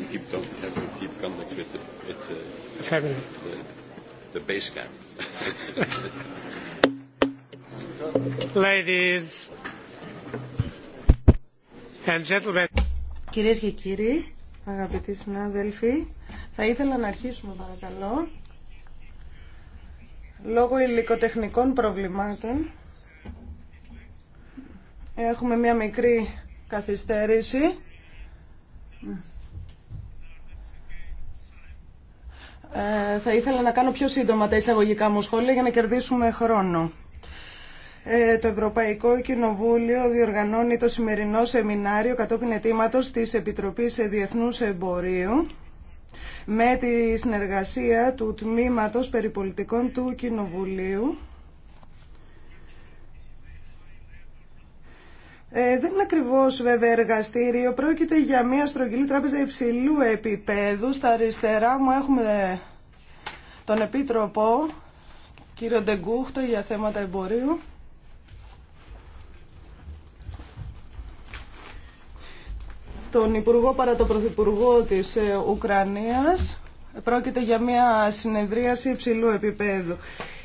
die gibt dan in principe kan ik met the base camp. Ladies and gentlemen. Κυρίες και κύριοι, αγαπητοί συνάδελφοι, θα ήθελα να αρχίσουμε παρακαλώ. Λόγω υλικοτεχνικών προβλημάτων έχουμε μια μικρή καθυστέρηση. Ε, θα ήθελα να κάνω πιο σύντομα τα εισαγωγικά μου σχόλια για να κερδίσουμε χρόνο. Ε, το Ευρωπαϊκό Κοινοβούλιο διοργανώνει το σημερινό σεμινάριο κατόπιν αιτήματος της Επιτροπής Διεθνούς Εμπορίου με τη συνεργασία του Τμήματος Περιπολιτικών του Κοινοβουλίου Ε, δεν είναι ακριβώς βέβαια εργαστήριο, πρόκειται για μια στρογγυλή τράπεζα υψηλού επίπεδου. Στα αριστερά μου έχουμε τον Επίτροπο, κύριο Ντεγκούχτο, για θέματα εμπορίου. Τον Υπουργό παρά τον Πρωθυπουργό της ε, Ουκρανίας. Πρόκειται για μια συνεδρίαση υψηλού επίπεδου.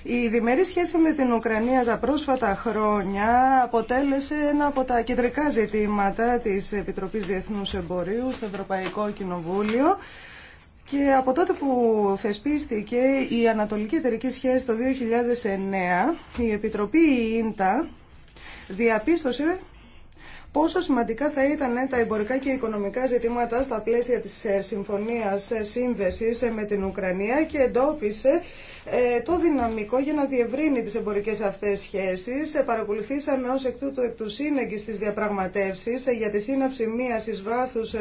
Η διμερή σχέση με την Ουκρανία τα πρόσφατα χρόνια αποτέλεσε ένα από τα κεντρικά ζητήματα της Επιτροπής Διεθνούς Εμπορίου στο Ευρωπαϊκό Κοινοβούλιο. Και από τότε που θεσπίστηκε η Ανατολική Εταιρική Σχέση το 2009, η Επιτροπή ΙΝΤΑ διαπίστωσε πόσο σημαντικά θα ήταν ε, τα εμπορικά και οικονομικά ζητήματα στα πλαίσια της ε, συμφωνίας ε, σύνδεσης με την Ουκρανία και εντόπισε το δυναμικό για να διευρύνει τις εμπορικές αυτές σχέσεις. Παρακολουθήσαμε ως εκ τούτου εκ του σύνεγγυς της διαπραγματεύσης... για τη σύναψη μίας εις βάθους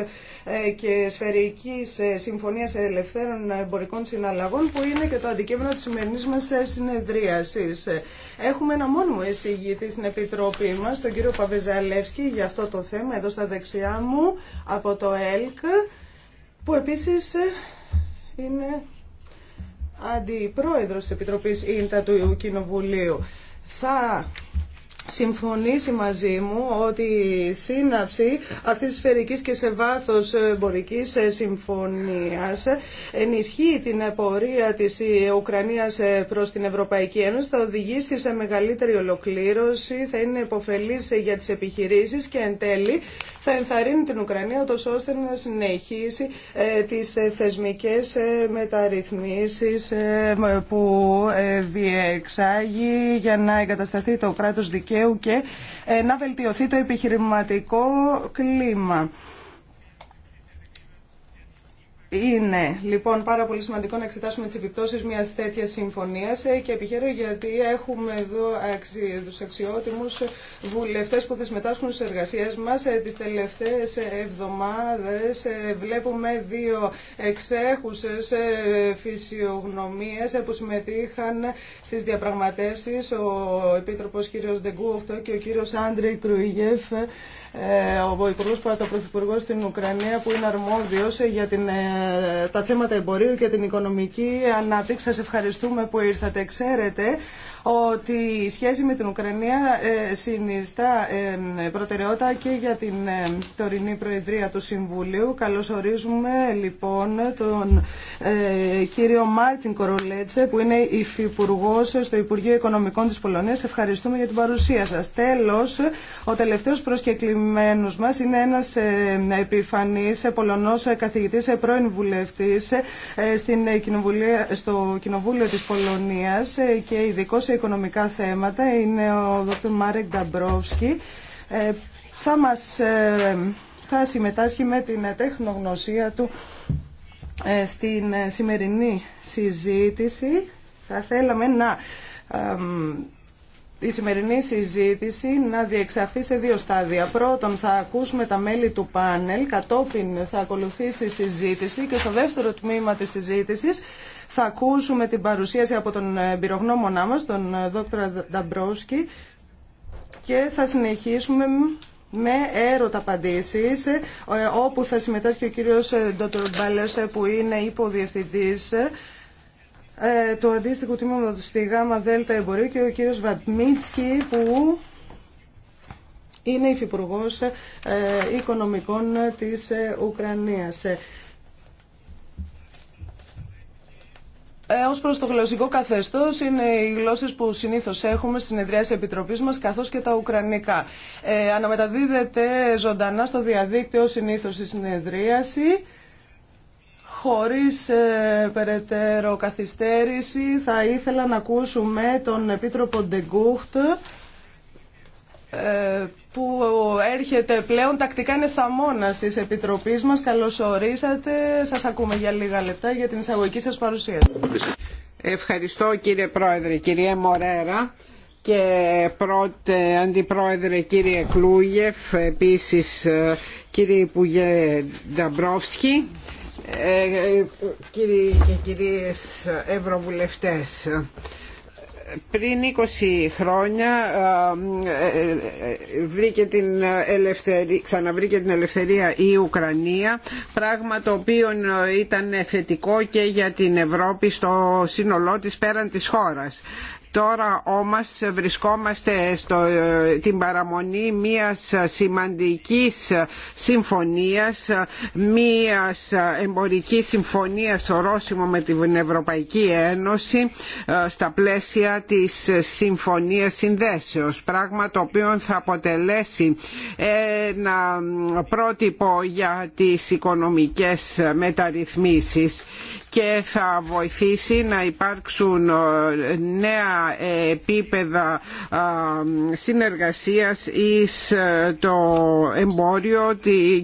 και σφαιρικής συμφωνίας ελευθέρων εμπορικών συναλλαγών που είναι και το αντικείμενο της σημερινής μας συνεδρίασης. Έχουμε ένα μόνιμο εισηγητή στην Επιτροπή μας, τον κύριο Παβεζαλεύσκη, αυτό το θέμα εδώ στα δεξιά μου από το ΕΛΚ που επίσης ε, είναι αντιπρόεδρος της Επιτροπής Ίντα του Κοινοβουλίου. Θα συμφωνήσει μαζί μου ότι η σύναψη αυτής της σφαιρικής και σε βάθος εμπορικής συμφωνίας ενισχύει την πορεία της Ουκρανίας προς την Ευρωπαϊκή Ένωση, θα οδηγήσει σε μεγαλύτερη ολοκλήρωση, θα είναι υποφελής για τις επιχειρήσεις και εν τέλει θα ενθαρρύνει την Ουκρανία ώστε να συνεχίσει ε, τις ε, θεσμικές ε, μεταρρυθμίσεις που διεξάγει για να εγκατασταθεί το κράτος δικαίου και ε, να βελτιωθεί το επιχειρηματικό κλίμα. Είναι λοιπόν πάρα πολύ σημαντικό να εξετάσουμε τις επιπτώσεις μιας τέτοιας συμφωνίας ε, και επιχαίρω γιατί έχουμε εδώ αξι... τους αξιότιμους βουλευτές που θα συμμετάσχουν στις εργασίες μας. Ε, τις τελευταίες εβδομάδες ε, βλέπουμε δύο εξέχουσες φυσιογνωμίες που συμμετείχαν στις διαπραγματεύσεις ο Επίτροπος κ. Δεγκούχτο και ο κ. Άντρι Κρουιγεφ, ο Υπουργός Πρωθυπουργός στην Ουκρανία που είναι αρμόδιος για την τα θέματα εμπορίου και την οικονομική ανάπτυξη. Σας ευχαριστούμε που ήρθατε. Ξέρετε ότι η σχέση με την Ουκρανία ε, συνιστά ε, προτεραιότητα και για την ε, τωρινή Προεδρία του Συμβουλίου. ορίζουμε, λοιπόν τον κύριο Μάρτιν Κορολέτσε που είναι υφυπουργό στο Υπουργείο Οικονομικών της Πολωνίας. Ευχαριστούμε για την παρουσία σας. Τέλος, ο τελευταίος προσκεκλημένος μας είναι ένας επιφανής Πολωνός καθηγητής, πρώην βουλευτής στην στο Κοινοβούλιο της Πολωνίας και ειδικό οικονομικά θέματα είναι ο Δ. Μάρεκ Νταμπρόφσκι. Ε, θα, μας, ε, θα συμμετάσχει με την τεχνογνωσία του ε, στην σημερινή συζήτηση. Θα θέλαμε να η σημερινή συζήτηση να διεξαχθεί σε δύο στάδια. Πρώτον θα ακούσουμε τα μέλη του πάνελ, κατόπιν θα ακολουθήσει η συζήτηση και στο δεύτερο τμήμα της συζήτησης θα ακούσουμε την παρουσίαση από τον ε, εμπειρογνώμονά μας, τον ε, δόκτωρα Νταμπρόσκι και θα συνεχίσουμε με έρωτα απαντήσεις ε, όπου θα συμμετάσχει ο κύριος Ντότορ που είναι υποδιευθυντής του αντίστοιχου τμήματος στη ΓΑΜΑ ΔΕΛΤΑ Εμπορίου και ο κύριος Βατμίτσκη, που είναι υφυπουργός οικονομικών της Ουκρανίας. Ε, Ω προ το γλωσσικό καθεστώ, είναι οι γλώσσε που συνήθω έχουμε στι συνεδριάσει επιτροπή μα, καθώ και τα ουκρανικά. Ε, αναμεταδίδεται ζωντανά στο διαδίκτυο συνήθω η συνεδρίαση. Χωρίς ε, περαιτέρω καθυστέρηση θα ήθελα να ακούσουμε τον Επίτροπο Ντεγκούχτ που έρχεται πλέον τακτικά είναι θαμώνα τη Επιτροπή μα. Καλώ ορίσατε. Σα ακούμε για λίγα λεπτά για την εισαγωγική σα παρουσίαση. Ευχαριστώ κύριε Πρόεδρε, κυρία Μορέρα και πρώτε αντιπρόεδρε κύριε Κλούγεφ, επίσης ε, κύριε Υπουργέ Νταμπρόφσκι, ε, ε, και κυρίες Ευρωβουλευτές πριν 20 χρόνια ε, ε, ε, βρήκε την ελευθερία, ξαναβρήκε την ελευθερία η Ουκρανία πράγμα το οποίο ήταν θετικό και για την Ευρώπη στο σύνολό της πέραν της χώρας Τώρα όμως βρισκόμαστε στο, ε, την παραμονή μιας σημαντικής συμφωνίας, μιας εμπορικής συμφωνίας ορόσημο με την Ευρωπαϊκή Ένωση ε, στα πλαίσια της Συμφωνίας Συνδέσεως, πράγμα το οποίο θα αποτελέσει ένα πρότυπο για τις οικονομικές μεταρρυθμίσεις και θα βοηθήσει να υπάρξουν ε, νέα επίπεδα ε, συνεργασίας εις ε, το εμπόριο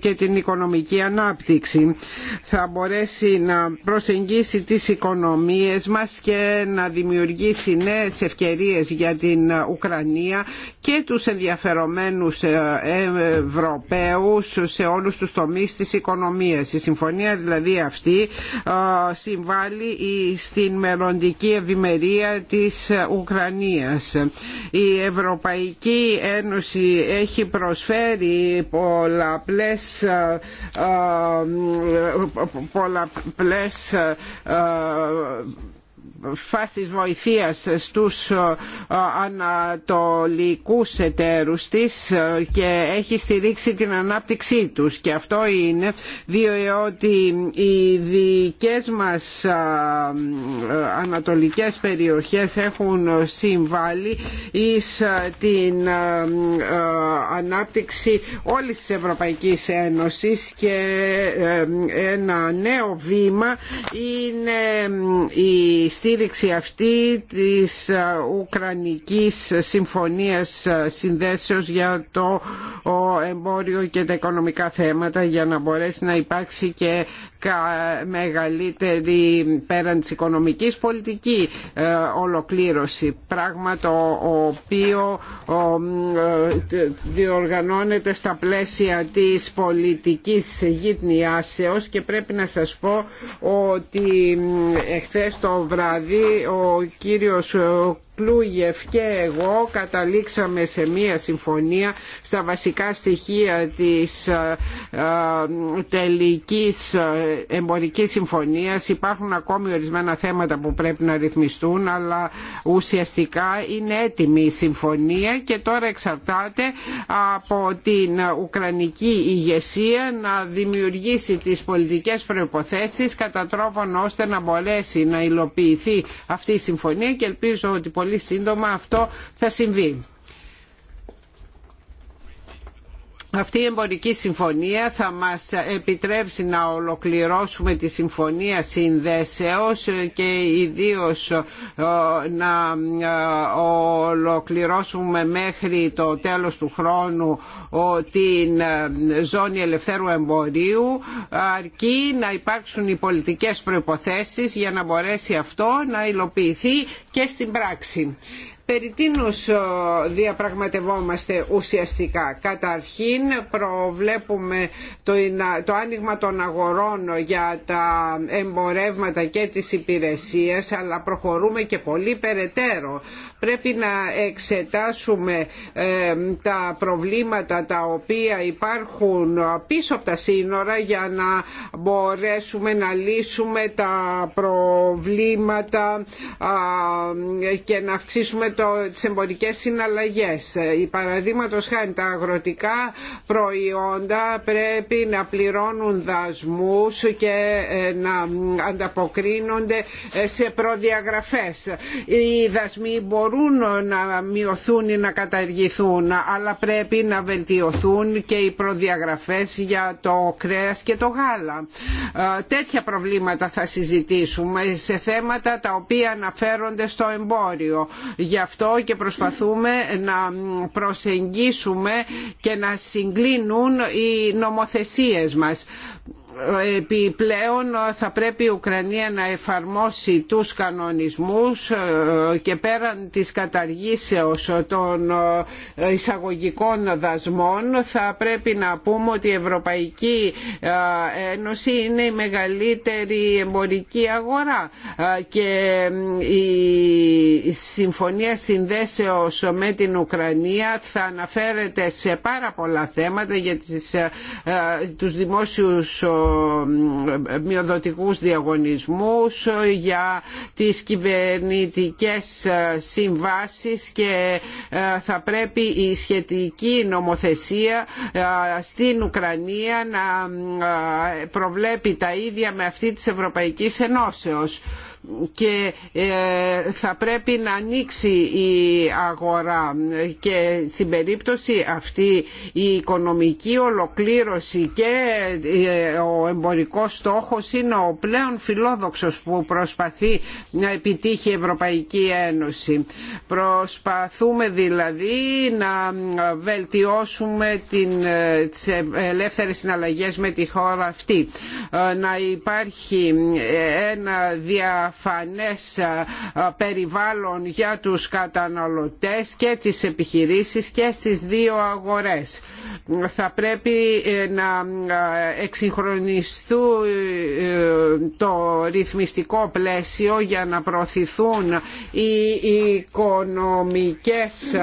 και την οικονομική ανάπτυξη. Θα μπορέσει να προσεγγίσει τις οικονομίες μας και να δημιουργήσει νέες ευκαιρίες για την Ουκρανία και τους ενδιαφερομένους Ευρωπαίους σε όλους τους τομείς της οικονομίας. Η συμφωνία δηλαδή αυτή συμβάλλει στην μελλοντική ευημερία της Ουκρανίας. Η Ευρωπαϊκή Ένωση έχει προσφέρει πολλαπλές, ε, ε, ε, πολλαπλές φάσης βοηθείας στους ε, ανατολικούς εταίρους της ε, και έχει στηρίξει την ανάπτυξή τους και αυτό είναι διότι οι δικές μας ε, ανατολικές περιοχές έχουν συμβάλει εις την ανάπτυξη όλης της Ευρωπαϊκής Ένωσης και ένα νέο βήμα είναι η στήριξη αυτή της ε, Ουκρανικής Συμφωνίας ε, Συνδέσεως για το εμπόριο και τα οικονομικά θέματα για να μπορέσει να υπάρξει και μεγαλύτερη πέραν της οικονομικής πολιτική ε, ολοκλήρωση πράγμα το οποίο ε, διοργανώνεται στα πλαίσια της πολιτικής γυπνιάσεως και πρέπει να σας πω ότι εχθές το βράδυ ο κύριος Πλούγεφ και εγώ καταλήξαμε σε μία συμφωνία στα βασικά στοιχεία της ε, ε, τελικής ε, εμπορικής συμφωνίας. Υπάρχουν ακόμη ορισμένα θέματα που πρέπει να ρυθμιστούν αλλά ουσιαστικά είναι έτοιμη η συμφωνία και τώρα εξαρτάται από την Ουκρανική ηγεσία να δημιουργήσει τις πολιτικές προϋποθέσεις κατά τρόπον ώστε να μπορέσει να υλοποιηθεί αυτή η συμφωνία και ελπίζω ότι πολύ σύντομα αυτό θα συμβεί. αυτή η εμπορική συμφωνία θα μας επιτρέψει να ολοκληρώσουμε τη συμφωνία συνδέσεως και ιδίως ε, να ε, ολοκληρώσουμε μέχρι το τέλος του χρόνου την ε, ζώνη ελευθέρου εμπορίου αρκεί να υπάρξουν οι πολιτικές προϋποθέσεις για να μπορέσει αυτό να υλοποιηθεί και στην πράξη περί τίνους ε, διαπραγματευόμαστε ουσιαστικά. Καταρχήν προβλέπουμε το, το άνοιγμα των αγορών για τα εμπορεύματα και τις υπηρεσίες αλλά προχωρούμε και πολύ περαιτέρω Πρέπει να εξετάσουμε ε, τα προβλήματα τα οποία υπάρχουν πίσω από τα σύνορα για να μπορέσουμε να λύσουμε τα προβλήματα και να αυξήσουμε το, τις εμπορικές συναλλαγές. Η παραδείγματος χάνει τα αγροτικά προϊόντα πρέπει να πληρώνουν δασμούς και ε, να ανταποκρίνονται ε, σε προδιαγραφές. Οι δασμοί μπορούν μπορούν να μειωθούν ή να καταργηθούν αλλά πρέπει να βελτιωθούν και οι προδιαγραφές για το κρέας και το γάλα. Ε, τέτοια προβλήματα θα συζητήσουμε σε θέματα τα οποία αναφέρονται στο εμπόριο. Γι' αυτό και προσπαθούμε να προσεγγίσουμε και να συγκλίνουν οι νομοθεσίες μας επιπλέον θα πρέπει η Ουκρανία να εφαρμόσει τους κανονισμούς ε, και πέραν της καταργήσεως των ε, εισαγωγικών δασμών θα πρέπει να πούμε ότι η Ευρωπαϊκή ε, Ένωση είναι η μεγαλύτερη εμπορική αγορά και η συμφωνία συνδέσεως με την Ουκρανία θα αναφέρεται σε πάρα πολλά θέματα για τις, τους δημόσιους μειοδοτικούς διαγωνισμούς, για τις κυβερνητικές ε, συμβάσεις και ε, θα πρέπει η σχετική νομοθεσία ε, στην Ουκρανία να προβλέπει τα ίδια με αυτή της Ευρωπαϊκής Ενώσεως και ε, θα πρέπει να ανοίξει η αγορά και στην περίπτωση αυτή η οικονομική ολοκλήρωση και ε, ο εμπορικός στόχος είναι ο πλέον φιλόδοξος που προσπαθεί να επιτύχει η Ευρωπαϊκή Ένωση. Προσπαθούμε δηλαδή να βελτιώσουμε ε, τις ελεύθερες συναλλαγές με τη χώρα αυτή. Να υπάρχει ένα δια διαφανές ε, ε, περιβάλλον για τους καταναλωτές και τις επιχειρήσεις και στις δύο αγορές. Θα πρέπει ε, να εξυγχρονιστούν το ρυθμιστικό πλαίσιο για να προωθηθούν οι οικονομικές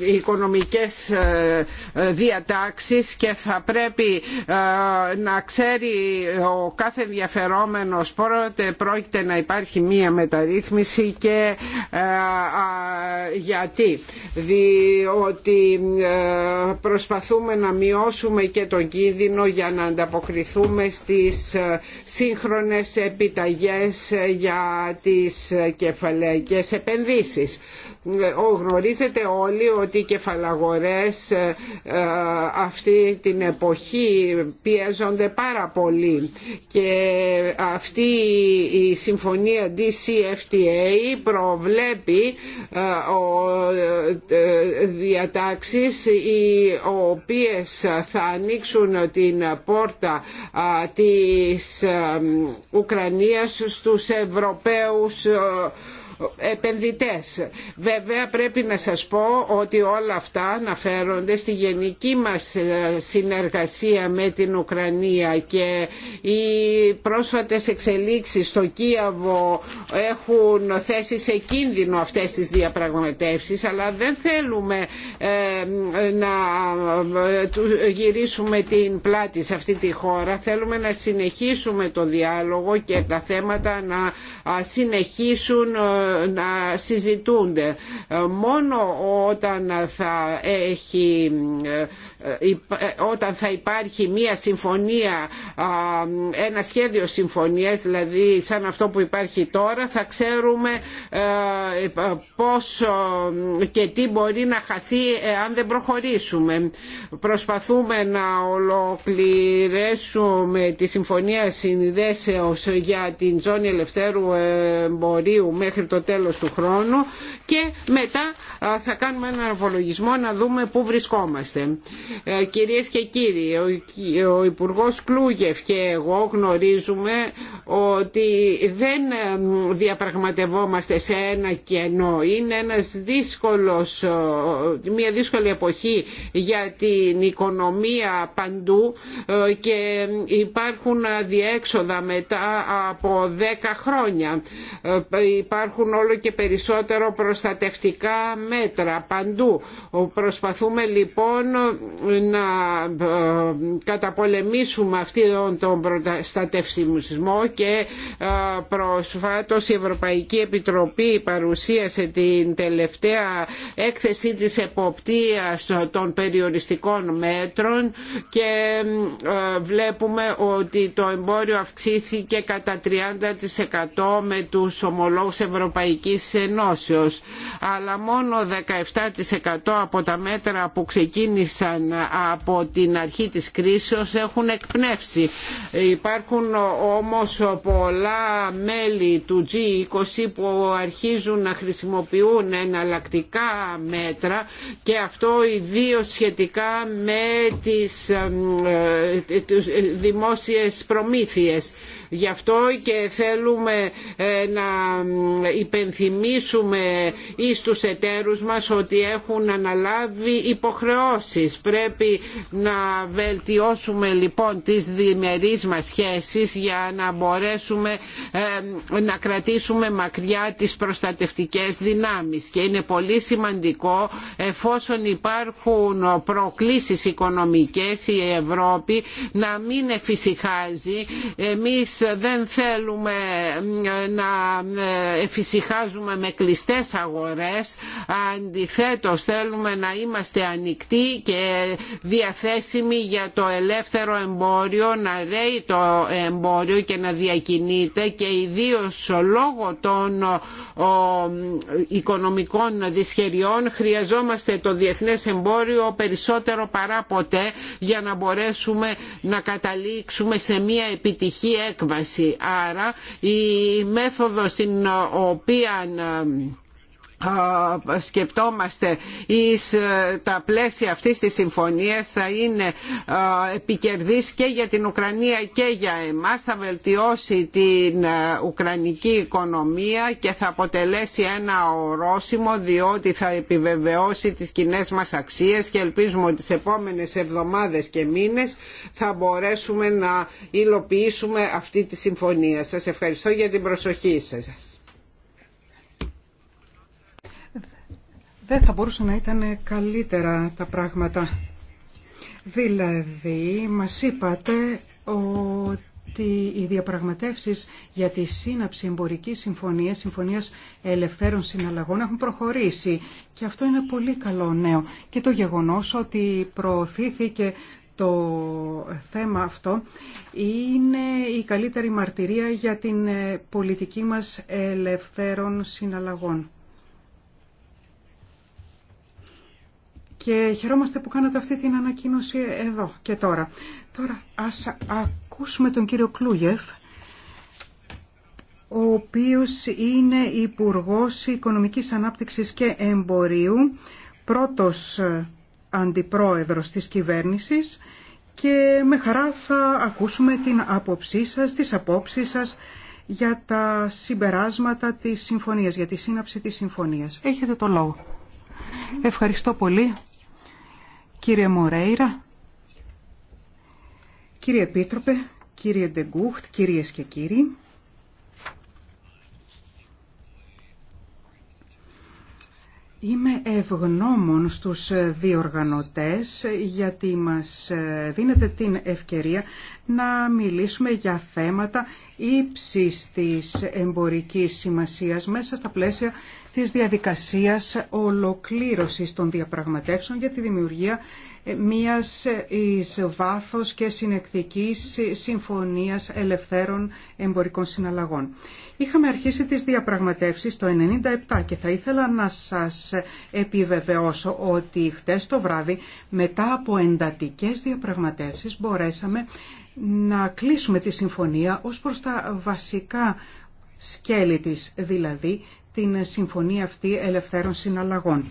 οικονομικές ε, ε, διατάξεις και θα πρέπει ε, να ξέρει ο κάθε ενδιαφερόμενος πότε πρόκειται να υπάρχει μία μεταρρύθμιση και γιατί. Διότι προσπαθούμε να μειώσουμε και τον κίνδυνο για να ανταποκριθούμε στις σύγχρονες επιταγές για τις κεφαλαϊκές επενδύσεις. Γνωρίζετε όλοι ότι οι κεφαλαγορές ε, ε, αυτή την εποχή πιέζονται πάρα πολύ και αυτή η συμφωνία DCFTA προβλέπει ε, διατάξεις οι οποίες θα ανοίξουν την πόρτα της Ουκρανίας στους Ευρωπαίους επενδυτές. Βέβαια πρέπει να σας πω ότι όλα αυτά αναφέρονται στη γενική μας ε, συνεργασία με την Ουκρανία και οι πρόσφατες εξελίξεις στο Κίαβο έχουν θέσει σε κίνδυνο αυτές τις διαπραγματεύσεις αλλά δεν θέλουμε ε, να ε, γυρίσουμε την πλάτη σε αυτή τη χώρα. Θέλουμε να συνεχίσουμε το διάλογο και τα θέματα να συνεχίσουν να συζητούνται. Μόνο όταν θα, έχει, όταν θα υπάρχει μία συμφωνία, ένα σχέδιο συμφωνίας, δηλαδή σαν αυτό που υπάρχει τώρα, θα ξέρουμε πώς και τι μπορεί να χαθεί αν δεν προχωρήσουμε. Προσπαθούμε να ολοκληρέσουμε τη συμφωνία συνδέσεως για την ζώνη ελευθέρου εμπορίου μέχρι το τέλος του χρόνου και μετά θα κάνουμε ένα απολογισμό να δούμε πού βρισκόμαστε. Ε, κυρίες και κύριοι, ο Υπουργός Κλούγεφ και εγώ γνωρίζουμε ότι δεν ε, διαπραγματευόμαστε σε ένα κενό. Είναι ένας δύσκολος, μια δύσκολη εποχή για την οικονομία παντού ε, και υπάρχουν διέξοδα μετά από δέκα χρόνια. Υπάρχουν όλο και περισσότερο προστατευτικά μέτρα παντού. Προσπαθούμε λοιπόν να ε, καταπολεμήσουμε αυτόν τον προστατευσιμισμό και ε, προσφάτως η Ευρωπαϊκή Επιτροπή παρουσίασε την τελευταία έκθεση της εποπτείας των περιοριστικών μέτρων και ε, βλέπουμε ότι το εμπόριο αυξήθηκε κατά 30% με τους ομολόγους Ευρωπαϊκής Ενώσεως αλλά μόνο 17% από τα μέτρα που ξεκίνησαν από την αρχή της κρίσεως έχουν εκπνεύσει. Υπάρχουν όμως πολλά μέλη του G20 που αρχίζουν να χρησιμοποιούν εναλλακτικά μέτρα και αυτό ιδίως σχετικά με τις ε, δημόσιες προμήθειες. Γι' αυτό και θέλουμε ε, να υπενθυμίσουμε εις τους εταίρους ότι έχουν αναλάβει υποχρεώσεις. Πρέπει να βελτιώσουμε λοιπόν τις διμερείς μας σχέσεις για να μπορέσουμε να κρατήσουμε μακριά τις προστατευτικές δυνάμεις και είναι πολύ σημαντικό εφόσον υπάρχουν προκλήσεις οικονομικές η Ευρώπη να μην εφησυχάζει. Εμείς δεν θέλουμε να εφησυχάζουμε με κλειστές αγορές αντιθέτως θέλουμε να είμαστε ανοιχτοί και διαθέσιμοι για το ελεύθερο εμπόριο να ρέει το εμπόριο και να διακινείται και ιδίως λόγω των οικονομικών δυσχεριών χρειαζόμαστε το διεθνές εμπόριο περισσότερο παρά ποτέ για να μπορέσουμε να καταλήξουμε σε μια επιτυχή έκβαση. Άρα η μέθοδος στην οποία σκεπτόμαστε εις ε, τα πλαίσια αυτής της συμφωνίας θα είναι επικερδής και για την Ουκρανία και για εμάς θα βελτιώσει την ε, Ουκρανική οικονομία και θα αποτελέσει ένα ορόσημο διότι θα επιβεβαιώσει τις κοινέ μας αξίες και ελπίζουμε ότι τις επόμενες εβδομάδες και μήνες θα μπορέσουμε να υλοποιήσουμε αυτή τη συμφωνία. Σας ευχαριστώ για την προσοχή σας. Δεν θα μπορούσαν να ήταν καλύτερα τα πράγματα. Δηλαδή, μας είπατε ότι οι διαπραγματεύσεις για τη σύναψη εμπορικής συμφωνίας, συμφωνίας ελευθέρων συναλλαγών έχουν προχωρήσει και αυτό είναι πολύ καλό νέο. Και το γεγονός ότι προωθήθηκε το θέμα αυτό είναι η καλύτερη μαρτυρία για την πολιτική μας ελευθέρων συναλλαγών. και χαιρόμαστε που κάνατε αυτή την ανακοίνωση εδώ και τώρα. Τώρα ας ακούσουμε τον κύριο Κλούγεφ, ο οποίος είναι Υπουργός Οικονομικής Ανάπτυξης και Εμπορίου, πρώτος αντιπρόεδρος της κυβέρνησης και με χαρά θα ακούσουμε την άποψή σας, τις απόψεις σας για τα συμπεράσματα της συμφωνίας, για τη σύναψη της συμφωνίας. Έχετε το λόγο. Ευχαριστώ πολύ. Κύριε Μορέιρα, κύριε Επίτροπε, κύριε Ντεγκούχτ, κυρίες και κύριοι, Είμαι ευγνώμων στους διοργανωτές γιατί μας δίνεται την ευκαιρία να μιλήσουμε για θέματα ύψης της εμπορικής σημασίας μέσα στα πλαίσια της διαδικασίας ολοκλήρωσης των διαπραγματεύσεων για τη δημιουργία μίας εις βάθος και συνεκτικής συμφωνίας ελευθέρων εμπορικών συναλλαγών. Είχαμε αρχίσει τις διαπραγματεύσεις το 1997 και θα ήθελα να σας επιβεβαιώσω ότι χτες το βράδυ μετά από εντατικές διαπραγματεύσεις μπορέσαμε να κλείσουμε τη συμφωνία ως προς τα βασικά σκέλη της, δηλαδή την συμφωνία αυτή ελευθέρων συναλλαγών.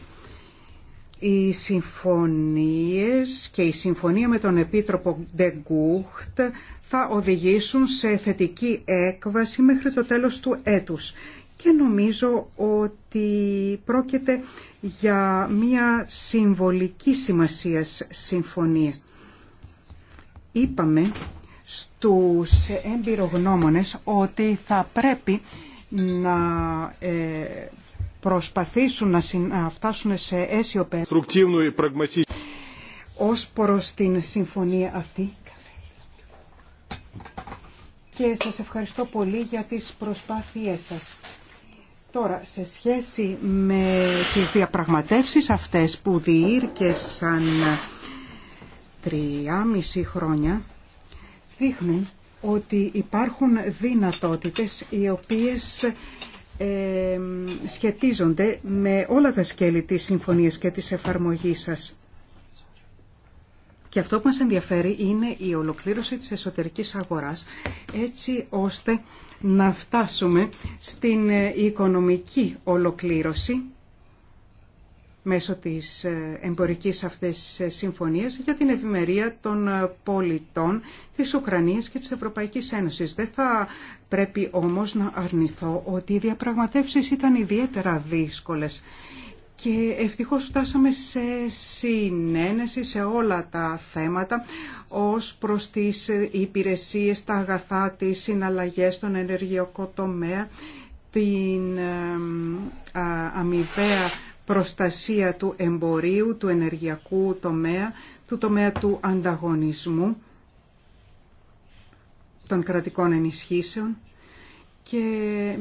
Οι συμφωνίες και η συμφωνία με τον Επίτροπο Ντεγκούχτ θα οδηγήσουν σε θετική έκβαση μέχρι το τέλος του έτους. Και νομίζω ότι πρόκειται για μια συμβολική σημασίας συμφωνία. Είπαμε στους εμπειρογνώμονες ότι θα πρέπει να ε, προσπαθήσουν να φτάσουν σε αίσιο πέρα ως προς την συμφωνία αυτή. Και σας ευχαριστώ πολύ για τις προσπάθειές σας. Τώρα, σε σχέση με τις διαπραγματεύσεις αυτές που διήρκεσαν τριάμιση χρόνια, δείχνουν ότι υπάρχουν δυνατότητες οι οποίες σχετίζονται με όλα τα σκέλη της συμφωνίας και της εφαρμογής σας. Και αυτό που μας ενδιαφέρει είναι η ολοκλήρωση της εσωτερικής αγοράς, έτσι ώστε να φτάσουμε στην ε, οικονομική ολοκλήρωση μέσω της ε, εμπορικής αυτής ε, συμφωνίας για την ευημερία των ε, πολιτών της Ουκρανίας και της Ευρωπαϊκής Ένωσης. Δεν θα πρέπει όμως να αρνηθώ ότι οι διαπραγματεύσεις ήταν ιδιαίτερα δύσκολες και ευτυχώς φτάσαμε σε συνένεση σε όλα τα θέματα ως προς τις υπηρεσίες, τα αγαθά, τις συναλλαγές στον ενεργειακό τομέα, την αμοιβαία προστασία του εμπορίου, του ενεργειακού τομέα, του τομέα του ανταγωνισμού, των κρατικών ενισχύσεων και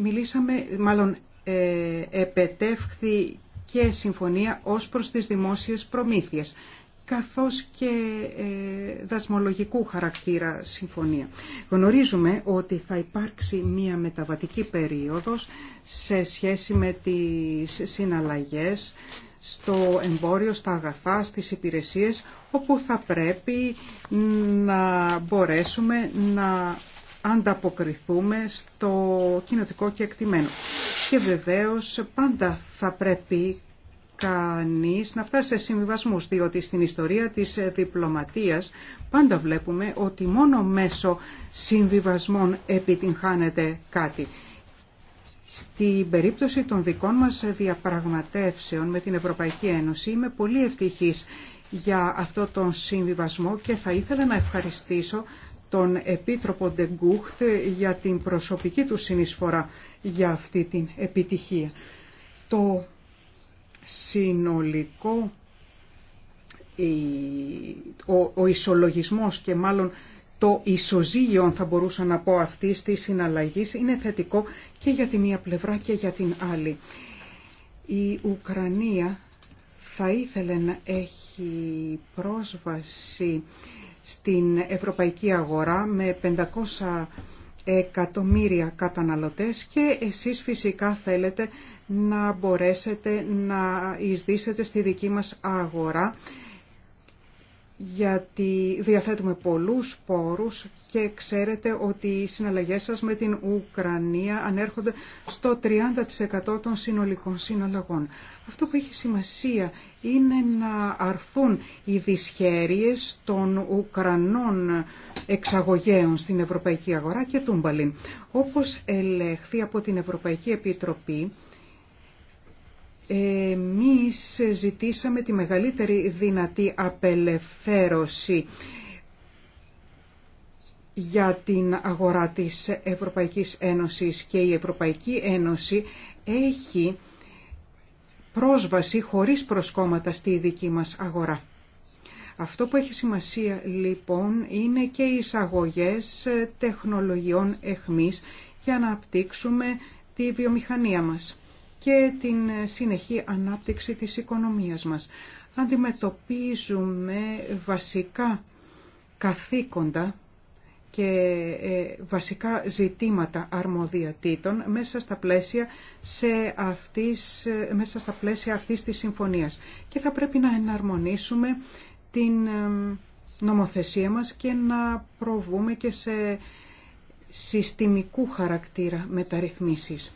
μιλήσαμε, μάλλον ε, και συμφωνία ως προς τις δημόσιες προμήθειες καθώς και ε, δασμολογικού χαρακτήρα συμφωνία. Γνωρίζουμε ότι θα υπάρξει μία μεταβατική περίοδος σε σχέση με τις συναλλαγές στο εμπόριο, στα αγαθά, στις υπηρεσίες, όπου θα πρέπει να μπορέσουμε να ανταποκριθούμε στο κοινοτικό και εκτιμένο. Και βεβαίως πάντα θα πρέπει κανείς να φτάσει σε συμβιβασμούς, διότι στην ιστορία της διπλωματίας πάντα βλέπουμε ότι μόνο μέσω συμβιβασμών επιτυγχάνεται κάτι. Στην περίπτωση των δικών μας διαπραγματεύσεων με την Ευρωπαϊκή Ένωση είμαι πολύ ευτυχής για αυτό τον συμβιβασμό και θα ήθελα να ευχαριστήσω τον Επίτροπο Ντεγκούχτ για την προσωπική του συνεισφορά για αυτή την επιτυχία. Το συνολικό ο, ισολογισμός και μάλλον το ισοζύγιο, θα μπορούσα να πω αυτή τη συναλλαγή, είναι θετικό και για τη μία πλευρά και για την άλλη. Η Ουκρανία θα ήθελε να έχει πρόσβαση στην ευρωπαϊκή αγορά με 500 εκατομμύρια καταναλωτές και εσείς φυσικά θέλετε να μπορέσετε να εισδύσετε στη δική μας αγορά γιατί διαθέτουμε πολλούς πόρους και ξέρετε ότι οι συναλλαγές σας με την Ουκρανία ανέρχονται στο 30% των συνολικών συναλλαγών. Αυτό που έχει σημασία είναι να αρθούν οι δυσχέρειες των Ουκρανών εξαγωγέων στην Ευρωπαϊκή Αγορά και τούμπαλιν. Όπως ελέγχθη από την Ευρωπαϊκή Επιτροπή, εμείς ζητήσαμε τη μεγαλύτερη δυνατή απελευθέρωση για την αγορά της Ευρωπαϊκής Ένωσης και η Ευρωπαϊκή Ένωση έχει πρόσβαση χωρίς προσκόμματα στη δική μας αγορά. Αυτό που έχει σημασία λοιπόν είναι και οι εισαγωγές τεχνολογιών εχμής για να απτύξουμε τη βιομηχανία μας και την συνεχή ανάπτυξη της οικονομίας μας. Αντιμετωπίζουμε βασικά καθήκοντα και ε, βασικά ζητήματα αρμοδιατήτων μέσα στα πλαίσια, σε αυτής, ε, μέσα στα πλαίσια αυτής της συμφωνίας. Και θα πρέπει να εναρμονίσουμε την ε, νομοθεσία μας και να προβούμε και σε συστημικού χαρακτήρα μεταρρυθμίσεις.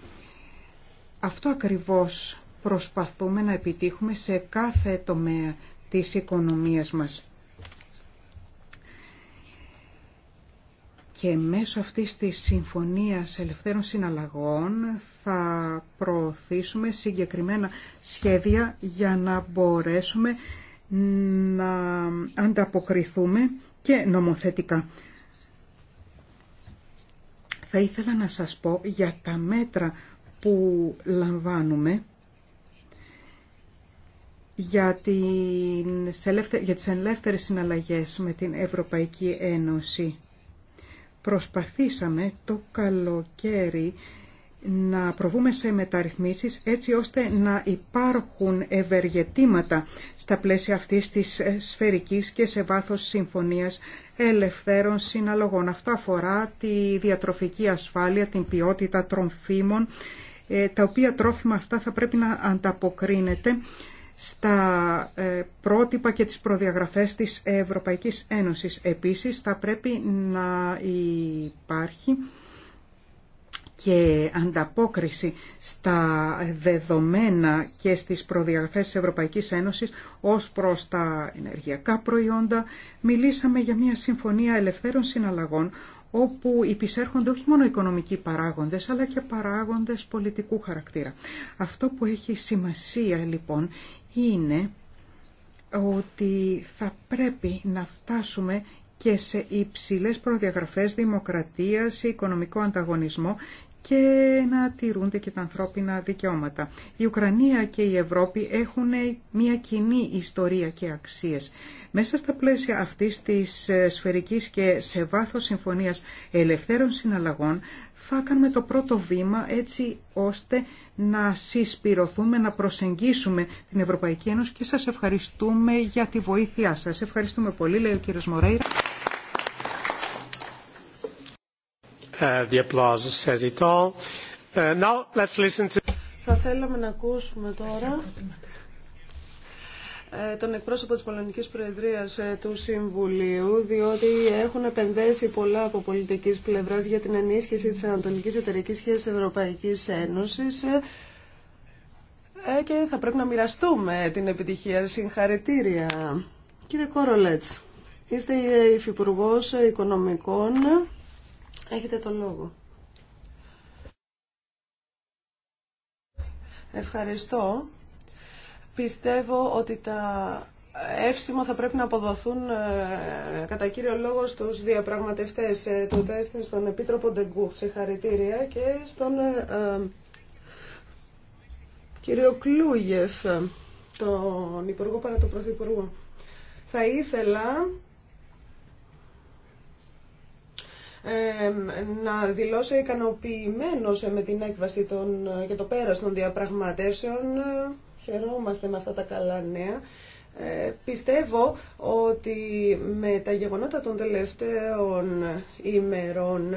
Αυτό ακριβώς προσπαθούμε να επιτύχουμε σε κάθε τομέα της οικονομίας μας. και μέσω αυτής της Συμφωνίας Ελευθέρων Συναλλαγών θα προωθήσουμε συγκεκριμένα σχέδια για να μπορέσουμε να ανταποκριθούμε και νομοθετικά. Θα ήθελα να σας πω για τα μέτρα που λαμβάνουμε για τις ελεύθερες συναλλαγές με την Ευρωπαϊκή Ένωση. Προσπαθήσαμε το καλοκαίρι να προβούμε σε μεταρρυθμίσεις έτσι ώστε να υπάρχουν ευεργετήματα στα πλαίσια αυτής της σφαιρικής και σε βάθος συμφωνίας ελευθέρων συναλλογών. Αυτό αφορά τη διατροφική ασφάλεια, την ποιότητα τροφίμων, ε, τα οποία τρόφιμα αυτά θα πρέπει να ανταποκρίνεται στα ε, πρότυπα και τις προδιαγραφές της Ευρωπαϊκής Ένωσης. Επίσης, θα πρέπει να υπάρχει και ανταπόκριση στα δεδομένα και στις προδιαγραφές της Ευρωπαϊκής Ένωσης ως προς τα ενεργειακά προϊόντα. Μιλήσαμε για μια συμφωνία ελευθέρων συναλλαγών όπου υπησέρχονται όχι μόνο οικονομικοί παράγοντες, αλλά και παράγοντες πολιτικού χαρακτήρα. Αυτό που έχει σημασία λοιπόν είναι ότι θα πρέπει να φτάσουμε και σε υψηλές προδιαγραφές δημοκρατίας, οικονομικό ανταγωνισμό και να τηρούνται και τα ανθρώπινα δικαιώματα. Η Ουκρανία και η Ευρώπη έχουν μια κοινή ιστορία και αξίες. Μέσα στα πλαίσια αυτής της ε, σφαιρικής και σε βάθος συμφωνίας ελευθέρων συναλλαγών θα κάνουμε το πρώτο βήμα έτσι ώστε να συσπηρωθούμε, να προσεγγίσουμε την Ευρωπαϊκή Ένωση και σας ευχαριστούμε για τη βοήθειά σας. Ευχαριστούμε πολύ, λέει ο κύριος θα θέλαμε να ακούσουμε τώρα ε, τον εκπρόσωπο της Πολωνικής Προεδρίας ε, του Συμβουλίου, διότι έχουν επενδέσει πολλά από πολιτικής πλευράς για την ενίσχυση της Ανατολικής Εταιρικής Σχέσης Ευρωπαϊκής Ένωσης ε, και θα πρέπει να μοιραστούμε την επιτυχία. Συγχαρητήρια. Κύριε Κόρολετς, είστε η Υφυπουργός Οικονομικών Έχετε το λόγο. Ευχαριστώ. Πιστεύω ότι τα εύσημα θα πρέπει να αποδοθούν ε, κατά κύριο λόγο στους διαπραγματευτές ε, του τέστην, στον Επίτροπο Ντεγκού. Σε χαρητήρια και στον ε, κύριο Κλούγεφ, τον Υπουργό παρά τον Πρωθυπουργό. Θα ήθελα να δηλώσω ικανοποιημένος με την έκβαση των, και το πέρας των διαπραγματεύσεων. Ε, χαιρόμαστε με αυτά τα καλά νέα. Ε, πιστεύω ότι με τα γεγονότα των τελευταίων ημερών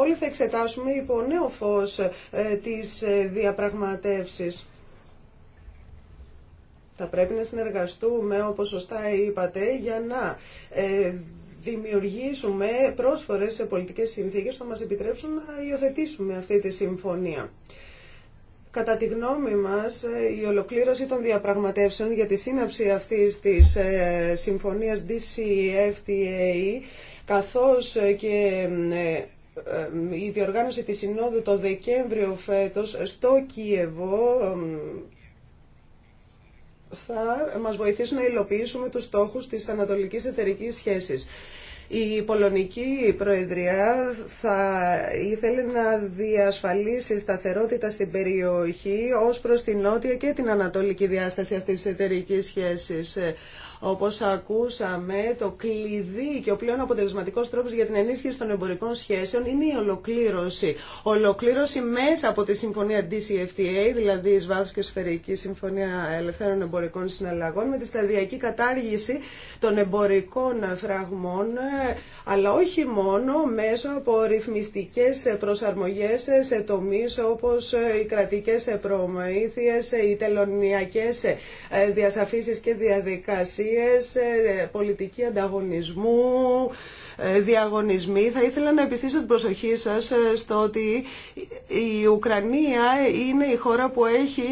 όλοι θα εξετάσουμε υπό νέο φως ε, τις ε, διαπραγματεύσεις. Θα πρέπει να συνεργαστούμε, όπως σωστά είπατε, για να ε, δημιουργήσουμε πρόσφορες σε πολιτικές συνθήκες που θα μας επιτρέψουν να υιοθετήσουμε αυτή τη συμφωνία. Κατά τη γνώμη μας, η ολοκλήρωση των διαπραγματεύσεων για τη σύναψη αυτής της ε, συμφωνίας DCFTA, καθώς και ε, ε, η διοργάνωση της Συνόδου το Δεκέμβριο φέτος στο Κίεβο θα μας βοηθήσουν να υλοποιήσουμε τους στόχους της ανατολικής εταιρικής σχέσης. Η Πολωνική Προεδρία θα ήθελε να διασφαλίσει σταθερότητα στην περιοχή ως προς την νότια και την ανατολική διάσταση αυτής της εταιρικής σχέσης. Όπως ακούσαμε, το κλειδί και ο πλέον αποτελεσματικός τρόπος για την ενίσχυση των εμπορικών σχέσεων είναι η ολοκλήρωση. Ολοκλήρωση μέσα από τη συμφωνία DCFTA, δηλαδή η βάθος και σφαιρική συμφωνία ελευθέρων εμπορικών συναλλαγών, με τη σταδιακή κατάργηση των εμπορικών φραγμών, ε, αλλά όχι μόνο μέσω από ρυθμιστικές προσαρμογές σε τομείς όπως ε, οι κρατικές προμήθειες, ε, οι τελωνιακές διασαφήσεις και διαδικασίες, ε, πολιτική ανταγωνισμού, ε, διαγωνισμοί. Θα ήθελα να επιστήσω την προσοχή σας ε, στο ότι η Ουκρανία είναι η χώρα που έχει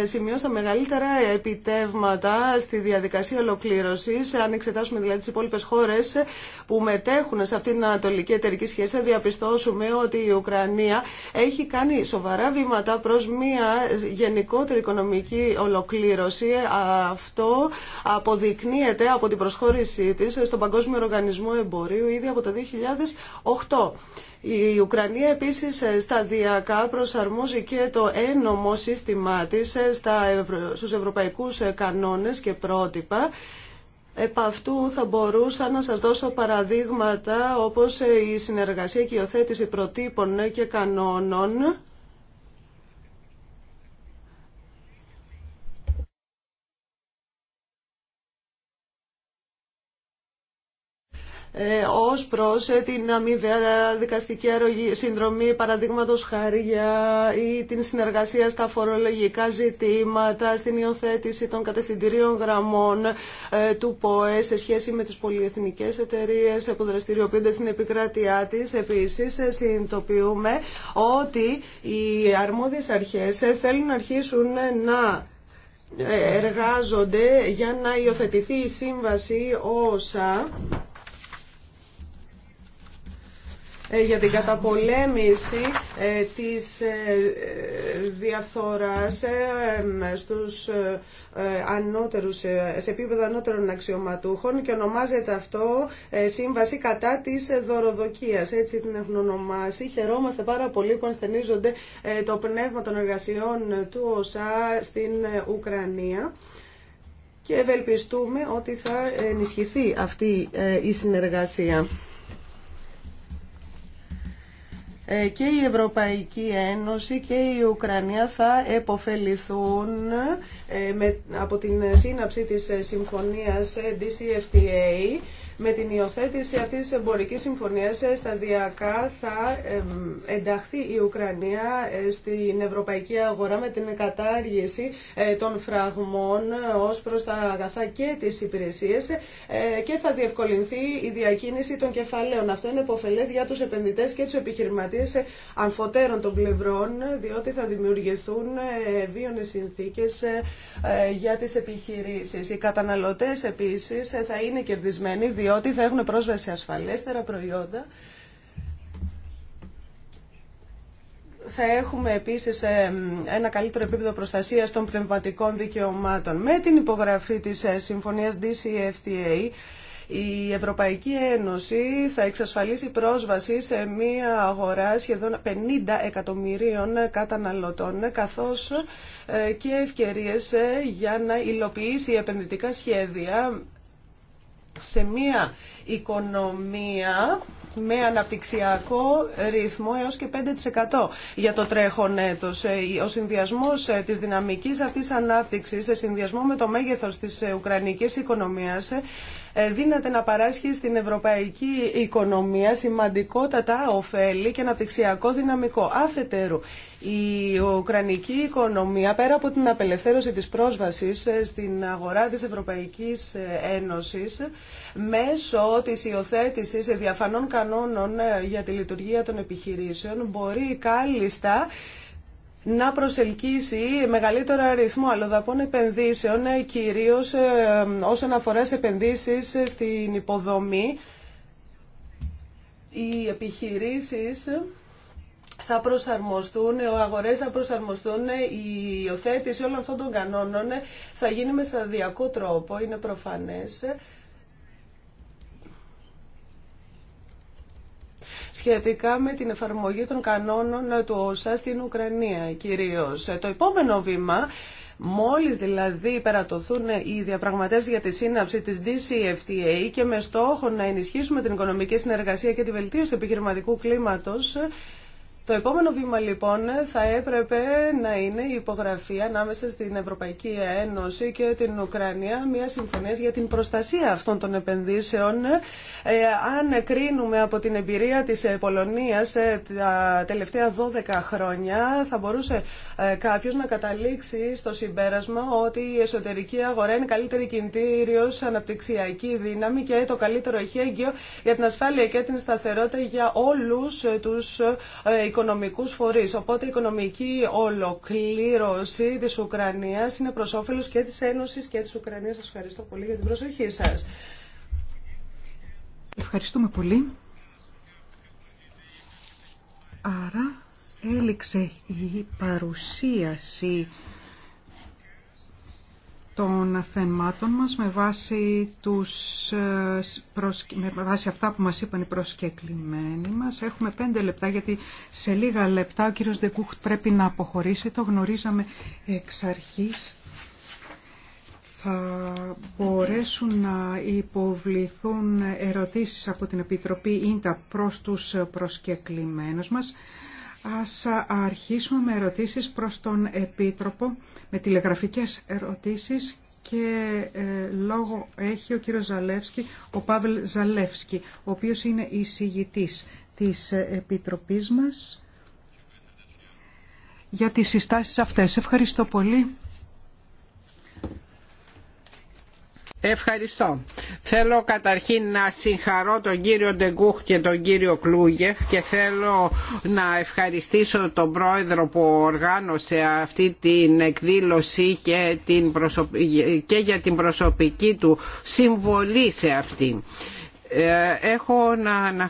ε, σημειώσει τα μεγαλύτερα επιτεύγματα στη διαδικασία ολοκλήρωσης. Αν εξετάσουμε δηλαδή τις υπόλοιπες χώρες που μετέχουν σε αυτήν την ανατολική εταιρική σχέση θα διαπιστώσουμε ότι η Ουκρανία έχει κάνει σοβαρά βήματα προς μια γενικότερη οικονομική ολοκλήρωση. Αυτό αποδεικνύεται από την προσχώρησή της στον Παγκόσμιο Οργανισμό Εμπορίου εμπορίου ήδη από το 2008. Η Ουκρανία επίσης ε, σταδιακά προσαρμόζει και το ένομο σύστημά της ε, στους ευρωπαϊκούς ε, κανόνες και πρότυπα. Επ' αυτού θα μπορούσα να σας δώσω παραδείγματα όπως η συνεργασία και η υιοθέτηση προτύπων και κανόνων Ε, ως προς ε, την αμοιβαία δικαστική αρρωγή, συνδρομή παραδείγματος χάρη ή την συνεργασία στα φορολογικά ζητήματα, στην υιοθέτηση των κατευθυντηρίων γραμμών ε, του ΠΟΕ σε σχέση με τις πολυεθνικές εταιρείες που δραστηριοποιούνται στην επικράτειά της. Επίσης, συνειδητοποιούμε ότι οι αρμόδιες αρχές θέλουν να αρχίσουν να εργάζονται για να υιοθετηθεί η σύμβαση όσα ε, για την καταπολέμηση ε, της ε, διαφθοράς στους ανώτερους, σε επίπεδο ανώτερων αξιωματούχων και ονομάζεται αυτό Σύμβαση κατά της δωροδοκίας. Έτσι την έχουν ονομάσει. Χαιρόμαστε πάρα πολύ που ασθενίζονται το πνεύμα των εργασιών του ΟΣΑ στην Ουκρανία και ευελπιστούμε ότι θα ενισχυθεί αυτή η συνεργασία. Ε, και η Ευρωπαϊκή Ένωση και η Ουκρανία θα επωφεληθούν ε, από την σύναψη της ε, συμφωνίας DCFTA με την υιοθέτηση αυτής της εμπορικής συμφωνίας σταδιακά θα ενταχθεί η Ουκρανία ε, στην ευρωπαϊκή αγορά με την κατάργηση ε, των φραγμών ε, ως προς τα αγαθά και τις υπηρεσίες και θα διευκολυνθεί η διακίνηση των κεφαλαίων. Αυτό είναι υποφελές για τους επενδυτές και τους επιχειρηματίες αμφωτέρων των πλευρών διότι θα δημιουργηθούν βίωνες συνθήκες για τις επιχειρήσεις. Οι καταναλωτές επίσης θα είναι κερδισμένοι διότι θα έχουν πρόσβαση σε ασφαλέστερα προϊόντα. θα έχουμε επίσης ε, ένα καλύτερο επίπεδο προστασίας των πνευματικών δικαιωμάτων. Με την υπογραφή της ε, συμφωνίας DCFTA, η Ευρωπαϊκή Ένωση θα εξασφαλίσει πρόσβαση σε μία αγορά σχεδόν 50 εκατομμυρίων καταναλωτών, καθώς ε, και ευκαιρίες για να υλοποιήσει επενδυτικά σχέδια σε μια οικονομία με αναπτυξιακό ρυθμό έως και 5% για το τρέχον έτος. Ε, ο συνδυασμός ε, της δυναμικής αυτής ανάπτυξης σε συνδυασμό με το μέγεθος της ε, Ουκρανικής οικονομίας ε, δύναται να παράσχει στην ευρωπαϊκή οικονομία σημαντικότατα ωφέλη και αναπτυξιακό δυναμικό. Αφετέρου, η ουκρανική οικονομία, πέρα από την απελευθέρωση της πρόσβασης ε, στην αγορά της Ευρωπαϊκής ε, Ένωσης, μέσω της υιοθέτηση διαφανών κανόνων για τη λειτουργία των επιχειρήσεων, μπορεί κάλλιστα να προσελκύσει μεγαλύτερο αριθμό αλλοδαπών επενδύσεων, ε, κυρίως ε, όσον αφορά σε επενδύσεις ε, στην υποδομή. Οι επιχειρήσεις θα προσαρμοστούν, οι αγορές θα προσαρμοστούν, η υιοθέτηση όλων αυτών των κανόνων θα γίνει με σταδιακό τρόπο, είναι προφανές. σχετικά με την εφαρμογή των κανόνων του ΩΣΑ στην Ουκρανία κυρίως. Ε, το επόμενο βήμα Μόλις δηλαδή υπερατωθούν οι διαπραγματεύσεις για τη σύναψη της DCFTA και με στόχο να ενισχύσουμε την οικονομική συνεργασία και τη βελτίωση του επιχειρηματικού κλίματος, το επόμενο βήμα λοιπόν θα έπρεπε να είναι η υπογραφή ανάμεσα στην Ευρωπαϊκή Ένωση και την Ουκρανία μια συμφωνία για την προστασία αυτών των επενδύσεων. Ε, αν κρίνουμε από την εμπειρία της ε, Πολωνίας ε, τα τελευταία 12 χρόνια θα μπορούσε ε, κάποιος να καταλήξει στο συμπέρασμα ότι η εσωτερική αγορά είναι καλύτερη κινητήριο αναπτυξιακή δύναμη και το καλύτερο εχέγγυο για την ασφάλεια και την σταθερότητα για όλους τους οικονομικούς φορείς. Οπότε η οικονομική ολοκλήρωση της Ουκρανίας είναι προς όφελος και της Ένωσης και της Ουκρανίας. Σας ευχαριστώ πολύ για την προσοχή σας. Ευχαριστούμε πολύ. Άρα έληξε η παρουσίαση των θεμάτων μας με βάση, τους, ε, με βάση αυτά που μας είπαν οι προσκεκλημένοι μας. Έχουμε πέντε λεπτά γιατί σε λίγα λεπτά ο κύριος Δεκούχ πρέπει να αποχωρήσει. Το γνωρίζαμε εξ αρχής. Θα μπορέσουν να υποβληθούν ερωτήσεις από την Επιτροπή Ίντα προς τους προσκεκλημένους μας. Ας αρχίσουμε με ερωτήσεις προς τον Επίτροπο, με τηλεγραφικές ερωτήσεις και ε, λόγο έχει ο κύριος Ζαλεύσκη, ο Παύλ Ζαλεύσκη, ο οποίος είναι εισηγητής της Επιτροπής μας για τις συστάσεις αυτές. Ευχαριστώ πολύ. Ευχαριστώ. Θέλω καταρχήν να συγχαρώ τον κύριο Ντεγκούχ και τον κύριο Κλούγεφ και θέλω να ευχαριστήσω τον πρόεδρο που οργάνωσε αυτή την εκδήλωση και, για την προσωπική του συμβολή σε αυτή. Ε, έχω να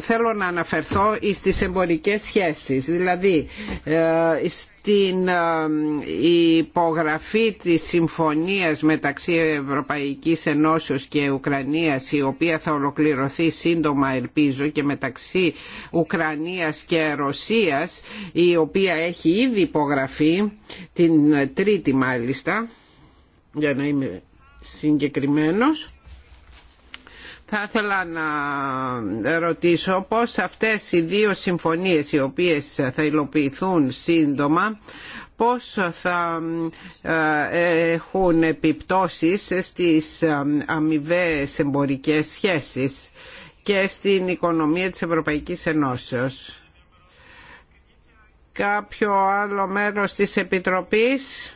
θέλω να αναφερθώ στις εμπορικές σχέσεις, δηλαδή ε, στην ε, υπογραφή της συμφωνίας μεταξύ Ευρωπαϊκής Ενώσεως και Ουκρανίας η οποία θα ολοκληρωθεί σύντομα ελπίζω και μεταξύ Ουκρανίας και Ρωσίας η οποία έχει ήδη υπογραφεί την τρίτη μάλιστα για να είμαι συγκεκριμένος θα ήθελα να ρωτήσω πώς αυτές οι δύο συμφωνίες οι οποίες θα υλοποιηθούν σύντομα πώς θα ε, έχουν επιπτώσεις στις ε, αμοιβέ εμπορικές σχέσεις και στην οικονομία της Ευρωπαϊκής Ενώσεως. Κάποιο άλλο μέρος της Επιτροπής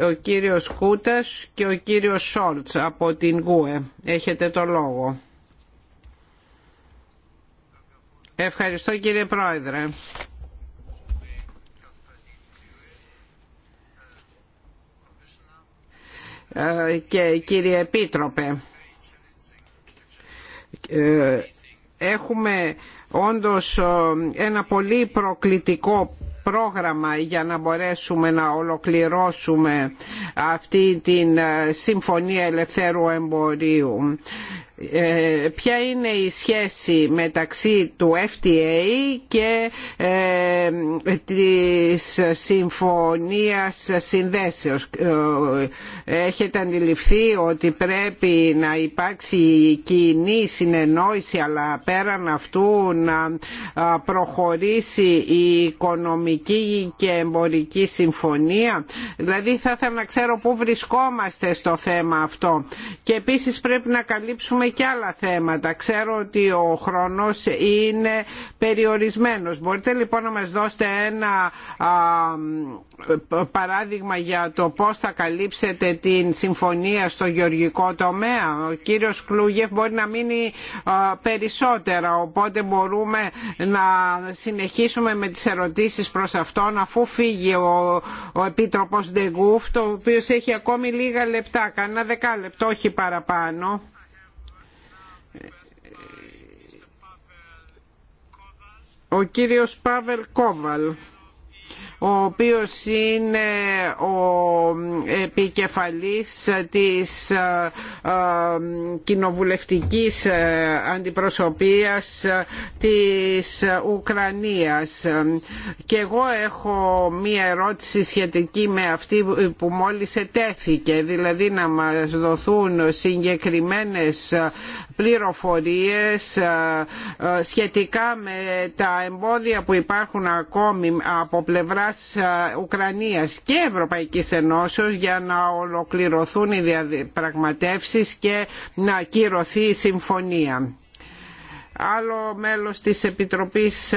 ο κύριος Κούτας και ο κύριος Σόλτς από την ΓΟΕ. Έχετε το λόγο. Ευχαριστώ κύριε Πρόεδρε. Ε, και κύριε Επίτροπε ε, έχουμε όντως ε, ένα πολύ προκλητικό πρόγραμμα για να μπορέσουμε να ολοκληρώσουμε αυτή την ε, Συμφωνία Ελευθέρου Εμπορίου. Ε, ποια είναι η σχέση μεταξύ του FTA και ε, της συμφωνίας συνδέσεως. Ε, έχετε αντιληφθεί ότι πρέπει να υπάρξει κοινή συνεννόηση αλλά πέραν αυτού να προχωρήσει η οικονομική και εμπορική συμφωνία. Δηλαδή θα ήθελα να ξέρω πού βρισκόμαστε στο θέμα αυτό. Και επίσης πρέπει να καλύψουμε και άλλα θέματα. Ξέρω ότι ο χρόνος είναι περιορισμένος. Μπορείτε λοιπόν να μας δώσετε ένα παράδειγμα για το πώς θα καλύψετε την συμφωνία στο γεωργικό τομέα. Ο κύριος Κλούγεφ μπορεί να μείνει περισσότερα, οπότε μπορούμε να συνεχίσουμε με τις ερωτήσεις προς αυτόν αφού φύγει ο, ο Επίτροπος Ντεγκούφ, το οποίο έχει ακόμη λίγα λεπτά, κανένα δεκάλεπτο, όχι παραπάνω. Ο κύριος Πάβελ Κόβαλ ο οποίος είναι ο επικεφαλής της ε, ε, κοινοβουλευτικής ε, αντιπροσωπείας της Ουκρανίας. Και εγώ έχω μία ερώτηση σχετική με αυτή που μόλις ετέθηκε, δηλαδή να μας δοθούν συγκεκριμένες πληροφορίες σχετικά με τα εμπόδια που υπάρχουν ακόμη από πλευρά Ουκρανίας και Ευρωπαϊκής Ενώσεως για να ολοκληρωθούν οι διαπραγματεύσεις και να ακυρωθεί η συμφωνία. Άλλο μέλος της Επιτροπής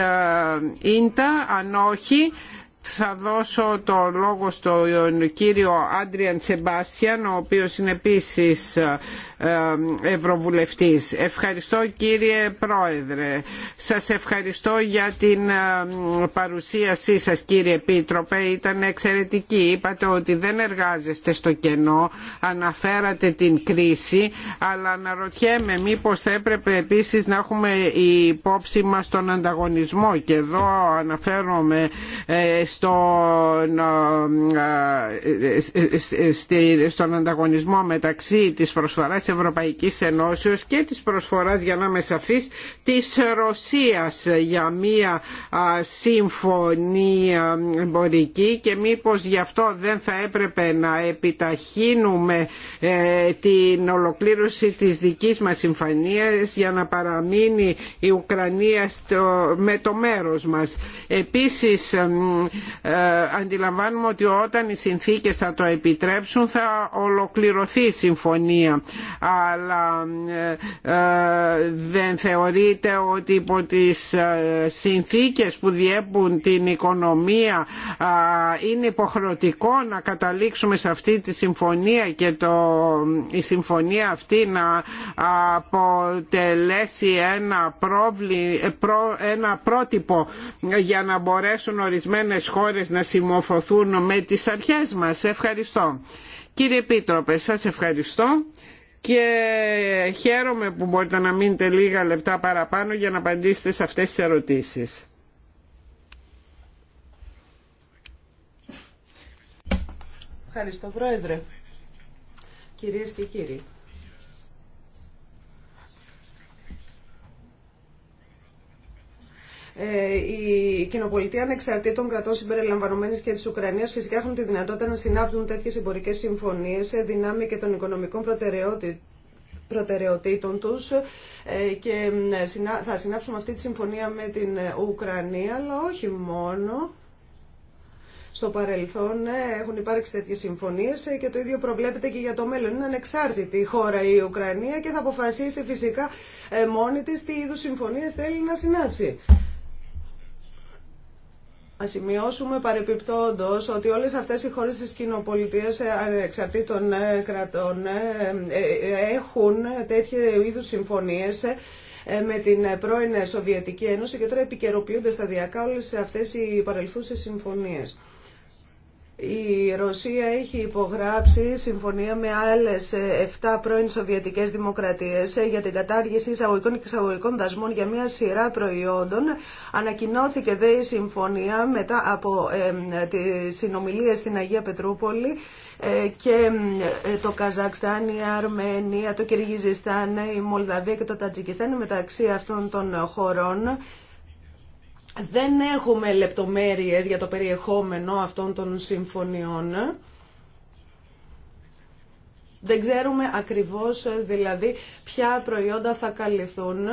Ίντα, αν όχι, θα δώσω το λόγο στον κύριο Άντριαν Σεμπάσιαν, ο οποίος είναι επίσης Ευρωβουλευτής. Ευχαριστώ κύριε Πρόεδρε. Σας ευχαριστώ για την παρουσίασή σας κύριε Επίτροπε. Ήταν εξαιρετική. Είπατε ότι δεν εργάζεστε στο κενό. Αναφέρατε την κρίση. Αλλά αναρωτιέμαι μήπως θα έπρεπε επίσης να έχουμε υπόψη μας τον ανταγωνισμό. Και εδώ αναφέρομαι στον, στον ανταγωνισμό μεταξύ της προσφοράς της Ευρωπαϊκής Ενώσεως και της προσφοράς για να είμαι σαφής της Ρωσίας για μία συμφωνία εμπορική και μήπως γι' αυτό δεν θα έπρεπε να επιταχύνουμε ε, την ολοκλήρωση της δικής μας συμφωνίας για να παραμείνει η Ουκρανία με το μέρος μας. Επίσης ε, αντιλαμβάνουμε ότι όταν οι συνθήκες θα το επιτρέψουν θα ολοκληρωθεί η συμφωνία αλλά ε, ε, δεν θεωρείται ότι υπό τις ε, συνθήκες που διέπουν την οικονομία είναι υποχρεωτικό να καταλήξουμε σε αυτή τη συμφωνία και το, η συμφωνία αυτή να αποτελέσει ένα, πρόβλη, ένα πρότυπο για να μπορέσουν ορισμένες χώρες να συμμορφωθούν με τις αρχές μας. Ευχαριστώ. Κύριε Επίτροπε, σας ευχαριστώ και χαίρομαι που μπορείτε να μείνετε λίγα λεπτά παραπάνω για να απαντήσετε σε αυτές τις ερωτήσεις. Ευχαριστώ Πρόεδρε. Κυρίες και κύριοι. Ε, η κοινοπολιτεία ανεξαρτήτων κρατών συμπεριλαμβανομένη και τη Ουκρανία φυσικά έχουν τη δυνατότητα να συνάπτουν τέτοιε εμπορικέ συμφωνίε σε δυνάμει και των οικονομικών προτεραιότητων προτεραιοτήτων τους ε, και ε, θα συνάψουμε αυτή τη συμφωνία με την Ουκρανία, αλλά όχι μόνο. Στο παρελθόν έχουν υπάρξει τέτοιες συμφωνίες και το ίδιο προβλέπεται και για το μέλλον. Είναι ανεξάρτητη η χώρα η Ουκρανία και θα αποφασίσει φυσικά μόνη της τι είδους συμφωνίες θέλει να συνάψει. Να σημειώσουμε παρεπιπτόντω ότι όλες αυτές οι χώρες της κοινοπολιτεία ε, ανεξαρτήτων ε, κρατών ε, έχουν τέτοιου είδου συμφωνίες με την πρώην Σοβιετική Ένωση και τώρα επικαιροποιούνται σταδιακά όλε αυτές οι παρελθούσε συμφωνίες. Η Ρωσία έχει υπογράψει συμφωνία με άλλες 7 πρώην Σοβιετικές Δημοκρατίες για την κατάργηση εισαγωγικών και εξαγωγικών δασμών για μια σειρά προϊόντων. Ανακοινώθηκε δε η συμφωνία μετά από ε, τις συνομιλίες στην Αγία Πετρούπολη ε, και ε, το Καζακστάν, η Αρμενία, το Κυργιζιστάν, η Μολδαβία και το Τατζικιστάν μεταξύ αυτών των χωρών δεν έχουμε λεπτομέρειες για το περιεχόμενο αυτών των συμφωνιών. Δεν ξέρουμε ακριβώς ε, δηλαδή ποια προϊόντα θα καλυφθούν,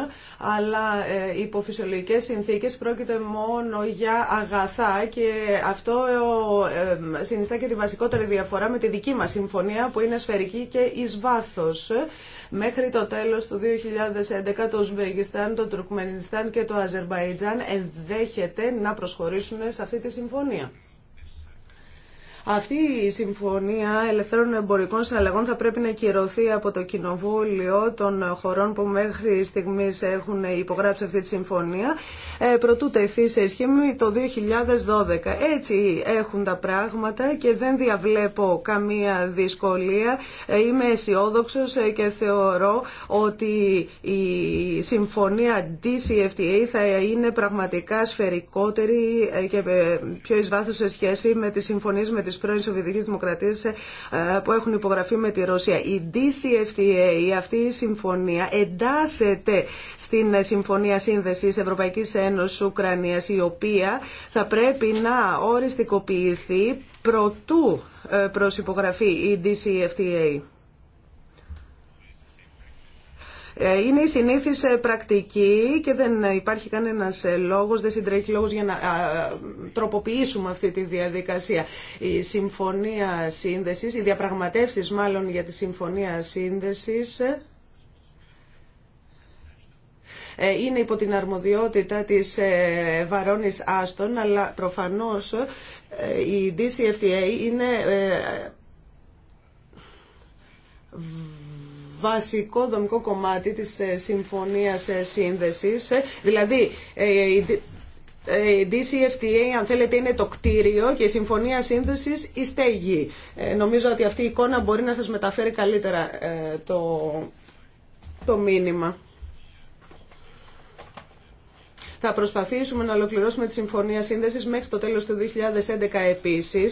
αλλά ε, υπό φυσιολογικές συνθήκες πρόκειται μόνο για αγαθά και αυτό ε, συνιστά και τη βασικότερη διαφορά με τη δική μας συμφωνία που είναι σφαιρική και εις βάθος. Μέχρι το τέλος του 2011 το Ουσβεγιστάν, το Τουρκμενιστάν και το Αζερβαϊτζάν ενδέχεται να προσχωρήσουν σε αυτή τη συμφωνία. Αυτή η Συμφωνία Ελευθέρων Εμπορικών Συναλλαγών θα πρέπει να κυρωθεί από το Κοινοβούλιο των χωρών που μέχρι στιγμή έχουν υπογράψει αυτή τη συμφωνία. Ε, προτού τεθεί σε ισχύ το 2012. Έτσι έχουν τα πράγματα και δεν διαβλέπω καμία δυσκολία. Ε, είμαι αισιόδοξο ε, και θεωρώ ότι η συμφωνία DCFTA θα είναι πραγματικά σφαιρικότερη και πιο εις σε σχέση με τις συμφωνίες με της πρώην Σοβιετικής Δημοκρατίας ε, που έχουν υπογραφεί με τη Ρωσία. Η DCFTA, αυτή η συμφωνία, εντάσσεται στην Συμφωνία Σύνδεσης Ευρωπαϊκής Ένωσης Ουκρανίας, η οποία θα πρέπει να οριστικοποιηθεί προτού ε, προς υπογραφή η DCFTA. Ε, είναι η συνήθις ε, πρακτική και δεν υπάρχει κανένας ε, λόγος, δεν συντρέχει λόγος για να τροποποιήσουμε αυτή τη διαδικασία. Η συμφωνία σύνδεσης, οι διαπραγματεύσεις μάλλον για τη συμφωνία σύνδεσης είναι υπό την αρμοδιότητα της Βαρόνης Άστον, αλλά προφανώς η DCFTA είναι βασικό δομικό κομμάτι της ε, συμφωνίας ε, σύνδεσης, ε, δηλαδή η DCFTA, αν θέλετε, είναι το κτίριο και η Συμφωνία Σύνδεσης η στέγη. νομίζω ότι αυτή η εικόνα μπορεί να σας μεταφέρει καλύτερα το, το μήνυμα. Θα προσπαθήσουμε να ολοκληρώσουμε τη Συμφωνία Σύνδεσης μέχρι το τέλος του 2011 επίση,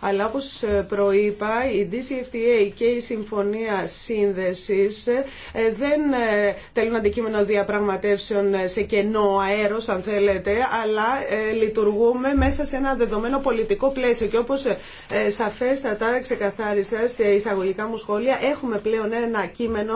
αλλά όπως ε, προείπα η DCFTA και η Συμφωνία Σύνδεσης ε, δεν ε, τελούν αντικείμενο διαπραγματεύσεων σε κενό αέρος αν θέλετε, αλλά λειτουργούμε μέσα σε ένα δεδομένο πολιτικό πλαίσιο και όπως σαφέστατα ξεκαθάρισα στα εισαγωγικά μου σχόλια έχουμε πλέον ένα κείμενο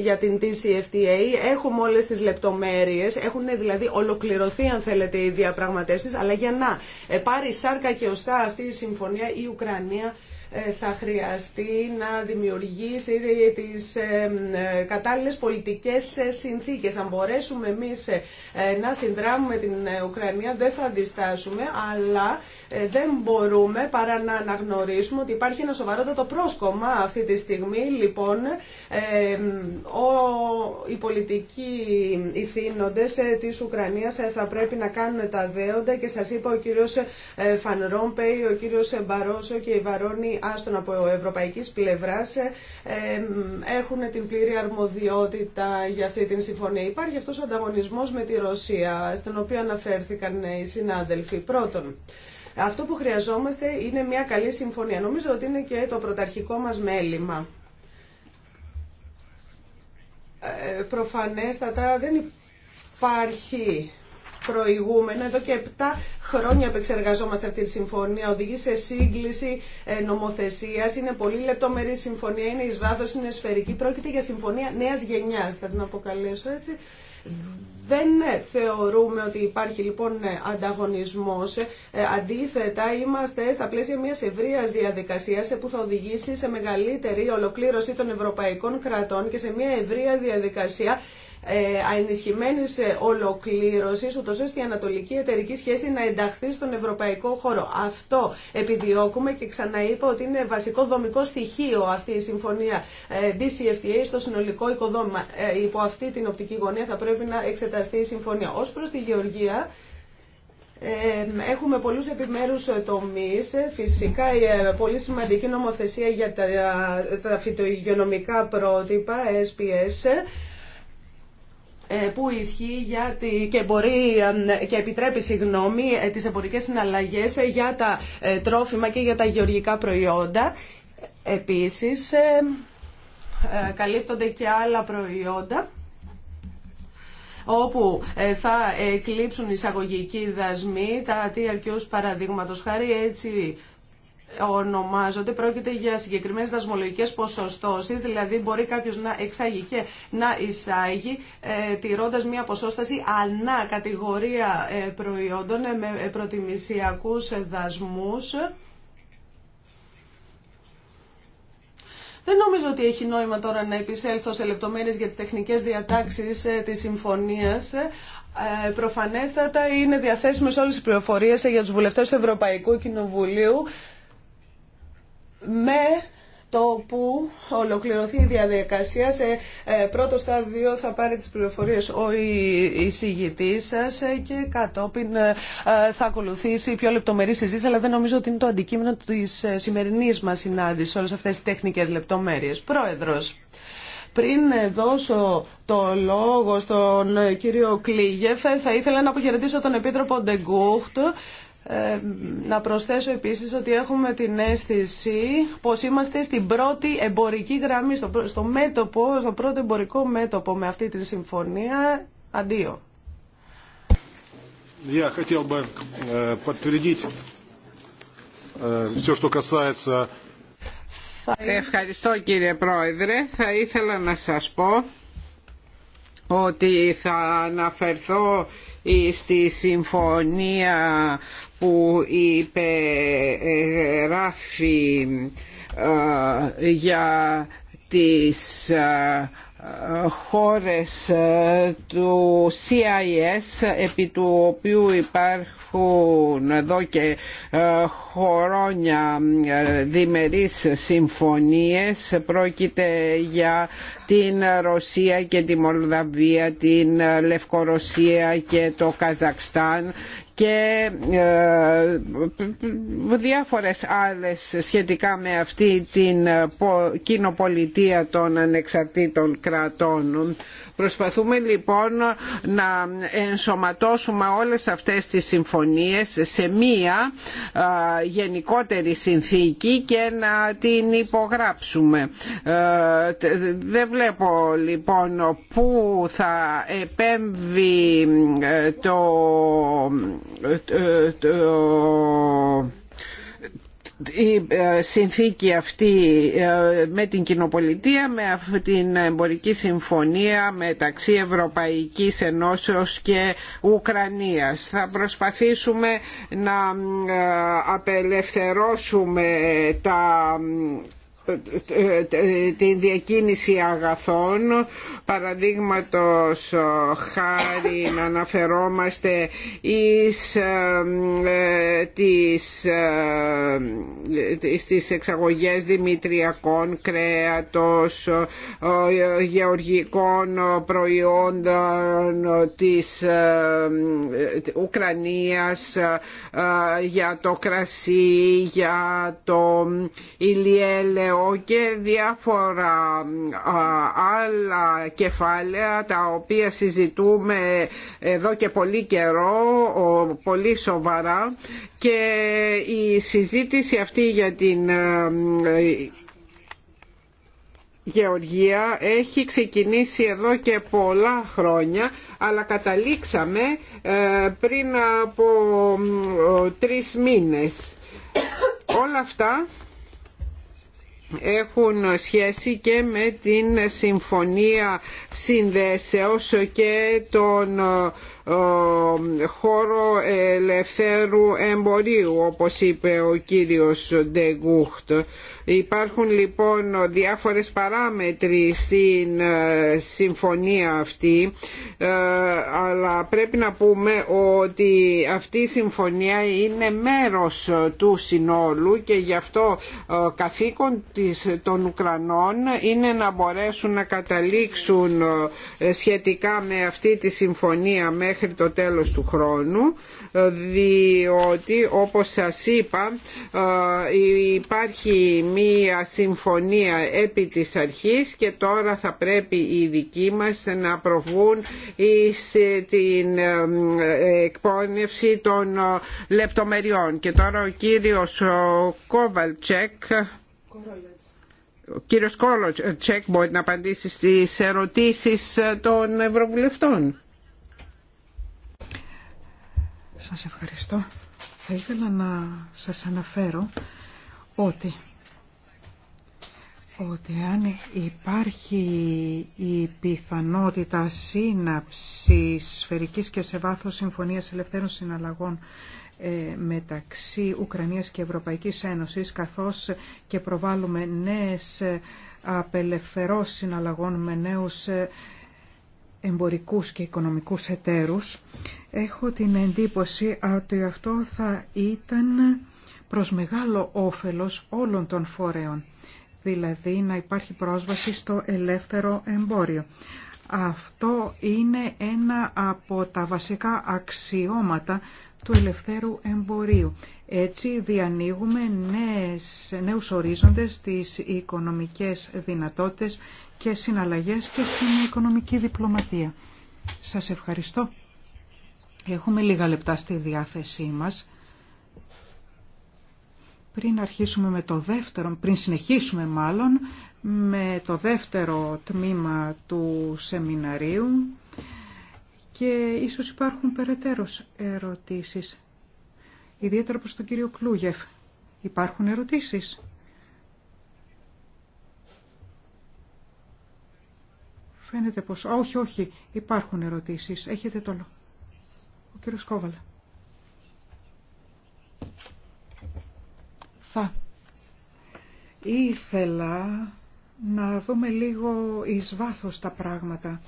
για την DCFTA, έχουμε όλε τι λεπτομέρειε. Έχουν δηλαδή ολοκληρωθεί, αν θέλετε, οι διαπραγματεύσει, αλλά για να ε, πάρει σάρκα και οστά αυτή η συμφωνία, η Ουκρανία ε, θα χρειαστεί να δημιουργήσει τις ε, κατάλληλες πολιτικές συνθήκες. Αν μπορέσουμε εμείς να συνδράμουμε την Ουκρανία δεν θα αντιστάσουμε, αλλά ε, δεν μπορούμε παρά να αναγνωρίσουμε ότι υπάρχει ένα σοβαρότατο πρόσκομα αυτή τη στιγμή. Λοιπόν, ε, ο, οι πολιτικοί ηθήνοντες ε, της Ουκρανίας θα πρέπει να κάνουν τα δέοντα και σας είπα ο κύριος Φαν ο κύριος Μπαρόσο και η Βαρόνη Άστον από ευρωπαϊκής πλευράς έχουν την πλήρη αρμοδιότητα για αυτή την συμφωνία. Υπάρχει αυτός ο ανταγωνισμός με τη Ρωσία, στον οποίο αναφέρθηκαν οι συνάδελφοι. Πρώτον, αυτό που χρειαζόμαστε είναι μια καλή συμφωνία. Νομίζω ότι είναι και το πρωταρχικό μας μέλημα. Ε, προφανέστατα δεν υπάρχει προηγούμενο. Εδώ και 7 χρόνια επεξεργαζόμαστε αυτή τη συμφωνία. Οδηγεί σε σύγκληση ε, νομοθεσία. Είναι πολύ λεπτομερή συμφωνία. Είναι ει είναι σφαιρική. Πρόκειται για συμφωνία νέα γενιά, θα την αποκαλέσω έτσι. Δεν θεωρούμε ότι υπάρχει λοιπόν ανταγωνισμός. Ε, αντίθετα, είμαστε στα πλαίσια μιας ευρείας διαδικασίας ε, που θα οδηγήσει σε μεγαλύτερη ολοκλήρωση των ευρωπαϊκών κρατών και σε μια ευρεία διαδικασία ε, σε ολοκλήρωση, ούτω ώστε η ανατολική εταιρική σχέση να ενταχθεί στον ευρωπαϊκό χώρο. Αυτό επιδιώκουμε και ξαναείπα ότι είναι βασικό δομικό στοιχείο αυτή η συμφωνία ε, DCFTA στο συνολικό οικοδόμημα. Ε, υπό αυτή την οπτική γωνία θα πρέπει να εξεταστεί η συμφωνία. Ω προ τη Γεωργία, έχουμε πολλούς επιμέρους τομείς. Φυσικά η πολύ σημαντική νομοθεσία για τα, τα πρότυπα, SPS. Ε, που ισχύει και, μπορεί, και επιτρέπει συγγνώμη, ε, τις εμπορικές συναλλαγές ε, για τα τρόφιμα και για τα γεωργικά προϊόντα. Επίσης, καλύπτονται και άλλα προϊόντα όπου θα κλείψουν εισαγωγικοί δασμοί, τα TRQs παραδείγματος χάρη, έτσι ονομάζονται. Πρόκειται για συγκεκριμένες δασμολογικές ποσοστώσεις, δηλαδή μπορεί κάποιος να εξάγει και να εισάγει ε, τηρώντας μια ποσόσταση ανά κατηγορία ε, προϊόντων ε, με ε, προτιμησιακούς δασμούς. Δεν νομίζω ότι έχει νόημα τώρα να επισέλθω σε λεπτομέρειες για τις τεχνικές διατάξεις της συμφωνίας. Ε, προφανέστατα είναι διαθέσιμες όλες οι πληροφορίες για τους βουλευτές του Ευρωπαϊκού Κοινοβουλίου με το που ολοκληρωθεί η διαδικασία. Σε ε, πρώτο στάδιο θα πάρει τις πληροφορίες ο εισηγητής σας ε, και κατόπιν ε, θα ακολουθήσει πιο λεπτομερή συζήτηση, αλλά δεν νομίζω ότι είναι το αντικείμενο της σημερινής μας συνάντησης, όλες αυτές τις τεχνικές λεπτομέρειες. Πρόεδρος. Πριν δώσω το λόγο στον κύριο Κλίγεφ, θα ήθελα να αποχαιρετήσω τον Επίτροπο Ντεγκούχτ ε, να προσθέσω επίσης ότι έχουμε την αίσθηση πως είμαστε στην πρώτη εμπορική γραμμή, στο, στο στο πρώτο εμπορικό μέτωπο με αυτή τη συμφωνία. Αντίο. Я хотел бы э, подтвердить э, все, что касается... Ευχαριστώ κύριε Πρόεδρε. Θα ήθελα να σας πω ότι θα αναφερθώ στη συμφωνία που υπεγράφει ε, για τις ε, χώρες ε, του CIS επί του οποίου υπάρχουν εδώ και ε, χρόνια ε, διμερείς συμφωνίες πρόκειται για την Ρωσία και τη Μολδαβία την Λευκορωσία και το Καζακστάν και ε, διάφορες άλλες σχετικά με αυτή την ε, κοινοπολιτεία των ανεξαρτήτων κρατών. Προσπαθούμε λοιπόν να ενσωματώσουμε όλες αυτές τις συμφωνίες σε μία γενικότερη συνθήκη και να την υπογράψουμε. Ε, δεν βλέπω λοιπόν πού θα επέμβει ε, το, ε, το η ε, συνθήκη αυτή ε, με την κοινοπολιτεία, με αυτή την εμπορική συμφωνία μεταξύ Ευρωπαϊκής Ενώσεως και Ουκρανίας. Θα προσπαθήσουμε να ε, απελευθερώσουμε τα την διακίνηση αγαθών παραδείγματος χάρη να αναφερόμαστε εις ε, τις, ε, στις εξαγωγές δημητριακών κρέατος γεωργικών προϊόντων της ε, Ουκρανίας για το κρασί για το ηλιέλεο και διάφορα άλλα κεφάλαια τα οποία συζητούμε εδώ και πολύ καιρό, πολύ σοβαρά και η συζήτηση αυτή για την ε, γεωργία έχει ξεκινήσει εδώ και πολλά χρόνια αλλά καταλήξαμε ε, πριν από τρεις μήνες. Όλα αυτά έχουν σχέση και με την συμφωνία συνδέσεως και τον ε, ε, χώρο ελευθέρου εμπορίου όπως είπε ο κύριος Ντεγκούχτ. Υπάρχουν λοιπόν διάφορες παράμετροι στην ε, συμφωνία αυτή ε, αλλά πρέπει να πούμε ότι αυτή η συμφωνία είναι μέρος του συνόλου και γι' αυτό καθήκον των Ουκρανών είναι να μπορέσουν να καταλήξουν σχετικά με αυτή τη συμφωνία μέχρι μέχρι το τέλος του χρόνου ε, διότι όπως σας είπα ε, υπάρχει μία συμφωνία επί της αρχής και τώρα θα πρέπει οι δικοί μας να προβούν στην ε, εκπόνευση των λεπτομεριών. Και τώρα ο κύριος Κόβαλτσεκ ο κύριος Κόλοτσεκ μπορεί να απαντήσει στις ερωτήσεις των Ευρωβουλευτών. Σας ευχαριστώ. Θα ήθελα να σας αναφέρω ότι ότι αν υπάρχει η πιθανότητα σύναψης σφαιρικής και σε βάθος συμφωνίας ελευθέρων συναλλαγών ε, μεταξύ Ουκρανίας και Ευρωπαϊκής Ένωσης καθώς και προβάλλουμε νέες ε, απελευθερώσεις συναλλαγών με νέους ε, εμπορικούς και οικονομικούς εταίρους Έχω την εντύπωση ότι αυτό θα ήταν προς μεγάλο όφελος όλων των φορέων, δηλαδή να υπάρχει πρόσβαση στο ελεύθερο εμπόριο. Αυτό είναι ένα από τα βασικά αξιώματα του ελευθέρου εμπορίου. Έτσι διανοίγουμε νέες, νέους ορίζοντες στις οικονομικές δυνατότητες και συναλλαγές και στην οικονομική διπλωματία. Σας ευχαριστώ. Έχουμε λίγα λεπτά στη διάθεσή μας. Πριν αρχίσουμε με το δεύτερο, πριν συνεχίσουμε μάλλον με το δεύτερο τμήμα του σεμιναρίου και ίσως υπάρχουν περαιτέρω ερωτήσεις. Ιδιαίτερα προς τον κύριο Κλούγεφ. Υπάρχουν ερωτήσεις. Φαίνεται πως... Όχι, όχι, υπάρχουν ερωτήσεις. Έχετε το λόγο. Ο κύριος Κόβαλα. Θα ήθελα να δούμε λίγο εις βάθος τα πράγματα.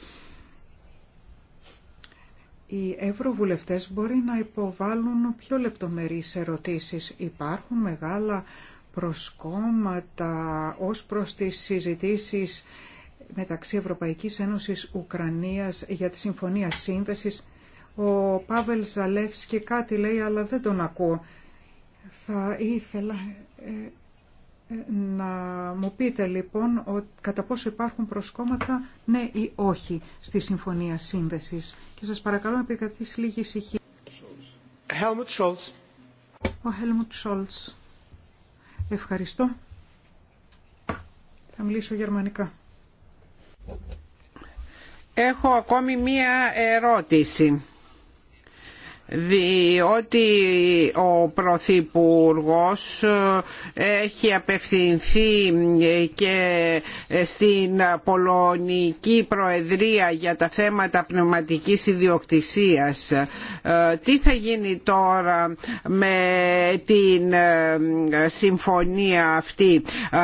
Οι ευρωβουλευτές μπορεί να υποβάλουν πιο λεπτομερείς ερωτήσεις. Υπάρχουν μεγάλα προσκόμματα ως προς τις συζητήσεις μεταξύ Ευρωπαϊκής Ένωσης Ουκρανίας για τη Συμφωνία Σύνδεσης ο Πάβελ Ζαλεύς και κάτι λέει, αλλά δεν τον ακούω. Θα ήθελα ε, ε, να μου πείτε λοιπόν ότι κατά πόσο υπάρχουν προσκόμματα ναι ή όχι στη Συμφωνία Σύνδεσης. Και σας παρακαλώ να επικρατήσει λίγη ησυχία. Helmut Scholz. Ο Helmut Scholz. Ευχαριστώ. Θα μιλήσω γερμανικά. Έχω ακόμη μία ερώτηση διότι ο Πρωθυπουργό ε, έχει απευθυνθεί και στην Πολωνική Προεδρία για τα θέματα πνευματικής ιδιοκτησίας. Ε, τι θα γίνει τώρα με την ε, συμφωνία αυτή.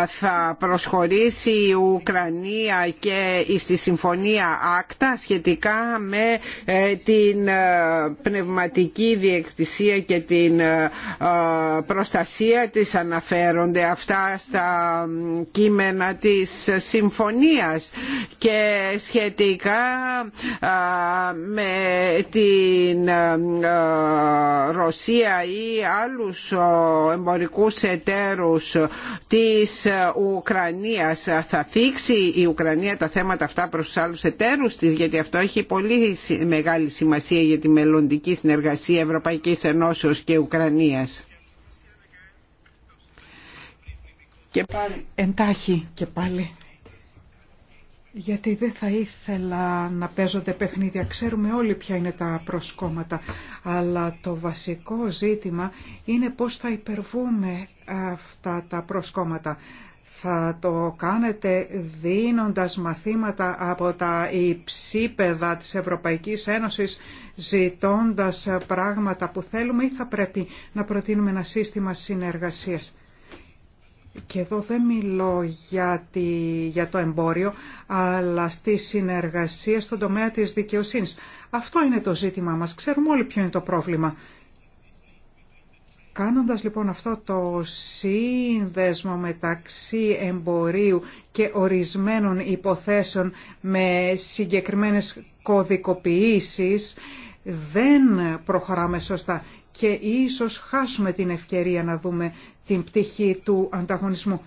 Θα προσχωρήσει η Ουκρανία και στη συμφωνία ΑΚΤΑ σχετικά με την πνευματική πραγματική διεκτησία και την ε, ε, προστασία της αναφέρονται αυτά στα κείμενα της συμφωνίας και σχετικά ε, με την Ρωσία ή άλλους εμπορικούς εταίρους της Ουκρανίας θα θίξει η Ουκρανία τα θέματα αυτά προς τους άλλους εταίρους της γιατί αυτό έχει πολύ μεγάλη σημασία για τη μελλοντική συνεργασία Ευρωπαϊκή Ευρωπαϊκής Ενώσεως και Ουκρανίας. Και πάλι. Εντάχει και πάλι. Γιατί δεν θα ήθελα να παίζονται παιχνίδια. Ξέρουμε όλοι ποια είναι τα προσκόμματα. Αλλά το βασικό ζήτημα είναι πώς θα υπερβούμε αυτά τα προσκόμματα θα το κάνετε δίνοντας μαθήματα από τα υψίπεδα της Ευρωπαϊκής Ένωσης ζητώντας πράγματα που θέλουμε ή θα πρέπει να προτείνουμε ένα σύστημα συνεργασίας. Και εδώ δεν μιλώ για, το εμπόριο, αλλά στη συνεργασία στον τομέα της δικαιοσύνης. Αυτό είναι το ζήτημά μας. Ξέρουμε όλοι ποιο είναι το πρόβλημα. Κάνοντας λοιπόν αυτό το σύνδεσμο μεταξύ εμπορίου και ορισμένων υποθέσεων με συγκεκριμένες κωδικοποιήσεις δεν προχωράμε σωστά και ίσως χάσουμε την ευκαιρία να δούμε την πτυχή του ανταγωνισμού.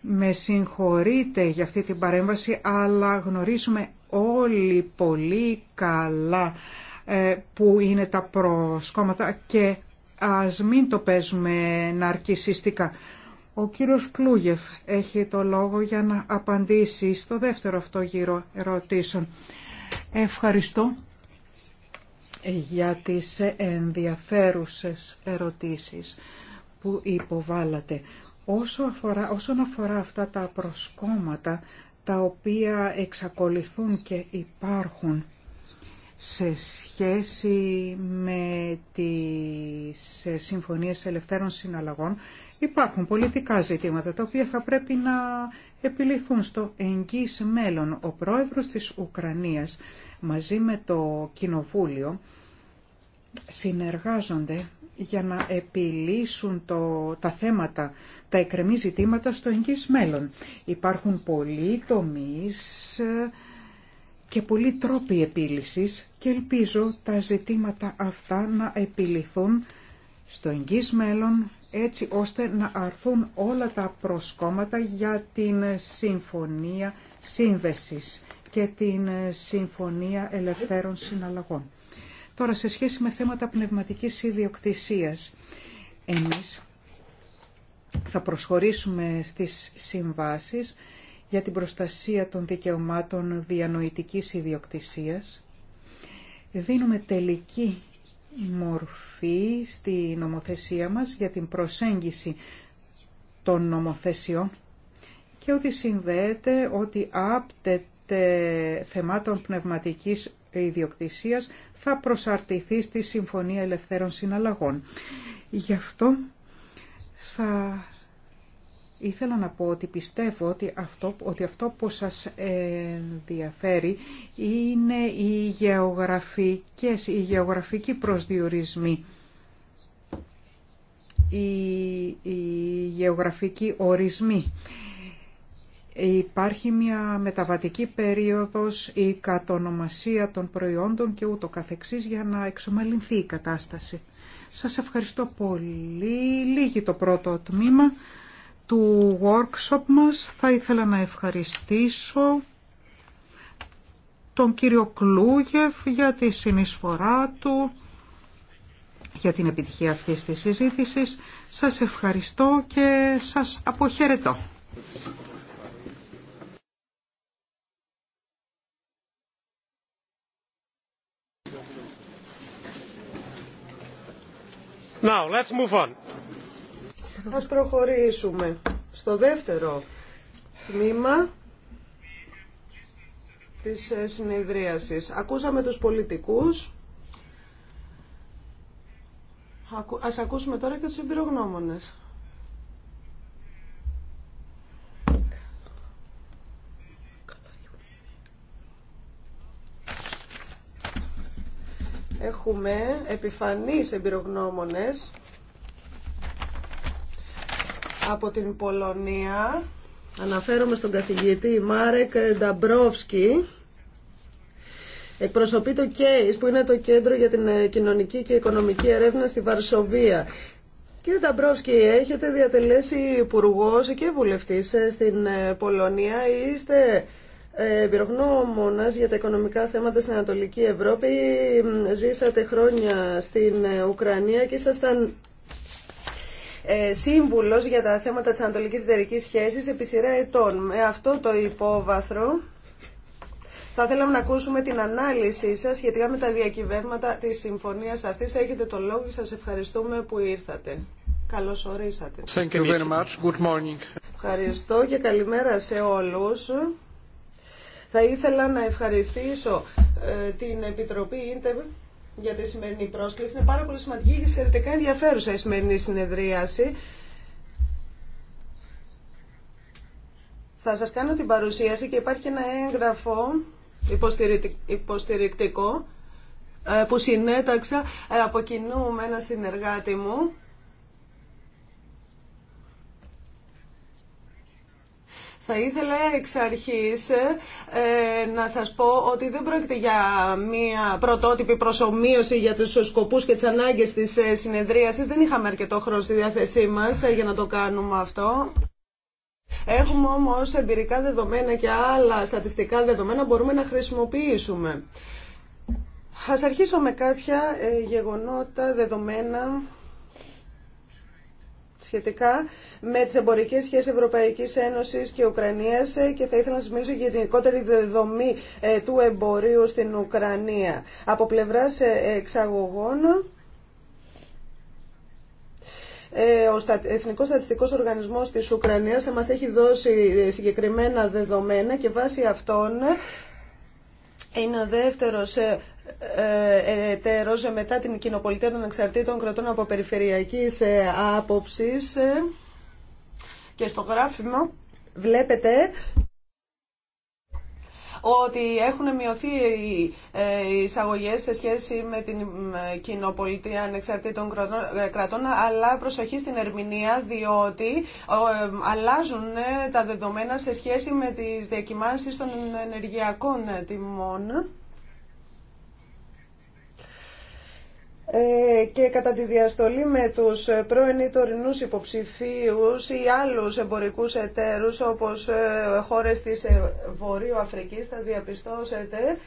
Με συγχωρείτε για αυτή την παρέμβαση, αλλά γνωρίζουμε όλοι πολύ καλά ε, που είναι τα προσκόμματα και ας μην το παίζουμε ναρκισιστικά. Ο κύριος Κλούγεφ έχει το λόγο για να απαντήσει στο δεύτερο αυτό γύρο ερωτήσεων. Ευχαριστώ για τις ενδιαφέρουσες ερωτήσεις που υποβάλατε. Όσο αφορά, όσον αφορά αυτά τα προσκόμματα τα οποία εξακολουθούν και υπάρχουν σε σχέση με τις ε, συμφωνίες ελευθέρων συναλλαγών υπάρχουν πολιτικά ζητήματα τα οποία θα πρέπει να επιληθούν στο εγγύς μέλλον. Ο πρόεδρος της Ουκρανίας μαζί με το Κοινοβούλιο συνεργάζονται για να επιλύσουν το, τα θέματα, τα εκκρεμή ζητήματα στο εγγύς μέλλον. Υπάρχουν πολλοί τομείς ε, και πολλοί τρόποι επίλυσης και ελπίζω τα ζητήματα αυτά να επιληθούν στο εγγύς μέλλον έτσι ώστε να αρθούν όλα τα προσκόμματα για την Συμφωνία Σύνδεσης και την Συμφωνία Ελευθέρων Συναλλαγών. Τώρα, σε σχέση με θέματα πνευματικής ιδιοκτησίας, εμείς θα προσχωρήσουμε στις συμβάσεις για την προστασία των δικαιωμάτων διανοητικής ιδιοκτησίας. Δίνουμε τελική μορφή στη νομοθεσία μας για την προσέγγιση των νομοθεσιών και ότι συνδέεται ότι άπτεται θεμάτων πνευματικής ιδιοκτησίας θα προσαρτηθεί στη Συμφωνία Ελευθέρων Συναλλαγών. Γι' αυτό θα Ήθελα να πω ότι πιστεύω ότι αυτό, ότι αυτό που σας ενδιαφέρει είναι οι, γεωγραφικές, οι γεωγραφικοί προσδιορισμοί, οι, οι γεωγραφικοί ορισμοί. Υπάρχει μια μεταβατική περίοδος, η κατονομασία των προϊόντων και ούτω καθεξής για να εξομαλυνθεί η κατάσταση. Σας ευχαριστώ πολύ. Λίγη το πρώτο τμήμα του workshop μας θα ήθελα να ευχαριστήσω τον κύριο Κλούγεφ για τη συνεισφορά του, για την επιτυχία αυτής της συζήτησης. Σας ευχαριστώ και σας αποχαιρετώ. Now, let's move on. Ας προχωρήσουμε στο δεύτερο τμήμα της ε, συνεδρίασης. Ακούσαμε τους πολιτικούς. Ας ακούσουμε τώρα και τους εμπειρογνώμονες. Έχουμε επιφανείς εμπειρογνώμονες από την Πολωνία. Αναφέρομαι στον καθηγητή Μάρεκ Νταμπρόφσκι. Εκπροσωπεί το ΚΕΙΣ που είναι το Κέντρο για την ε, Κοινωνική και Οικονομική Ερεύνα στη Βαρσοβία. Κύριε Νταμπρόφσκι, έχετε διατελέσει υπουργό και βουλευτή ε, στην ε, Πολωνία. Είστε εμπειρογνώμονα για τα οικονομικά θέματα στην Ανατολική Ευρώπη. Ζήσατε χρόνια στην Ουκρανία και ήσασταν ε, Σύμβουλο για τα θέματα της ανατολική Εταιρικής Σχέσης επί σειρά ετών. Με αυτό το υπόβαθρο θα θέλαμε να ακούσουμε την ανάλυση σας σχετικά με τα διακυβεύματα της συμφωνίας αυτή. Έχετε το λόγο και σας ευχαριστούμε που ήρθατε. Καλώ ορίσατε. Thank you very much. Good morning. Ευχαριστώ και καλημέρα σε όλους. Θα ήθελα να ευχαριστήσω ε, την Επιτροπή Ίντεβ για τη σημερινή πρόσκληση. Είναι πάρα πολύ σημαντική και σχετικά ενδιαφέρουσα η σημερινή συνεδρίαση. Θα σας κάνω την παρουσίαση και υπάρχει ένα έγγραφο υποστηρικτικό ε, που συνέταξα ε, από κοινού με ένα συνεργάτη μου Θα ήθελα εξ αρχής ε, να σας πω ότι δεν πρόκειται για μία πρωτότυπη προσωμείωση για τους σκοπούς και τις ανάγκες της ε, συνεδρίασης. Δεν είχαμε αρκετό χρόνο στη διάθεσή μας ε, για να το κάνουμε αυτό. Έχουμε όμως εμπειρικά δεδομένα και άλλα στατιστικά δεδομένα μπορούμε να χρησιμοποιήσουμε. Ας αρχίσω με κάποια γεγονότα, δεδομένα σχετικά με τις εμπορικές σχέσεις Ευρωπαϊκής Ένωσης και Ουκρανίας ε, και θα ήθελα να σας μιλήσω για την γενικότερη δομή ε, του εμπορίου στην Ουκρανία. Από πλευράς ε, εξαγωγών, ο Εθνικός Στατιστικός Οργανισμός της Ουκρανίας μας έχει δώσει συγκεκριμένα δεδομένα και βάσει αυτών είναι ο δεύτερος ε, εταίρος μετά την κοινοπολιτεία των εξαρτήτων κρατών από περιφερειακής ε, άποψης ε, και στο γράφημα βλέπετε ότι έχουν μειωθεί οι εισαγωγέ σε σχέση με την κοινοπολιτεία ανεξαρτήτων κρατών, αλλά προσοχή στην ερμηνεία, διότι αλλάζουν τα δεδομένα σε σχέση με τις διακυμάνσεις των ενεργειακών τιμών. Ε, και κατά τη διαστολή με τους πρώην ή τωρινούς υποψηφίους ή άλλους εμπορικούς εταίρους όπως ε, χώρες της ε, Βορείου Αφρικής θα διαπιστώσετε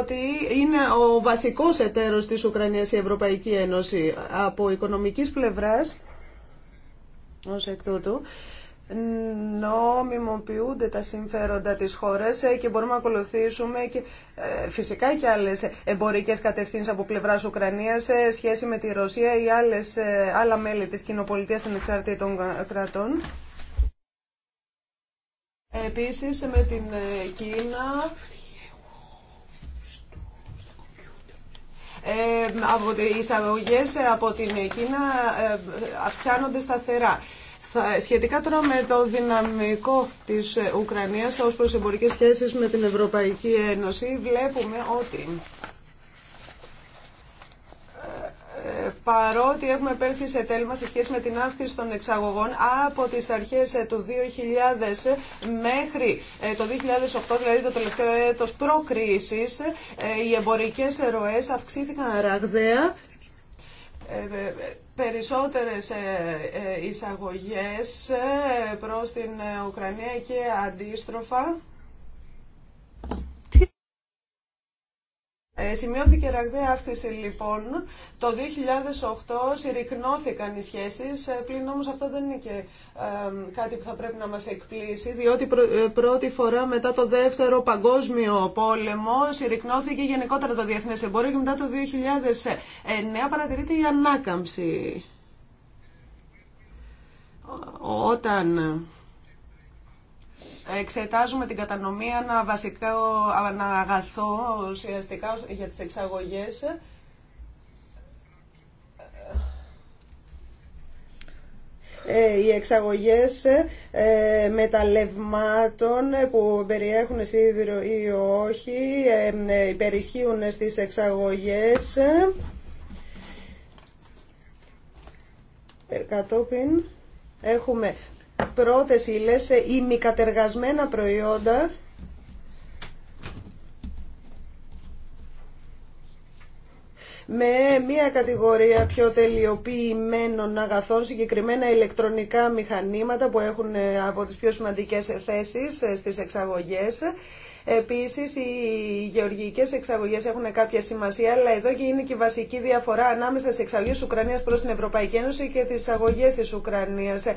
ότι είναι ο βασικός εταίρος της Ουκρανίας η Ευρωπαϊκή Ένωση από οικονομικής πλευράς ως εκ τούτου νομιμοποιούνται τα συμφέροντα της χώρας ε, και μπορούμε να ακολουθήσουμε και, ε, φυσικά και άλλες εμπορικές κατευθύνσεις από πλευράς Ουκρανίας σε σχέση με τη Ρωσία ή άλλες, ε, άλλα μέλη της κοινοπολιτείας ανεξαρτήτων κρατών. Επίσης με την Κίνα ε, από, οι εισαγωγές από την Κίνα αυξάνονται σταθερά. Θα, σχετικά τώρα με το δυναμικό της ε, Ουκρανίας ως προς εμπορικές σχέσεις με την Ευρωπαϊκή Ένωση βλέπουμε ότι ε, ε, παρότι έχουμε επέλθει σε τέλμα σε σχέση με την αύξηση των εξαγωγών από τις αρχές του 2000 μέχρι το 2008, δηλαδή το τελευταίο έτος προκρίσης, οι εμπορικές ροές αυξήθηκαν ραγδαία περισσότερες ε, ε, εισαγωγές ε, προς την Ουκρανία και αντίστροφα. Ε, σημειώθηκε ραγδαία αύξηση λοιπόν. Το 2008 συρρυκνώθηκαν οι σχέσεις, ε, πλην όμως αυτό δεν είναι και κάτι που θα πρέπει να μας εκπλήσει, διότι ε, πρώτη φορά μετά το δεύτερο παγκόσμιο πόλεμο συρρυκνώθηκε γενικότερα το διεθνές εμπόριο και μετά το 2009 παρατηρείται η ανάκαμψη. Όταν Εξετάζουμε την κατανομή ένα βασικό αγαθό ουσιαστικά για τις εξαγωγές. Ε, οι εξαγωγές ε, μεταλλευμάτων που περιέχουν σίδηρο ή όχι ε, υπερισχύουν στις εξαγωγές κατόπιν έχουμε πρώτες ύλες ή ημικατεργασμένα προϊόντα με μια κατηγορία πιο τελειοποιημένων αγαθών, συγκεκριμένα ηλεκτρονικά μηχανήματα που έχουν ε, από τις πιο σημαντικές θέσεις ε, στις εξαγωγές Επίσης, οι γεωργικές εξαγωγές έχουν κάποια σημασία, αλλά εδώ και είναι και η βασική διαφορά ανάμεσα στις εξαγωγές της Ουκρανίας προς την Ευρωπαϊκή Ένωση και τις εξαγωγές της Ουκρανίας ε,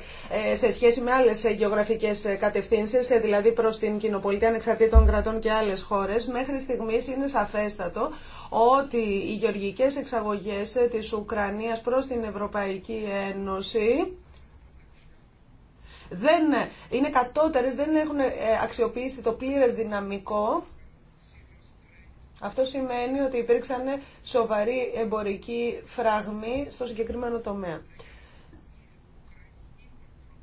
σε σχέση με άλλες γεωγραφικές κατευθύνσεις, ε, δηλαδή προς την κοινοπολιτεία ανεξαρτήτων κρατών και άλλες χώρες. Μέχρι στιγμής είναι σαφέστατο ότι οι γεωργικές εξαγωγές της Ουκρανίας προς την Ευρωπαϊκή Ένωση δεν είναι κατώτερες, δεν έχουν ε, αξιοποιήσει το πλήρες δυναμικό. Αυτό σημαίνει ότι υπήρξαν σοβαροί εμπορικοί φραγμοί στο συγκεκριμένο τομέα.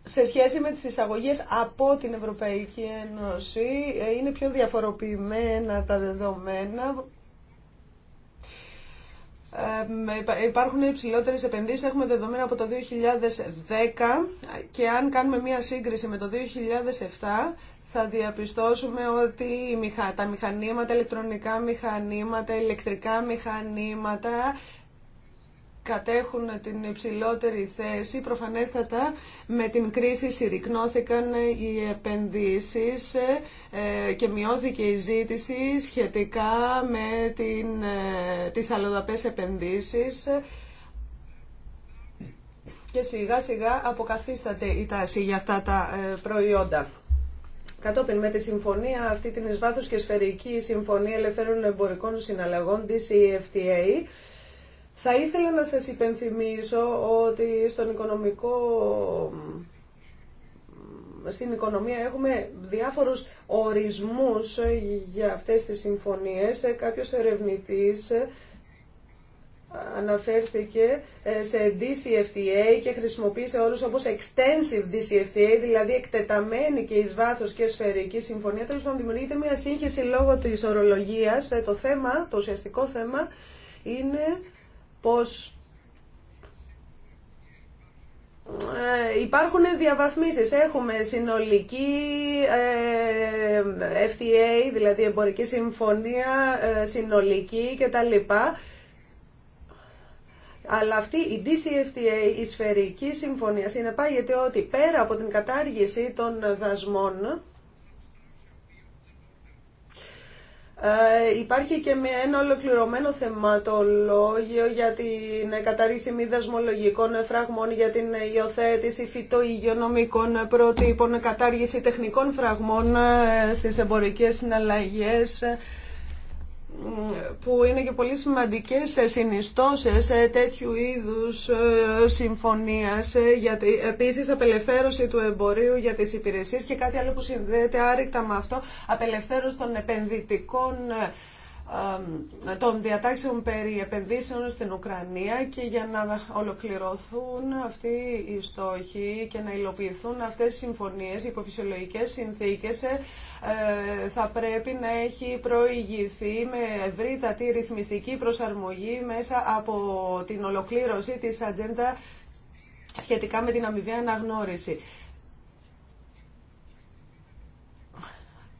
Σε σχέση με τις εισαγωγές από την Ευρωπαϊκή Ένωση, ε, είναι πιο διαφοροποιημένα τα δεδομένα υπάρχουν υψηλότερε επενδύσει. Έχουμε δεδομένα από το 2010 και αν κάνουμε μία σύγκριση με το 2007 θα διαπιστώσουμε ότι τα μηχανήματα, ηλεκτρονικά μηχανήματα, ηλεκτρικά μηχανήματα κατέχουν την υψηλότερη θέση. Προφανέστατα με την κρίση συρρυκνώθηκαν οι επενδύσεις ε, και μειώθηκε η ζήτηση σχετικά με την, ε, τις αλλοδαπές επενδύσεις και σιγά σιγά αποκαθίσταται η τάση για αυτά τα ε, προϊόντα. Κατόπιν με τη συμφωνία αυτή την εις και σφαιρική συμφωνία ελευθέρων εμπορικών συναλλαγών DCFTA θα ήθελα να σας υπενθυμίσω ότι στον οικονομικό στην οικονομία έχουμε διάφορους ορισμούς για αυτές τις συμφωνίες. Κάποιος ερευνητής ε, αναφέρθηκε ε, σε DCFTA και χρησιμοποίησε όρους όπως extensive DCFTA, δηλαδή εκτεταμένη και εις βάθος και σφαιρική συμφωνία. Τέλος πάντων δημιουργείται μια σύγχυση λόγω της ορολογίας. Ε, το θέμα, το ουσιαστικό θέμα είναι πως ε, υπάρχουν διαβαθμίσεις. Έχουμε συνολική ε, FTA, δηλαδή εμπορική συμφωνία, ε, συνολική κτλ. Αλλά αυτή η DCFTA, η σφαιρική συμφωνία, συνεπάγεται ότι πέρα από την κατάργηση των δασμών, Ε, υπάρχει και ένα ολοκληρωμένο θεματολόγιο για την μη δασμολογικών φραγμών, για την υιοθέτηση φυτοϊγειονομικών πρότυπων, κατάργηση τεχνικών φραγμών ε, στις εμπορικές συναλλαγές, που είναι και πολύ σημαντικές συνιστώσεις ε, τέτοιου είδους ε, συμφωνίας ε, για επίσης απελευθέρωση του εμπορίου για τις υπηρεσίες και κάτι άλλο που συνδέεται άρρηκτα με αυτό απελευθέρωση των επενδυτικών των διατάξεων περί επενδύσεων στην Ουκρανία και για να ολοκληρωθούν αυτοί οι στόχοι και να υλοποιηθούν αυτές οι συμφωνίες, οι υποφυσιολογικές συνθήκες ε, θα πρέπει να έχει προηγηθεί με ευρύτατη ρυθμιστική προσαρμογή μέσα από την ολοκλήρωση της ατζέντα σχετικά με την αμοιβή αναγνώριση.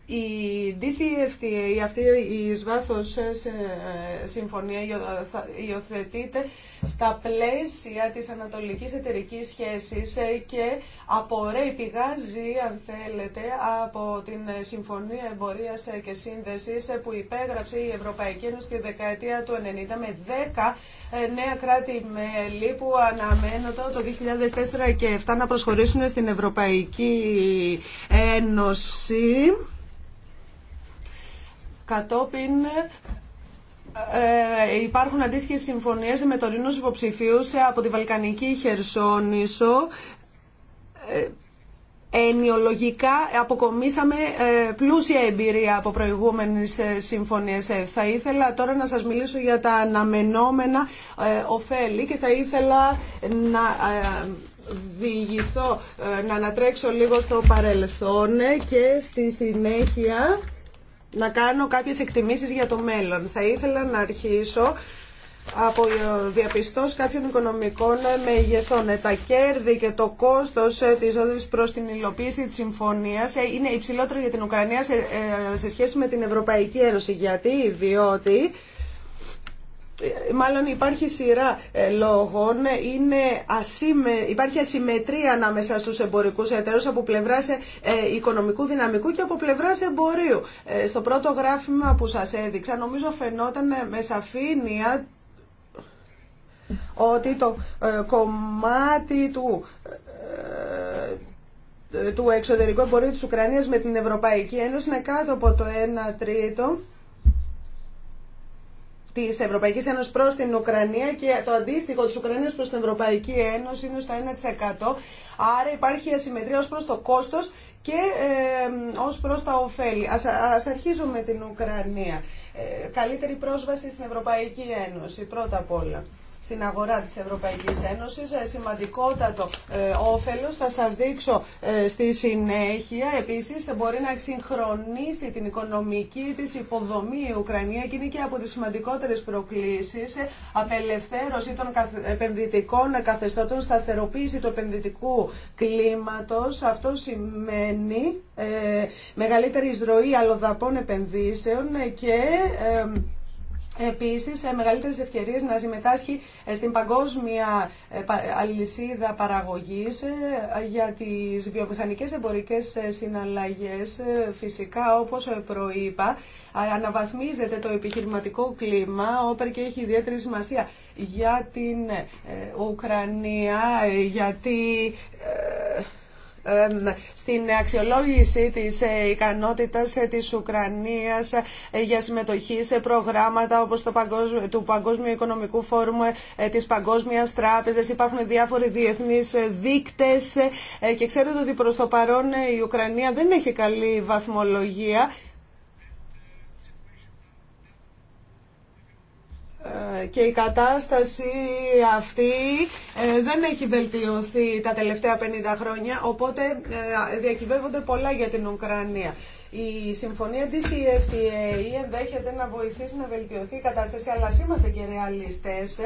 Η DCFTA, αυτή η εις συμφωνία υιοθετείται στα πλαίσια της ανατολικής εταιρικής σχέσης ε, και απορρέει, πηγάζει αν θέλετε από την Συμφωνία Εμπορίας ε, και Σύνδεσης ε, που υπέγραψε η Ευρωπαϊκή Ένωση τη δεκαετία του 90 με 10 νέα κράτη-μέλη που αναμένονται το 2004 και 7 να προσχωρήσουν στην Ευρωπαϊκή Ένωση. Κατόπιν ε, υπάρχουν αντίστοιχε συμφωνίες με υποψηφίου σε από τη Βαλκανική Χερσόνησο. Ε, ενιολογικά αποκομίσαμε ε, πλούσια εμπειρία από προηγούμενες ε, συμφωνίες. Ε, θα ήθελα τώρα να σας μιλήσω για τα αναμενόμενα ωφέλη και θα ήθελα να διηγηθώ, να ανατρέξω λίγο στο παρελθόν και στη συνέχεια να κάνω κάποιες εκτιμήσεις για το μέλλον. Θα ήθελα να αρχίσω από ε, διαπιστώσει κάποιων οικονομικών ε, μεγεθών. Ε, τα κέρδη και το κόστος της όδησης προς την υλοποίηση της συμφωνίας είναι υψηλότερο για την Ουκρανία σε σχέση με την Ευρωπαϊκή Ένωση. Γιατί, διότι ε, μάλλον υπάρχει σειρά ε, λόγων, είναι ασύμε, υπάρχει ασυμμετρία ανάμεσα στους εμπορικούς εταίρους από πλευράς ε, οικονομικού δυναμικού και από πλευράς εμπορίου. στο πρώτο γράφημα που σας έδειξα νομίζω φαινόταν με σαφήνεια ότι το κομμάτι του του εξωτερικού εμπορίου της Ουκρανίας με την Ευρωπαϊκή Ένωση είναι κάτω από το 1 τρίτο τη Ευρωπαϊκή Ένωση προ την Ουκρανία και το αντίστοιχο τη Ουκρανία προ την Ευρωπαϊκή Ένωση είναι στο 1%. Άρα υπάρχει ασυμμετρία ω προ το κόστο και ε, ω προ τα ωφέλη. Α ας με την Ουκρανία. Ε, καλύτερη πρόσβαση στην Ευρωπαϊκή Ένωση, πρώτα απ' όλα στην αγορά της Ευρωπαϊκής Ένωσης. Ε, σημαντικότατο ε, όφελος θα σας δείξω ε, στη συνέχεια. Επίσης μπορεί να εξυγχρονίσει την οικονομική της υποδομή η Ουκρανία και και από τις σημαντικότερες προκλήσεις. Απελευθέρωση των επενδυτικών καθεστώτων, σταθεροποίηση του επενδυτικού κλίματος. Αυτό σημαίνει μεγαλύτερη εισρωή αλλοδαπών επενδύσεων και Επίσης, ε, μεγαλύτερες ευκαιρίες να συμμετάσχει ε, στην παγκόσμια ε, αλυσίδα παραγωγής για τις βιομηχανικές εμπορικές συναλλαγές. Φυσικά, όπως προείπα, αναβαθμίζεται το επιχειρηματικό κλίμα, όπερ και έχει ιδιαίτερη σημασία για την Ουκρανία, γιατί στην αξιολόγηση της ε, ικανότητας ε, της Ουκρανίας ε, για συμμετοχή σε προγράμματα όπως το του Παγκόσμιου Οικονομικού Φόρουμ της Παγκόσμιας Τράπεζας. Υπάρχουν διάφοροι διεθνείς δείκτες και ξέρετε ότι προς το παρόν η Ουκρανία δεν έχει καλή βαθμολογία. Ε, και η κατάσταση αυτή ε, δεν έχει βελτιωθεί τα τελευταία 50 χρόνια, οπότε ε, διακυβεύονται πολλά για την Ουκρανία. Η συμφωνία της EFTA ενδέχεται να βοηθήσει να βελτιωθεί η κατάσταση, αλλά είμαστε και ρεαλιστές.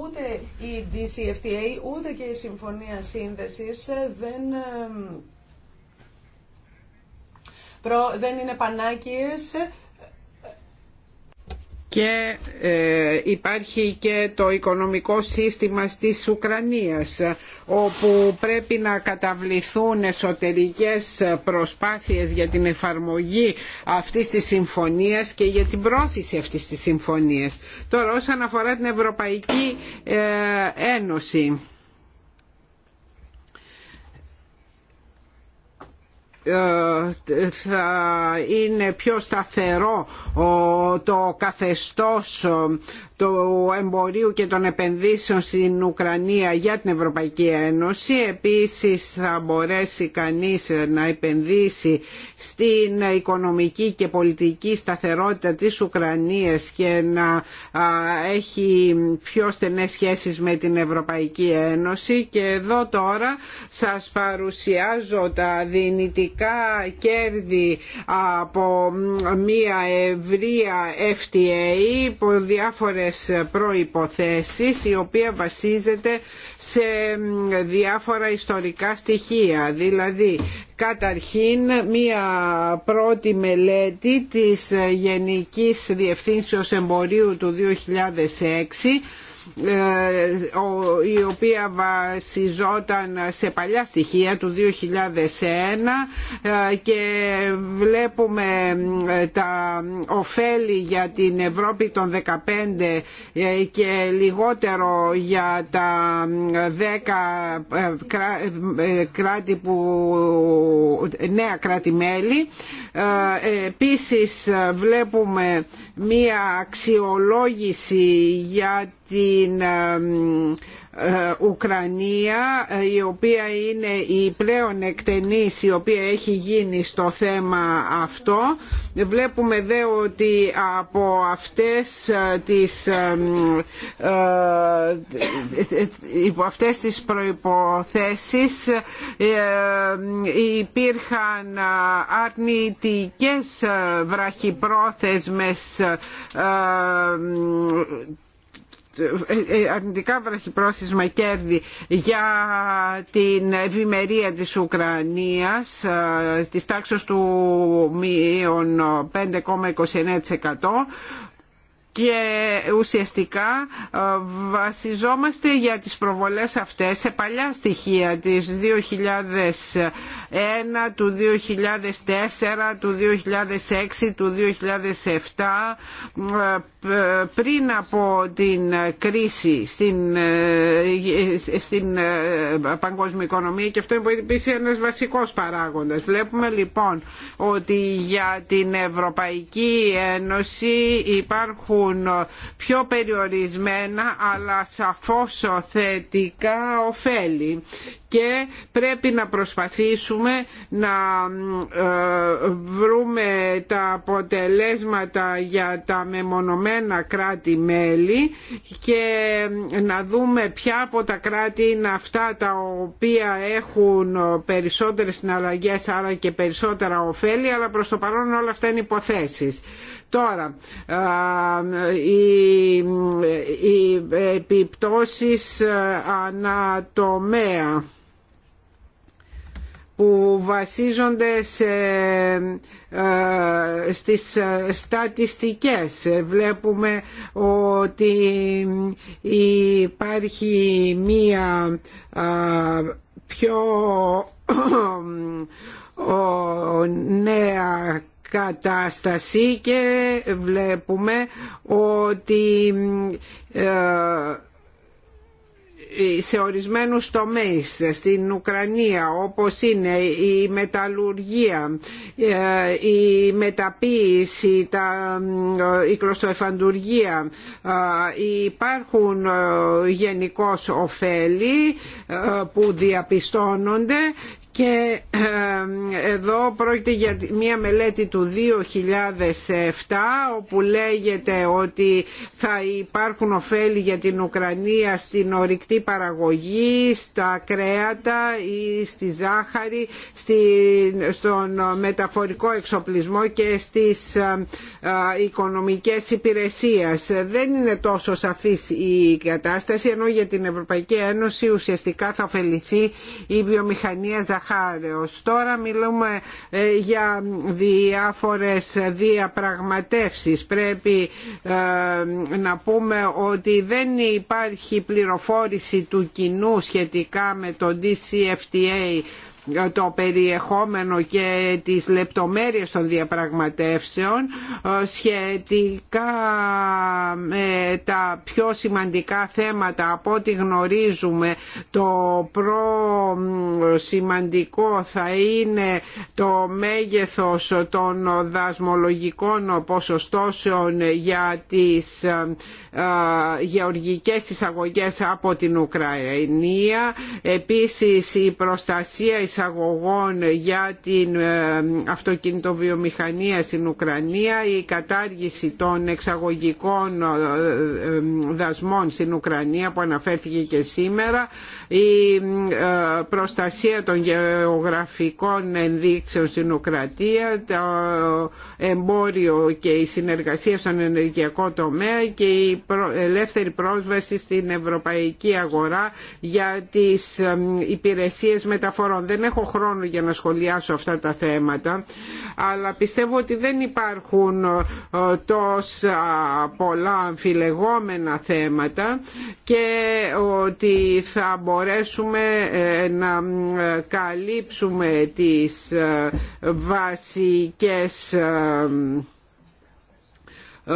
Ούτε η DCFTA, ούτε και η συμφωνία σύνδεσης δεν... Δεν είναι πανάκιες, και ε, υπάρχει και το οικονομικό σύστημα της Ουκρανίας όπου πρέπει να καταβληθούν εσωτερικές προσπάθειες για την εφαρμογή αυτής της συμφωνίας και για την πρόθεση αυτής της συμφωνίας. Τώρα όσον αφορά την Ευρωπαϊκή ε, Ένωση Ε, θα είναι πιο σταθερό το καθεστώς του εμπορίου και των επενδύσεων στην Ουκρανία για την Ευρωπαϊκή Ένωση. Επίσης θα μπορέσει κανείς να επενδύσει στην οικονομική και πολιτική σταθερότητα της Ουκρανίας και να έχει πιο στενές σχέσεις με την Ευρωπαϊκή Ένωση. Και εδώ τώρα σας παρουσιάζω τα δυνητικά κέρδη από μια ευρεία FTA που διάφορες Προποθέσει προϋποθέσεις η οποία βασίζεται σε διάφορα ιστορικά στοιχεία δηλαδή καταρχήν μία πρώτη μελέτη της Γενικής Διευθύνσεως Εμπορίου του 2006 ε, η οποία βασιζόταν σε παλιά στοιχεία του 2001 ε, και βλέπουμε ε, τα ωφέλη για την Ευρώπη των 15 και λιγότερο για τα 10 κράτη που νέα κράτη-μέλη. Επίσης βλέπουμε μία αξιολόγηση για την ε, ε, Ουκρανία ε, η οποία είναι η πλέον εκτενής η οποία έχει γίνει στο θέμα αυτό βλέπουμε δε ότι από αυτές τις υπό αυτές τις προϋποθέσεις υπήρχαν αρνητικές βραχυπρόθεσμες ε, ε, αρνητικά βραχυπρόθεσμα κέρδη για την ευημερία της Ουκρανίας ε, της τάξης του μείων 5,29% και ουσιαστικά ε, βασιζόμαστε για τις προβολές αυτές σε παλιά στοιχεία της 2001, του 2004, του 2006, του 2007 ε, πριν από την κρίση στην, ε, στην παγκόσμια οικονομία και αυτό είναι επίσης ένας βασικός παράγοντας. Βλέπουμε λοιπόν ότι για την Ευρωπαϊκή Ένωση υπάρχουν πιο περιορισμένα αλλά σαφώς θετικά ωφέλη και πρέπει να προσπαθήσουμε να ε, βρούμε τα αποτελέσματα για τα μεμονωμένα κράτη-μέλη και να δούμε ποια από τα κράτη είναι αυτά τα οποία έχουν περισσότερες συναλλαγές αλλά και περισσότερα ωφέλη αλλά προς το παρόν όλα αυτά είναι υποθέσεις. Τώρα, οι, οι επιπτώσεις ανατομέα που βασίζονται σε, ε, στις στατιστικές. Βλέπουμε ότι υπάρχει μία πιο ο, νέα κατάσταση και βλέπουμε ότι ε, σε ορισμένους τομείς στην Ουκρανία όπως είναι η μεταλλουργία, ε, η μεταποίηση, τα, ε, η κλωστοεφαντουργία υπάρχουν γενικώ ωφέλη που διαπιστώνονται και εδώ πρόκειται για μια μελέτη του 2007 όπου λέγεται ότι θα υπάρχουν ωφέλη για την Ουκρανία στην ορυκτή παραγωγή, στα κρέατα ή στη ζάχαρη, στον μεταφορικό εξοπλισμό και στις ε, ε, οικονομικές υπηρεσίες. Δεν είναι τόσο σαφής η κατάσταση ενώ για την Ευρωπαϊκή Ένωση ουσιαστικά θα ωφεληθεί η βιομηχανία Τώρα μιλούμε ε, για διάφορες διαπραγματεύσεις. Πρέπει ε, να πούμε ότι δεν υπάρχει πληροφόρηση του κοινού σχετικά με το DCFTA ε, το περιεχόμενο και τις λεπτομέρειες των διαπραγματεύσεων ε, σχετικά με τα πιο σημαντικά θέματα από ό,τι γνωρίζουμε το προ σημαντικό θα είναι το μέγεθος των δασμολογικών ποσοστώσεων για τις ε, γεωργικές εισαγωγές από την Ουκρανία επίσης η προστασία εισαγωγών για την ε, αυτοκινητοβιομηχανία στην Ουκρανία, η κατάργηση των εξαγωγικών ε, ε, δασμών στην Ουκρανία που αναφέρθηκε και σήμερα, η προστασία των γεωγραφικών ενδείξεων στην Ουκρατία, το εμπόριο και η συνεργασία στον ενεργειακό τομέα και η ελεύθερη πρόσβαση στην ευρωπαϊκή αγορά για τις υπηρεσίες μεταφορών δεν έχω χρόνο για να σχολιάσω αυτά τα θέματα αλλά πιστεύω ότι δεν υπάρχουν ε, τόσα πολλά αμφιλεγόμενα θέματα και ότι θα μπορέσουμε ε, να ε, καλύψουμε τις βασικές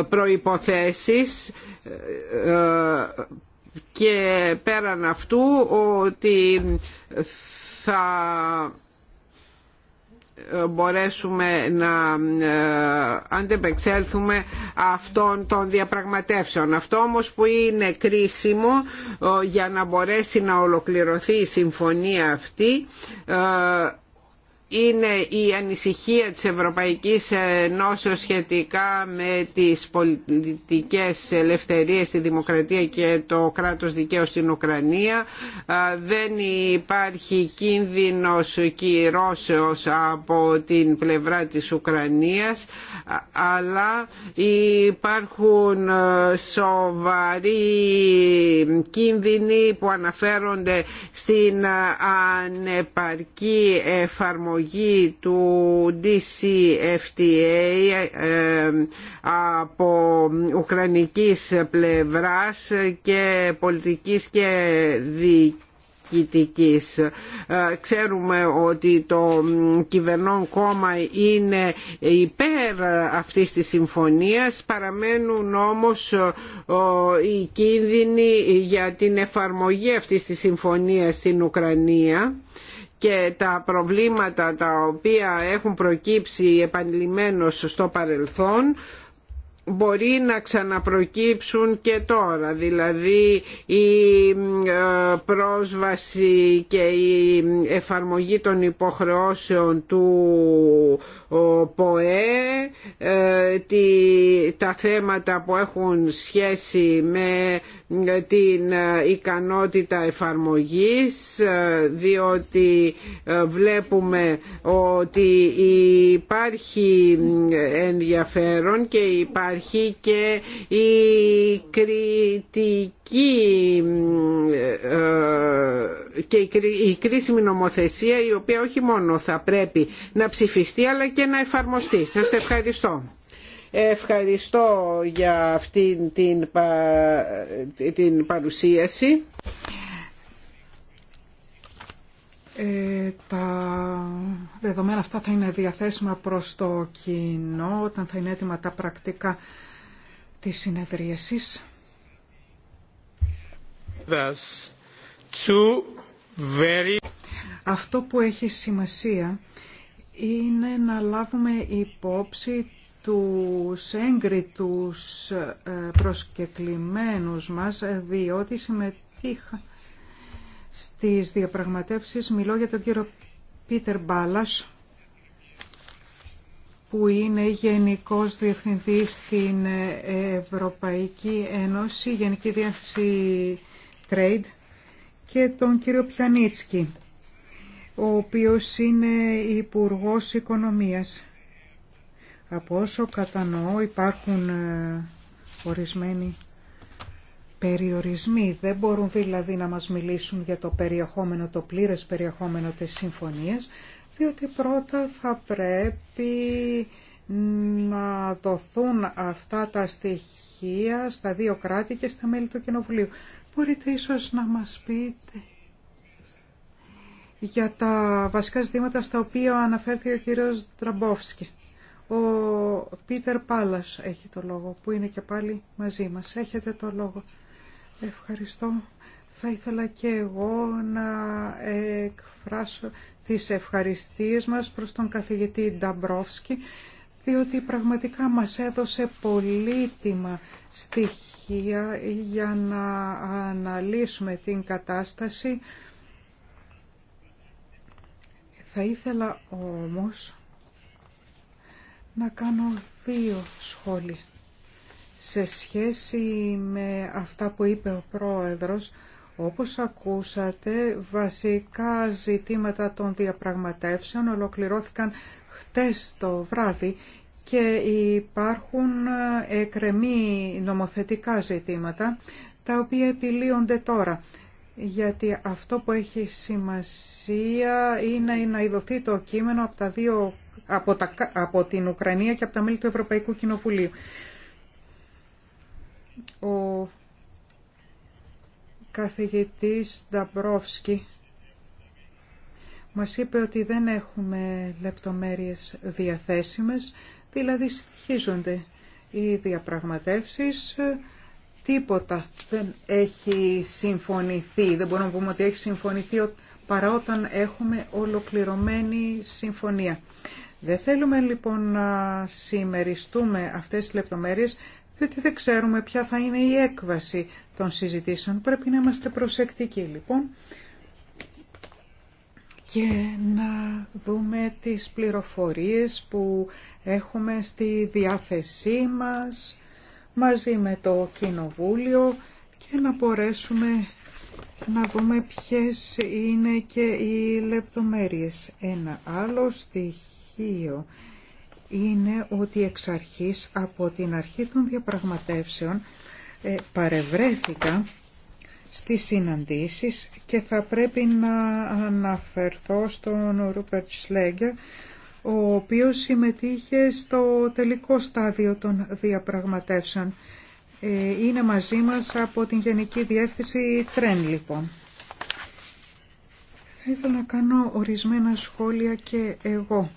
προϋποθέσεις και πέραν αυτού ότι θα ε, μπορέσουμε να ε, αντεπεξέλθουμε αυτών των διαπραγματεύσεων. Αυτό όμως που είναι κρίσιμο ε, για να μπορέσει να ολοκληρωθεί η συμφωνία αυτή είναι η ανησυχία της Ευρωπαϊκής Ενώσεως σχετικά με τις πολιτικές ελευθερίες, τη δημοκρατία και το κράτος δικαίου στην Ουκρανία. Δεν υπάρχει κίνδυνος κυρώσεως από την πλευρά της Ουκρανίας, αλλά υπάρχουν σοβαροί κίνδυνοι που αναφέρονται στην ανεπαρκή εφαρμογή εφαρμογή του DCFTA ε, από ουκρανικής πλευράς και πολιτικής και Κοιτικής. Ε, ξέρουμε ότι το κυβερνών κόμμα είναι υπέρ αυτής της συμφωνίας, παραμένουν όμως ε, οι κίνδυνοι για την εφαρμογή αυτής της συμφωνίας στην Ουκρανία και τα προβλήματα τα οποία έχουν προκύψει επανειλημμένως στο παρελθόν μπορεί να ξαναπροκύψουν και τώρα δηλαδή η ε, πρόσβαση και η εφαρμογή των υποχρεώσεων του ΠΟΕ ε, τα θέματα που έχουν σχέση με την ε, ικανότητα εφαρμογής ε, διότι ε, βλέπουμε ότι υπάρχει ενδιαφέρον και υπάρχει και η κριτική και η κρίσιμη νομοθεσία η οποία όχι μόνο θα πρέπει να ψηφιστεί αλλά και να εφαρμοστεί. Σας ευχαριστώ. Ευχαριστώ για αυτήν την, την παρουσίαση. Ε, τα δεδομένα αυτά θα είναι διαθέσιμα προς το κοινό όταν θα είναι έτοιμα τα πρακτικά της συνεδρίασης. Very... Αυτό που έχει σημασία είναι να λάβουμε υπόψη τους έγκριτους ε, προσκεκλημένους μας, διότι συμμετείχα στις διαπραγματεύσεις. Μιλώ για τον κύριο Πίτερ Μπάλας, που είναι Γενικός Διευθυντής στην Ευρωπαϊκή Ένωση, Γενική Διεύθυνση Trade, και τον κύριο Πιανίτσκι, ο οποίος είναι Υπουργός Οικονομίας. Από όσο κατανοώ υπάρχουν ε, ορισμένοι περιορισμοί. Δεν μπορούν δηλαδή να μας μιλήσουν για το περιεχόμενο, το πλήρες περιεχόμενο της συμφωνίας, διότι πρώτα θα πρέπει να δοθούν αυτά τα στοιχεία στα δύο κράτη και στα μέλη του Κοινοβουλίου. Μπορείτε ίσως να μας πείτε για τα βασικά ζητήματα στα οποία αναφέρθηκε ο κύριος Τραμπόφσκι. Ο Πίτερ Πάλας έχει το λόγο, που είναι και πάλι μαζί μας. Έχετε το λόγο. Ευχαριστώ. Θα ήθελα και εγώ να εκφράσω τις ευχαριστίες μας προς τον καθηγητή Νταμπρόφσκι, διότι πραγματικά μας έδωσε πολύτιμα στοιχεία για να αναλύσουμε την κατάσταση. Θα ήθελα όμως να κάνω δύο σχόλια. Σε σχέση με αυτά που είπε ο Πρόεδρος, όπως ακούσατε, βασικά ζητήματα των διαπραγματεύσεων ολοκληρώθηκαν χτες το βράδυ και υπάρχουν εκρεμή νομοθετικά ζητήματα, τα οποία επιλύονται τώρα. Γιατί αυτό που έχει σημασία είναι να ειδωθεί το κείμενο από τα δύο από, την Ουκρανία και από τα μέλη του Ευρωπαϊκού Κοινοβουλίου. Ο καθηγητής Νταμπρόφσκι μας είπε ότι δεν έχουμε λεπτομέρειες διαθέσιμες, δηλαδή συνεχίζονται οι διαπραγματεύσεις, τίποτα δεν έχει συμφωνηθεί, δεν μπορούμε να πούμε ότι έχει συμφωνηθεί παρά όταν έχουμε ολοκληρωμένη συμφωνία. Δεν θέλουμε λοιπόν να συμμεριστούμε αυτές τις λεπτομέρειες, διότι δεν ξέρουμε ποια θα είναι η έκβαση των συζητήσεων. Πρέπει να είμαστε προσεκτικοί λοιπόν και να δούμε τις πληροφορίες που έχουμε στη διάθεσή μας μαζί με το Κοινοβούλιο και να μπορέσουμε να δούμε ποιες είναι και οι λεπτομέρειες. Ένα άλλο στοιχείο είναι ότι εξ αρχής, από την αρχή των διαπραγματεύσεων, ε, παρευρέθηκα στις συναντήσεις και θα πρέπει να αναφερθώ στον Ρούπερτ Σλέγκερ, ο οποίος συμμετείχε στο τελικό στάδιο των διαπραγματεύσεων. Ε, είναι μαζί μας από την Γενική Διεύθυνση Τρέν, λοιπόν. Θα ήθελα να κάνω ορισμένα σχόλια και εγώ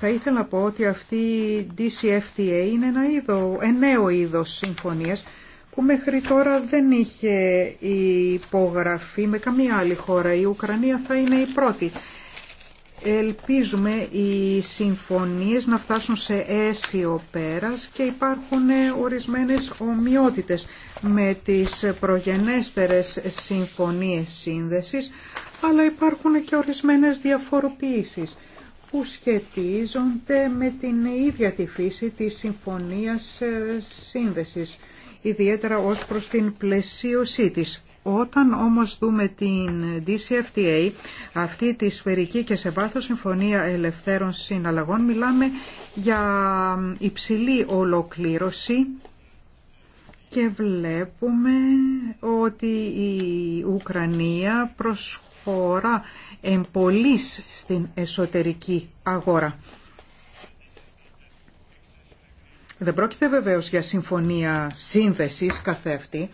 θα ήθελα να πω ότι αυτή η DCFTA είναι ένα, είδο, ένα ε, νέο είδος συμφωνίας που μέχρι τώρα δεν είχε υπογραφεί με καμία άλλη χώρα. Η Ουκρανία θα είναι η πρώτη. Ελπίζουμε οι συμφωνίες να φτάσουν σε αίσιο πέρας και υπάρχουν ορισμένες ομοιότητες με τις προγενέστερες συμφωνίες σύνδεσης, αλλά υπάρχουν και ορισμένες διαφοροποιήσεις που σχετίζονται με την ίδια τη φύση της συμφωνίας ε, σύνδεσης, ιδιαίτερα ως προς την πλαισίωσή της. Όταν όμως δούμε την DCFTA, αυτή τη σφαιρική και σε βάθος συμφωνία ελευθέρων συναλλαγών, μιλάμε για υψηλή ολοκλήρωση και βλέπουμε ότι η Ουκρανία προσχωρά εμπολής στην εσωτερική αγορά. Δεν πρόκειται βεβαίως για συμφωνία σύνδεσης καθεύτη.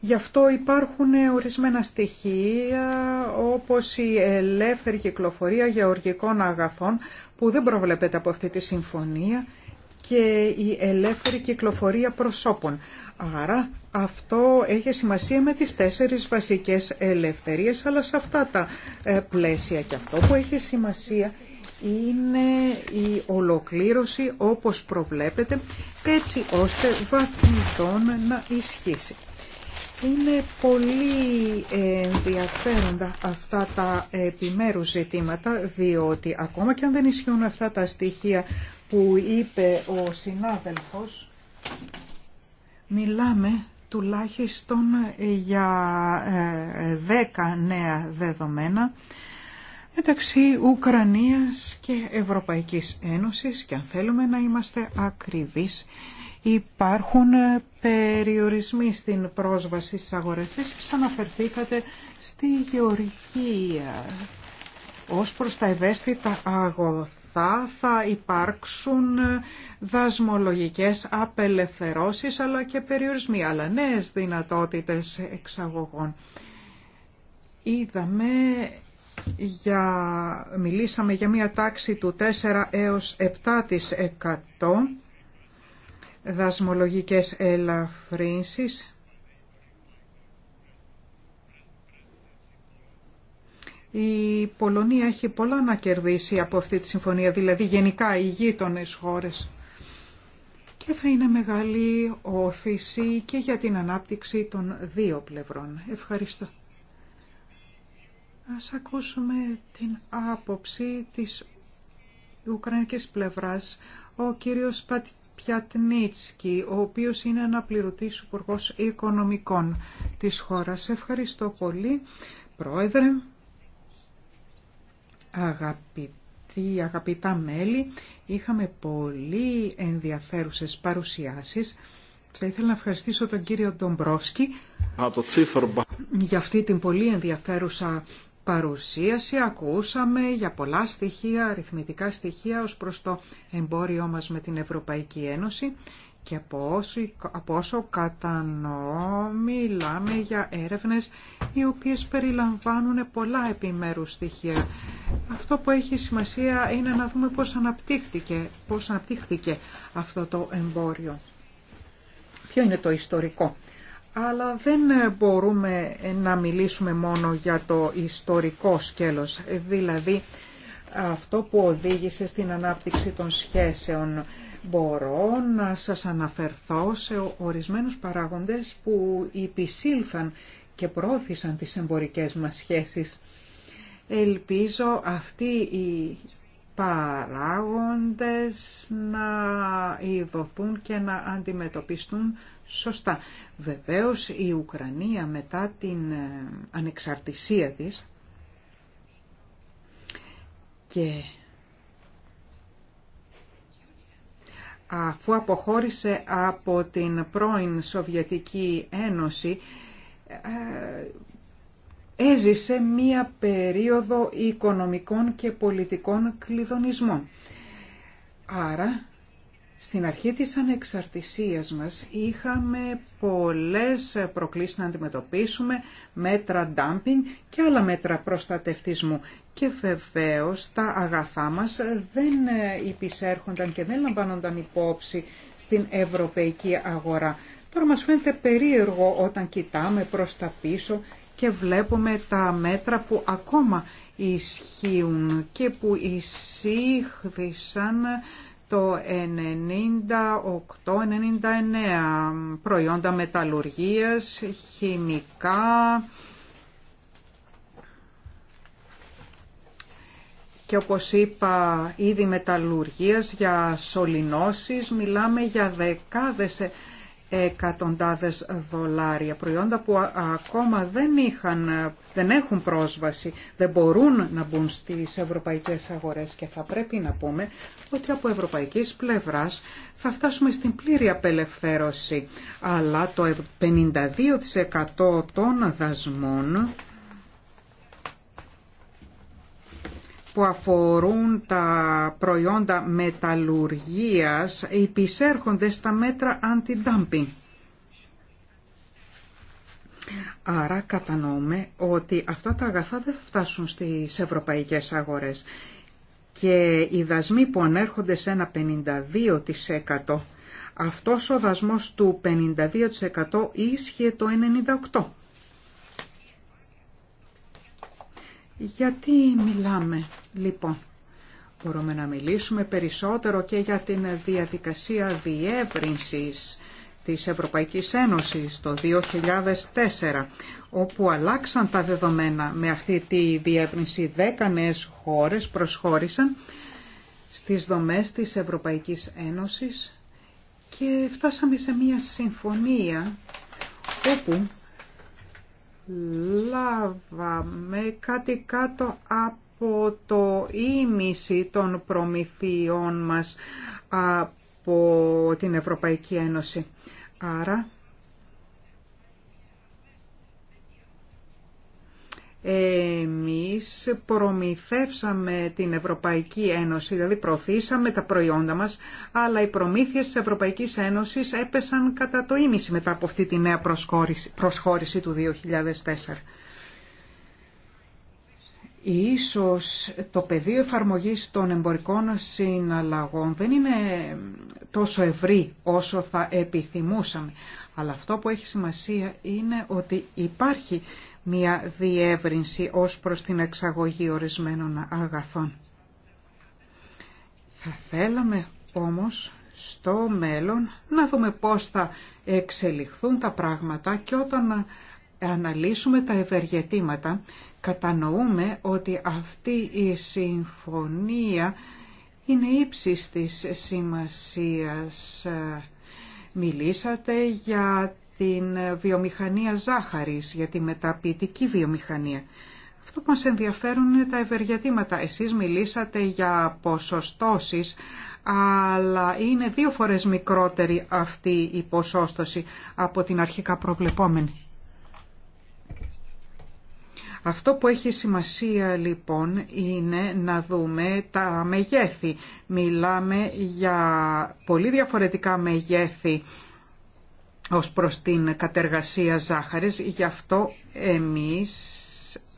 Γι' αυτό υπάρχουν ορισμένα στοιχεία όπως η ελεύθερη κυκλοφορία γεωργικών αγαθών που δεν προβλέπεται από αυτή τη συμφωνία και η ελεύθερη κυκλοφορία προσώπων. Άρα αυτό έχει σημασία με τις τέσσερις βασικές ελευθερίες, αλλά σε αυτά τα ε, πλαίσια και αυτό που έχει σημασία είναι η ολοκλήρωση όπως προβλέπετε, έτσι ώστε βαθμιδών να ισχύσει. Είναι πολύ ε, ενδιαφέροντα αυτά τα επιμέρους ζητήματα, διότι ακόμα και αν δεν ισχύουν αυτά τα στοιχεία που είπε ο συνάδελφος, Μιλάμε τουλάχιστον ε, για ε, δέκα νέα δεδομένα μεταξύ Ουκρανίας και Ευρωπαϊκής Ένωσης και αν θέλουμε να είμαστε ακριβείς υπάρχουν ε, περιορισμοί στην πρόσβαση στις αγορές. Εσείς αναφερθήκατε στη γεωργία ως προς τα ευαίσθητα αγωθά θα υπάρξουν δασμολογικές απελευθερώσεις αλλά και περιορισμοί, αλλά νέες δυνατότητες εξαγωγών. Είδαμε για, μιλήσαμε για μια τάξη του 4 έως 7% δασμολογικές ελαφρύνσεις Η Πολωνία έχει πολλά να κερδίσει από αυτή τη συμφωνία, δηλαδή γενικά οι γείτονες χώρες. Και θα είναι μεγάλη όθηση και για την ανάπτυξη των δύο πλευρών. Ευχαριστώ. Ας ακούσουμε την άποψη της ουκρανικής πλευράς, ο κύριος Πιατνίτσκι, ο οποίος είναι αναπληρωτής υπουργός οικονομικών της χώρας. Ευχαριστώ πολύ, Πρόεδρε. Αγαπητοί, αγαπητά μέλη, είχαμε πολύ ενδιαφέρουσες παρουσιάσεις. Θα ήθελα να ευχαριστήσω τον κύριο Ντομπρόσκι για αυτή την πολύ ενδιαφέρουσα παρουσίαση. Ακούσαμε για πολλά στοιχεία, αριθμητικά στοιχεία ως προς το εμπόριό μας με την Ευρωπαϊκή Ένωση και από όσο, από μιλάμε για έρευνες οι οποίες περιλαμβάνουν πολλά επιμέρους στοιχεία. Αυτό που έχει σημασία είναι να δούμε πώς αναπτύχθηκε, πώς αναπτύχθηκε αυτό το εμπόριο. Ποιο είναι το ιστορικό. Αλλά δεν μπορούμε να μιλήσουμε μόνο για το ιστορικό σκέλος, δηλαδή αυτό που οδήγησε στην ανάπτυξη των σχέσεων μπορώ να σας αναφερθώ σε ορισμένους παράγοντες που υπησύλθαν και προώθησαν τις εμπορικές μας σχέσεις. Ελπίζω αυτοί οι παράγοντες να ειδωθούν και να αντιμετωπιστούν σωστά. Βεβαίως η Ουκρανία μετά την ε, ανεξαρτησία της και αφού αποχώρησε από την πρώην Σοβιετική Ένωση ε, έζησε μία περίοδο οικονομικών και πολιτικών κλειδονισμών. Άρα στην αρχή της ανεξαρτησίας μας είχαμε πολλές προκλήσεις να αντιμετωπίσουμε, μέτρα dumping και άλλα μέτρα προστατευτισμού. Και βεβαίως τα αγαθά μας δεν υπησέρχονταν και δεν λαμβάνονταν υπόψη στην ευρωπαϊκή αγορά. Τώρα μας φαίνεται περίεργο όταν κοιτάμε προς τα πίσω και βλέπουμε τα μέτρα που ακόμα ισχύουν και που εισήχθησαν το 98-99 προϊόντα μεταλλουργίας, χημικά και όπως είπα ήδη μεταλλουργίας για σωληνώσεις μιλάμε για δεκάδες εκατοντάδες δολάρια, προϊόντα που ακόμα δεν, είχαν, δεν έχουν πρόσβαση, δεν μπορούν να μπουν στις ευρωπαϊκές αγορές και θα πρέπει να πούμε ότι από ευρωπαϊκής πλευράς θα φτάσουμε στην πλήρη απελευθέρωση. Αλλά το 52% ε- των δασμών που αφορούν τα προϊόντα μεταλλουργίας υπησέρχονται στα μέτρα αντι-dumping. Άρα κατανοούμε ότι αυτά τα αγαθά δεν θα φτάσουν στις ευρωπαϊκές αγορές και οι δασμοί που ανέρχονται σε ένα 52%. Αυτός ο δασμός του 52% ίσχυε το 98%. Γιατί μιλάμε λοιπόν. Μπορούμε να μιλήσουμε περισσότερο και για την διαδικασία διεύρυνσης της Ευρωπαϊκής Ένωσης το 2004, όπου αλλάξαν τα δεδομένα με αυτή τη διεύρυνση. Δέκα νέε χώρες προσχώρησαν στις δομές της Ευρωπαϊκής Ένωσης και φτάσαμε σε μία συμφωνία όπου λάβαμε κάτι κάτω από το ίμιση των προμηθειών μας από την Ευρωπαϊκή Ένωση. Άρα Εμείς προμηθεύσαμε την Ευρωπαϊκή Ένωση, δηλαδή προωθήσαμε τα προϊόντα μας, αλλά οι προμήθειες της Ευρωπαϊκής Ένωσης έπεσαν κατά το ίμιση μετά από αυτή τη νέα προσχώρηση του 2004. Ίσως το πεδίο εφαρμογής των εμπορικών συναλλαγών δεν είναι τόσο ευρύ όσο θα επιθυμούσαμε. Αλλά αυτό που έχει σημασία είναι ότι υπάρχει μία διεύρυνση ως προς την εξαγωγή ορισμένων αγαθών. Θα θέλαμε όμως στο μέλλον να δούμε πώς θα εξελιχθούν τα πράγματα και όταν αναλύσουμε τα ευεργετήματα κατανοούμε ότι αυτή η συμφωνία είναι ύψης της σημασίας. Μιλήσατε για την βιομηχανία ζάχαρης, για τη μεταποιητική βιομηχανία. Αυτό που μας ενδιαφέρουν είναι τα ευεργετήματα. Εσείς μιλήσατε για ποσοστώσεις, αλλά είναι δύο φορές μικρότερη αυτή η ποσόστοση από την αρχικά προβλεπόμενη. Αυτό που έχει σημασία λοιπόν είναι να δούμε τα μεγέθη. Μιλάμε για πολύ διαφορετικά μεγέθη ως προς την κατεργασία ζάχαρης. Γι' αυτό εμείς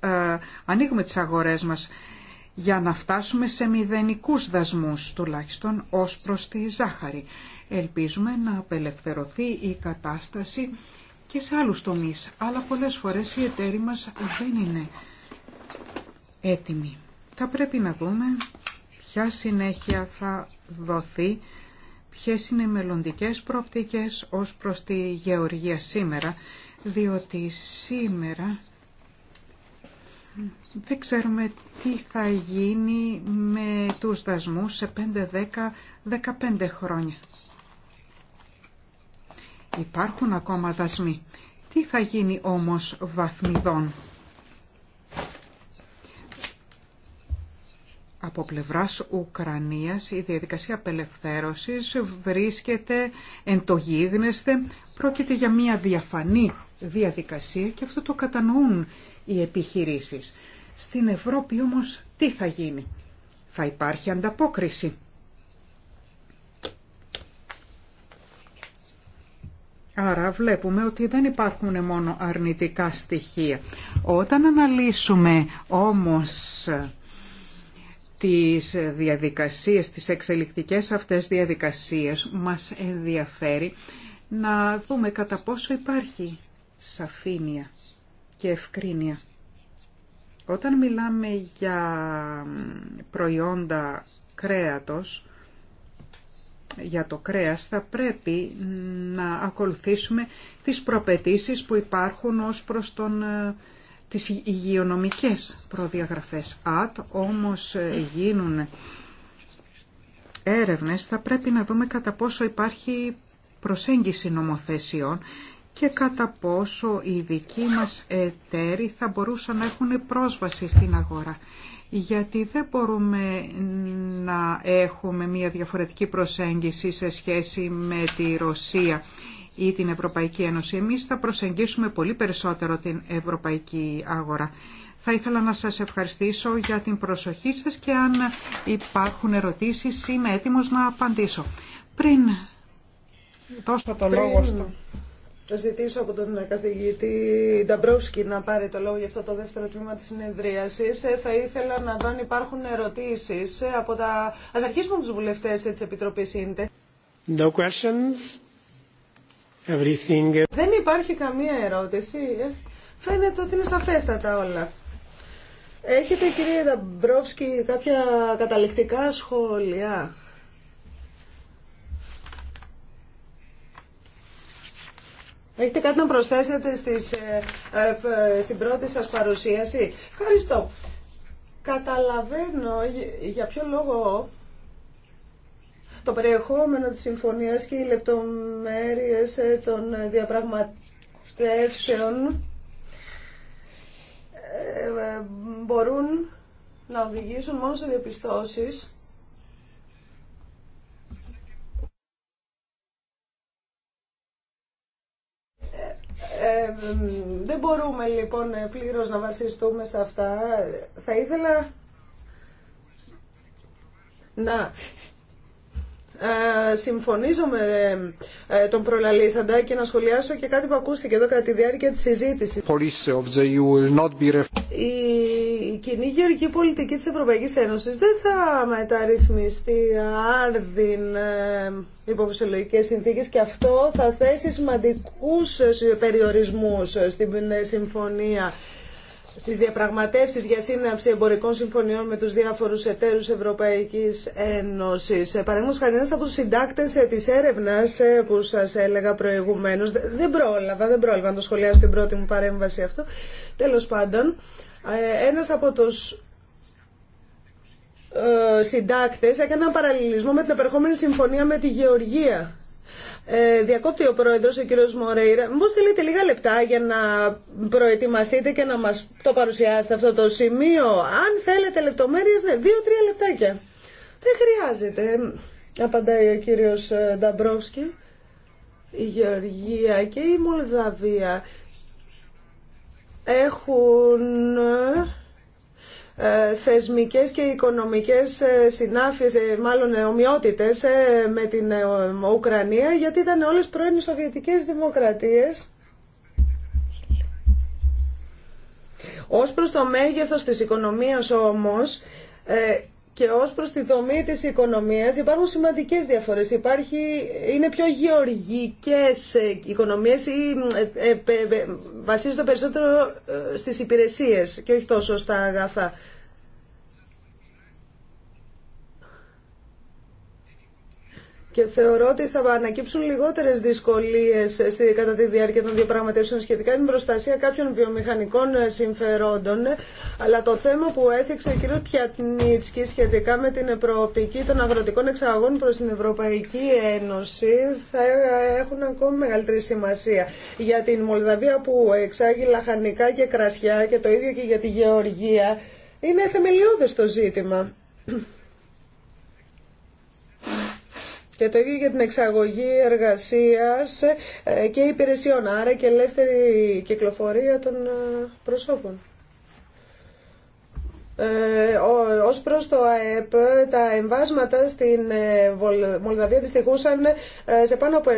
ε, ανοίγουμε τις αγορές μας για να φτάσουμε σε μηδενικούς δασμούς, τουλάχιστον ως προς τη ζάχαρη. Ελπίζουμε να απελευθερωθεί η κατάσταση και σε άλλους τομείς, αλλά πολλές φορές οι εταίροι μας δεν είναι έτοιμοι. Θα πρέπει να δούμε ποια συνέχεια θα δοθεί ποιες είναι οι μελλοντικές προοπτικές ως προς τη γεωργία σήμερα, διότι σήμερα δεν ξέρουμε τι θα γίνει με τους δασμούς σε 5, 10, 15 χρόνια. Υπάρχουν ακόμα δασμοί. Τι θα γίνει όμως βαθμιδών. από πλευράς Ουκρανίας η διαδικασία απελευθέρωσης βρίσκεται εντογίγνεσθε, πρόκειται για μια διαφανή διαδικασία και αυτό το κατανοούν οι επιχειρήσεις. Στην Ευρώπη όμως τι θα γίνει. Θα υπάρχει ανταπόκριση. Άρα βλέπουμε ότι δεν υπάρχουν μόνο αρνητικά στοιχεία. Όταν αναλύσουμε όμως τις διαδικασίες, τις εξελικτικές αυτές διαδικασίες μας ενδιαφέρει να δούμε κατά πόσο υπάρχει σαφήνεια και ευκρίνεια. Όταν μιλάμε για προϊόντα κρέατος, για το κρέας θα πρέπει να ακολουθήσουμε τις προπετήσεις που υπάρχουν ως προς τον ε, τις υγειονομικές προδιαγραφές. Αν όμως ε, γίνουν έρευνες θα πρέπει να δούμε κατά πόσο υπάρχει προσέγγιση νομοθεσιών και κατά πόσο οι δικοί μας εταίροι θα μπορούσαν να έχουν πρόσβαση στην αγορά. Γιατί δεν μπορούμε να έχουμε μια διαφορετική προσέγγιση σε σχέση με τη Ρωσία ή την Ευρωπαϊκή Ένωση. Εμείς θα προσεγγίσουμε πολύ περισσότερο την ευρωπαϊκή αγορά. Θα ήθελα να σας ευχαριστήσω για την προσοχή σας και αν υπάρχουν ερωτήσεις είμαι έτοιμος να απαντήσω. Πριν δώσω το λόγο στο... Ζητήσω από τον καθηγητή Νταμπρόσκι να πάρει το λόγο για αυτό το δεύτερο τμήμα της συνεδρίασης. Ε, θα ήθελα να δω αν υπάρχουν ερωτήσεις. Ε, από τα... Ας αρχίσουμε με τους βουλευτές της Επιτροπής ΙΝΤΕ. No questions. Δεν υπάρχει καμία ερώτηση. Ε, φαίνεται ότι είναι σαφέστατα όλα. Έχετε κύριε Νταμπρόφσκι κάποια καταληκτικά σχόλια. Έχετε κάτι να προσθέσετε στις, ε, ε, στην πρώτη σας παρουσίαση. Ευχαριστώ. Καταλαβαίνω για ποιο λόγο το περιεχόμενο της συμφωνίας και οι λεπτομέρειες ε, των διαπραγματεύσεων ε, ε, μπορούν να οδηγήσουν μόνο σε διαπιστώσεις δεν μπορούμε λοιπόν πλήρως να βασιστούμε σε αυτά. Θα ήθελα να ε, συμφωνίζω με ε, τον προλαλήσαντα και να σχολιάσω και κάτι που ακούστηκε εδώ κατά τη διάρκεια της συζήτησης. Η κοινή γεωργική πολιτική της Ευρωπαϊκής Ένωσης δεν θα μεταρρυθμιστεί άρδιν ε, υποφυσιολογικές συνθήκες και αυτό θα θέσει σημαντικούς περιορισμούς στην συμφωνία Στι διαπραγματεύσει για σύναψη εμπορικών συμφωνιών με τους διάφορους εταίρους Ευρωπαϊκής Ένωση. Ε, Παραδείγματο χάρη ένα από του συντάκτε ε, τη έρευνας ε, που σας έλεγα προηγουμένως, δεν πρόλαβα, δεν πρόλαβα να το σχολιάσω την πρώτη μου παρέμβαση αυτό, τέλος πάντων, ένας από τους συντάκτε έκανε ένα παραλληλισμό με την επερχόμενη συμφωνία με τη Γεωργία ε, διακόπτει ο πρόεδρος, ο κύριος Μορέιρα. Μπορείτε θέλετε λίγα λεπτά για να προετοιμαστείτε και να μας το παρουσιάσετε αυτό το σημείο. Αν θέλετε λεπτομέρειες, ναι, δύο-τρία λεπτάκια. Δεν χρειάζεται, απαντάει ο κύριος ε, Νταμπρόφσκι. Η Γεωργία και η Μολδαβία έχουν θεσμικές και οικονομικές ε, συνάφειες, ε, μάλλον ε, ομοιότητες με την Ουκρανία, γιατί ήταν όλες πρώην Σοβιετικές δημοκρατίες. Ως προς το μέγεθος της οικονομίας όμως και ως προς τη δομή της οικονομίας υπάρχουν σημαντικές διαφορές. Υπάρχει, είναι πιο γεωργικές οικονομίες ή βασίζονται περισσότερο στις υπηρεσίες και όχι τόσο στα αγαθά. και θεωρώ ότι θα ανακύψουν λιγότερε δυσκολίε κατά τη διάρκεια των διαπραγματεύσεων σχετικά με την προστασία κάποιων βιομηχανικών ε, συμφερόντων. Αλλά το θέμα που έθιξε ο κ. Πιατνίτσκι σχετικά με την προοπτική των αγροτικών εξαγών προ την Ευρωπαϊκή Ένωση θα έχουν ακόμη μεγαλύτερη σημασία. Για την Μολδαβία που εξάγει λαχανικά και κρασιά και το ίδιο και για τη Γεωργία είναι θεμελιώδε το ζήτημα. Και το ίδιο για την εξαγωγή εργασίας ε, και υπηρεσιών, άρα και ελεύθερη κυκλοφορία των ε, προσώπων. Ε, ως προς το ΑΕΠ τα εμβάσματα στην ε, Μολδαβία δυστυχούσαν ε, σε πάνω από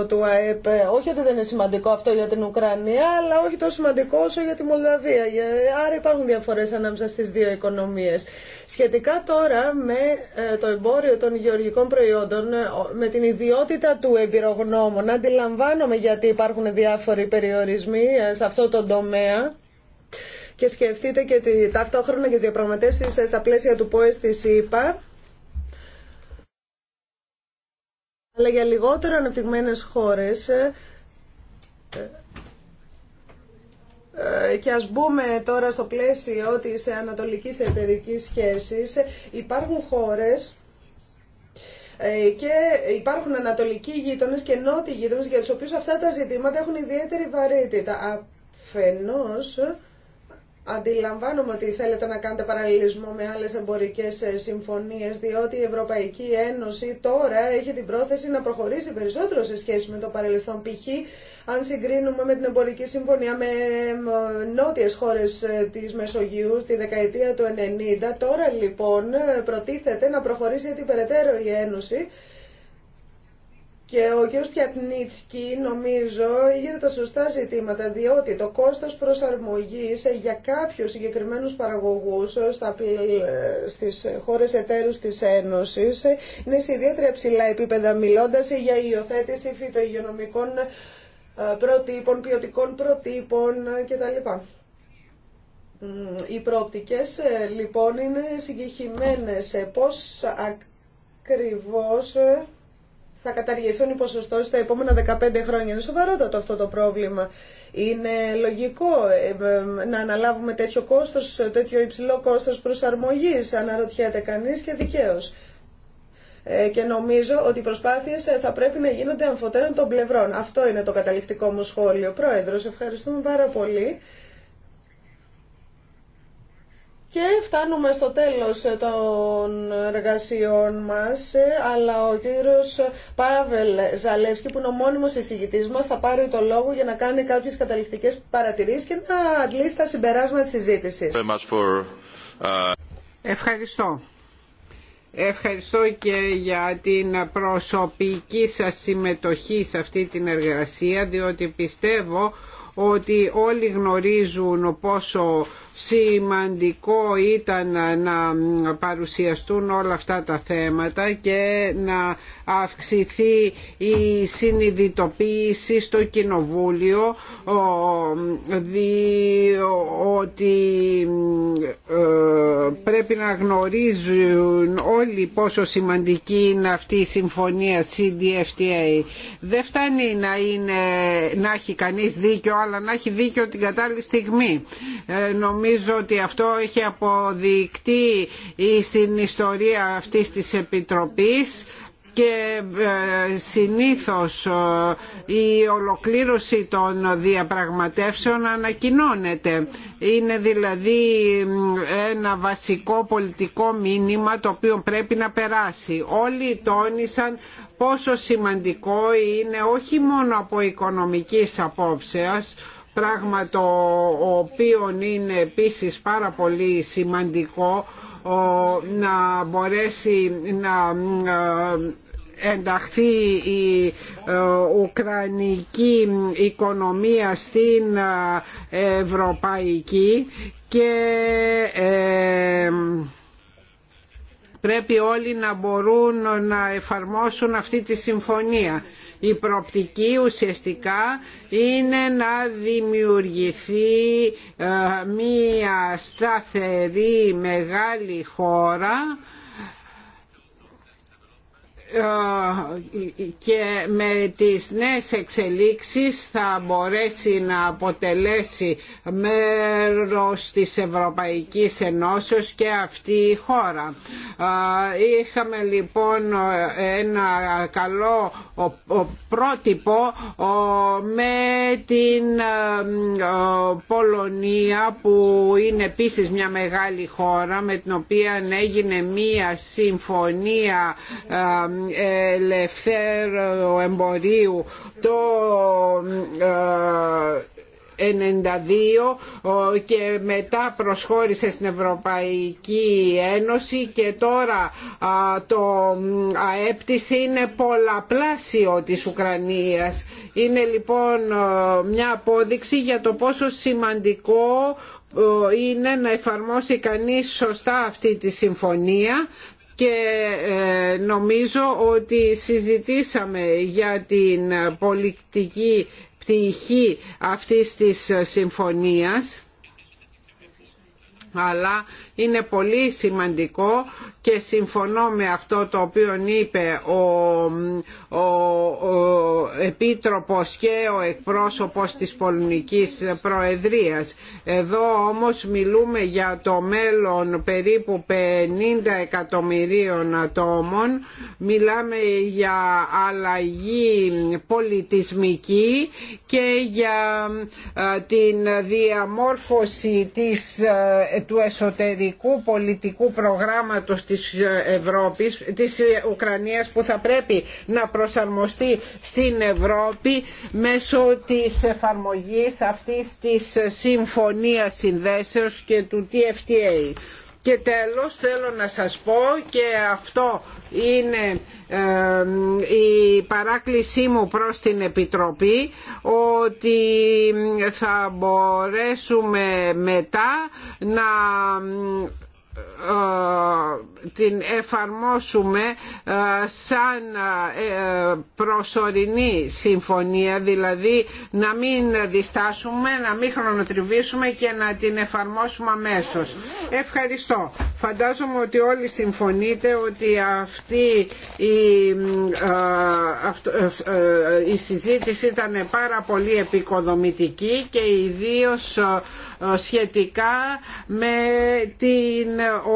7% του ΑΕΠ. Όχι ότι δεν είναι σημαντικό αυτό για την Ουκρανία, αλλά όχι τόσο σημαντικό όσο για τη Μολδαβία. Άρα υπάρχουν διαφορές ανάμεσα στις δύο οικονομίες. Σχετικά τώρα με το εμπόριο των γεωργικών προϊόντων, με την ιδιότητα του εμπειρογνώμων, αντιλαμβάνομαι γιατί υπάρχουν διάφοροι περιορισμοί σε αυτό το τομέα και σκεφτείτε και τη, ταυτόχρονα και τι διαπραγματεύσει ε, στα πλαίσια του ΠΟΕΣ τη αλλά για λιγότερο ανεπτυγμένε χώρες ε, ε, και ας μπούμε τώρα στο πλαίσιο της ανατολικής εταιρικής σχέσης υπάρχουν χώρες και υπάρχουν ανατολικοί γείτονες και νότιοι γείτονες για τους οποίους αυτά τα ζητήματα έχουν ιδιαίτερη βαρύτητα. Αφενός Αντιλαμβάνομαι ότι θέλετε να κάνετε παραλληλισμό με άλλες εμπορικές ε, συμφωνίες, διότι η Ευρωπαϊκή Ένωση τώρα έχει την πρόθεση να προχωρήσει περισσότερο σε σχέση με το παρελθόν. Π.χ. αν συγκρίνουμε με την εμπορική συμφωνία με ε, νότιες χώρες ε, της Μεσογείου τη δεκαετία του 90, τώρα λοιπόν προτίθεται να προχωρήσει την περαιτέρω η Ένωση και ο κ. Πιατνίτσκι νομίζω είχε τα σωστά ζητήματα, διότι το κόστος προσαρμογής για κάποιους συγκεκριμένους παραγωγούς στα, στις χώρες εταίρους της Ένωσης είναι σε ιδιαίτερα ψηλά επίπεδα, μιλώντας για υιοθέτηση φυτογειονομικών ε, προτύπων, ποιοτικών προτύπων κτλ. Οι πρόπτικες, ε, λοιπόν είναι συγκεκριμένες. Ε, πώς ακριβώς θα καταργηθούν οι ποσοστώσεις τα επόμενα 15 χρόνια. Είναι σοβαρότατο αυτό το πρόβλημα. Είναι λογικό ε, ε, να αναλάβουμε τέτοιο κόστος, τέτοιο υψηλό κόστος προσαρμογής, αναρωτιέται κανείς και δικαίως. Ε, και νομίζω ότι οι προσπάθειες θα πρέπει να γίνονται αμφωτέρων των πλευρών. Αυτό είναι το καταληκτικό μου σχόλιο. Πρόεδρος, ευχαριστούμε πάρα πολύ. Και φτάνουμε στο τέλος ε, των εργασιών μας, ε, αλλά ο κύριος Πάβελ Ζαλεύσκη, που είναι ο μόνιμος εισηγητής μας, θα πάρει το λόγο για να κάνει κάποιες καταληκτικές παρατηρήσεις και να αντλήσει τα συμπεράσματα της συζήτησης. Uh, Ευχαριστώ. Ευχαριστώ και για την προσωπική σας συμμετοχή σε αυτή την εργασία, διότι πιστεύω ότι όλοι γνωρίζουν πόσο σημαντικό ήταν να παρουσιαστούν όλα αυτά τα θέματα και να αυξηθεί η συνειδητοποίηση στο Κοινοβούλιο ότι ε, πρέπει να γνωρίζουν όλοι πόσο σημαντική είναι αυτή η συμφωνία CDFTA. Δεν φτάνει να, είναι, να έχει κανείς δίκιο αλλά να έχει δίκιο την κατάλληλη στιγμή. Ε, νομίζω ότι αυτό έχει αποδεικτεί στην ιστορία αυτής της Επιτροπής και ε, συνήθως ε, η ολοκλήρωση των διαπραγματεύσεων ανακοινώνεται. Είναι δηλαδή ένα βασικό πολιτικό μήνυμα το οποίο πρέπει να περάσει. Όλοι τόνισαν πόσο σημαντικό είναι όχι μόνο από οικονομικής απόψεως πράγμα το οποίο είναι επίσης πάρα πολύ σημαντικό να μπορέσει να ε, ενταχθεί η ε, ουκρανική οικονομία στην ε, ευρωπαϊκή και πρέπει όλοι να μπορούν να εφαρμόσουν αυτή τη συμφωνία. Η προοπτική ουσιαστικά είναι να δημιουργηθεί ε, μία σταθερή μεγάλη χώρα ε, και με τις νέες εξελίξεις θα μπορέσει να αποτελέσει μέρος της Ευρωπαϊκής Ενώσεως και αυτή η χώρα. Ε, είχαμε λοιπόν ένα καλό πρότυπο με την ε, Πολωνία που είναι επίσης μια μεγάλη χώρα με την οποία έγινε μία συμφωνία ελευθέρω εμπορίου το 92 ε, και μετά προσχώρησε στην Ευρωπαϊκή Ένωση και τώρα το ΑΕΠ είναι πολλαπλάσιο της Ουκρανίας. Είναι λοιπόν μια απόδειξη για το πόσο σημαντικό είναι να εφαρμόσει κανείς σωστά αυτή τη συμφωνία και ε, νομίζω ότι συζητήσαμε για την πολιτική πτυχή αυτής της συμφωνίας αλλά είναι πολύ σημαντικό και συμφωνώ με αυτό το οποίο είπε ο, ο, Επίτροπος και ο εκπρόσωπος της Πολωνικής Προεδρίας. Εδώ όμως μιλούμε για το μέλλον περίπου 50 εκατομμυρίων ατόμων. Μιλάμε για αλλαγή πολιτισμική και για ε, την διαμόρφωση της, ε, του εσωτερικού ειδικού πολιτικού προγράμματος της ε, Ευρώπης, της ε, Ουκρανίας που θα πρέπει να προσαρμοστεί στην Ευρώπη μέσω της εφαρμογής αυτής της συμφωνίας συνδέσεως και του TFTA. Και τέλος θέλω να σας πω και αυτό είναι η παράκλησή μου προς την Επιτροπή ότι θα μπορέσουμε μετά να ε, την εφαρμόσουμε ε, σαν ε, προσωρινή συμφωνία δηλαδή να μην διστάσουμε, να μην χρονοτριβήσουμε και να την εφαρμόσουμε αμέσω. Ευχαριστώ. Φαντάζομαι ότι όλοι συμφωνείτε ότι αυτή η, η συζήτηση ήταν πάρα πολύ επικοδομητική και ιδίως σχετικά με την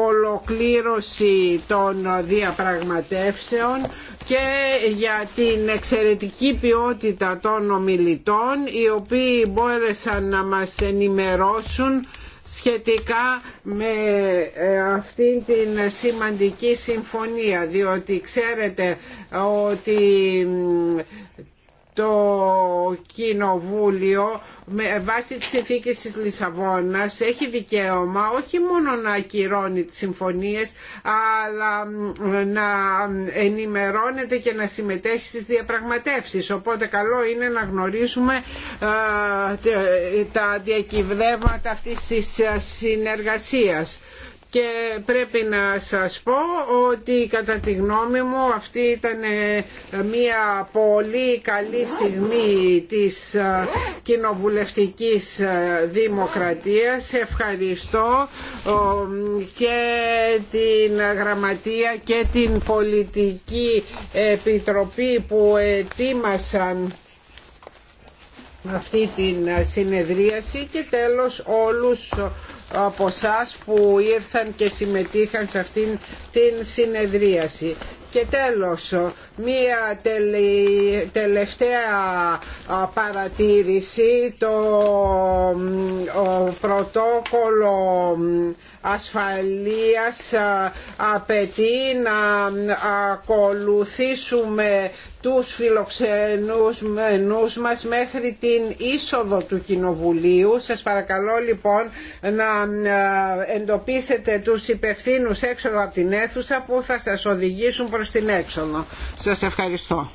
ολοκλήρωση των διαπραγματεύσεων και για την εξαιρετική ποιότητα των ομιλητών οι οποίοι μπόρεσαν να μας ενημερώσουν σχετικά με ε, αυτήν την σημαντική συμφωνία διότι ξέρετε ότι το Κοινοβούλιο με βάση τις τη της Λισαβόνας έχει δικαίωμα όχι μόνο να ακυρώνει τις συμφωνίες αλλά να ενημερώνεται και να συμμετέχει στις διαπραγματεύσεις οπότε καλό είναι να γνωρίζουμε ε, τα διακυβδέματα αυτής της συνεργασίας και πρέπει να σας πω ότι κατά τη γνώμη μου αυτή ήταν ε, μια πολύ καλή στιγμή της ε, κοινοβουλευτικής ε, δημοκρατίας. Ευχαριστώ και την Γραμματεία και την Πολιτική Επιτροπή που ετοίμασαν αυτή την συνεδρίαση και τέλος όλους από εσά που ήρθαν και συμμετείχαν σε αυτήν την συνεδρίαση. Και τέλος, μία τελευταία παρατήρηση το πρωτόκολλο ασφαλείας απαιτεί να ακολουθήσουμε τους φιλοξενούς μας μέχρι την είσοδο του Κοινοβουλίου. Σας παρακαλώ λοιπόν να εντοπίσετε τους υπευθύνους έξω από την αίθουσα που θα σας οδηγήσουν προς την έξοδο. Σας ευχαριστώ.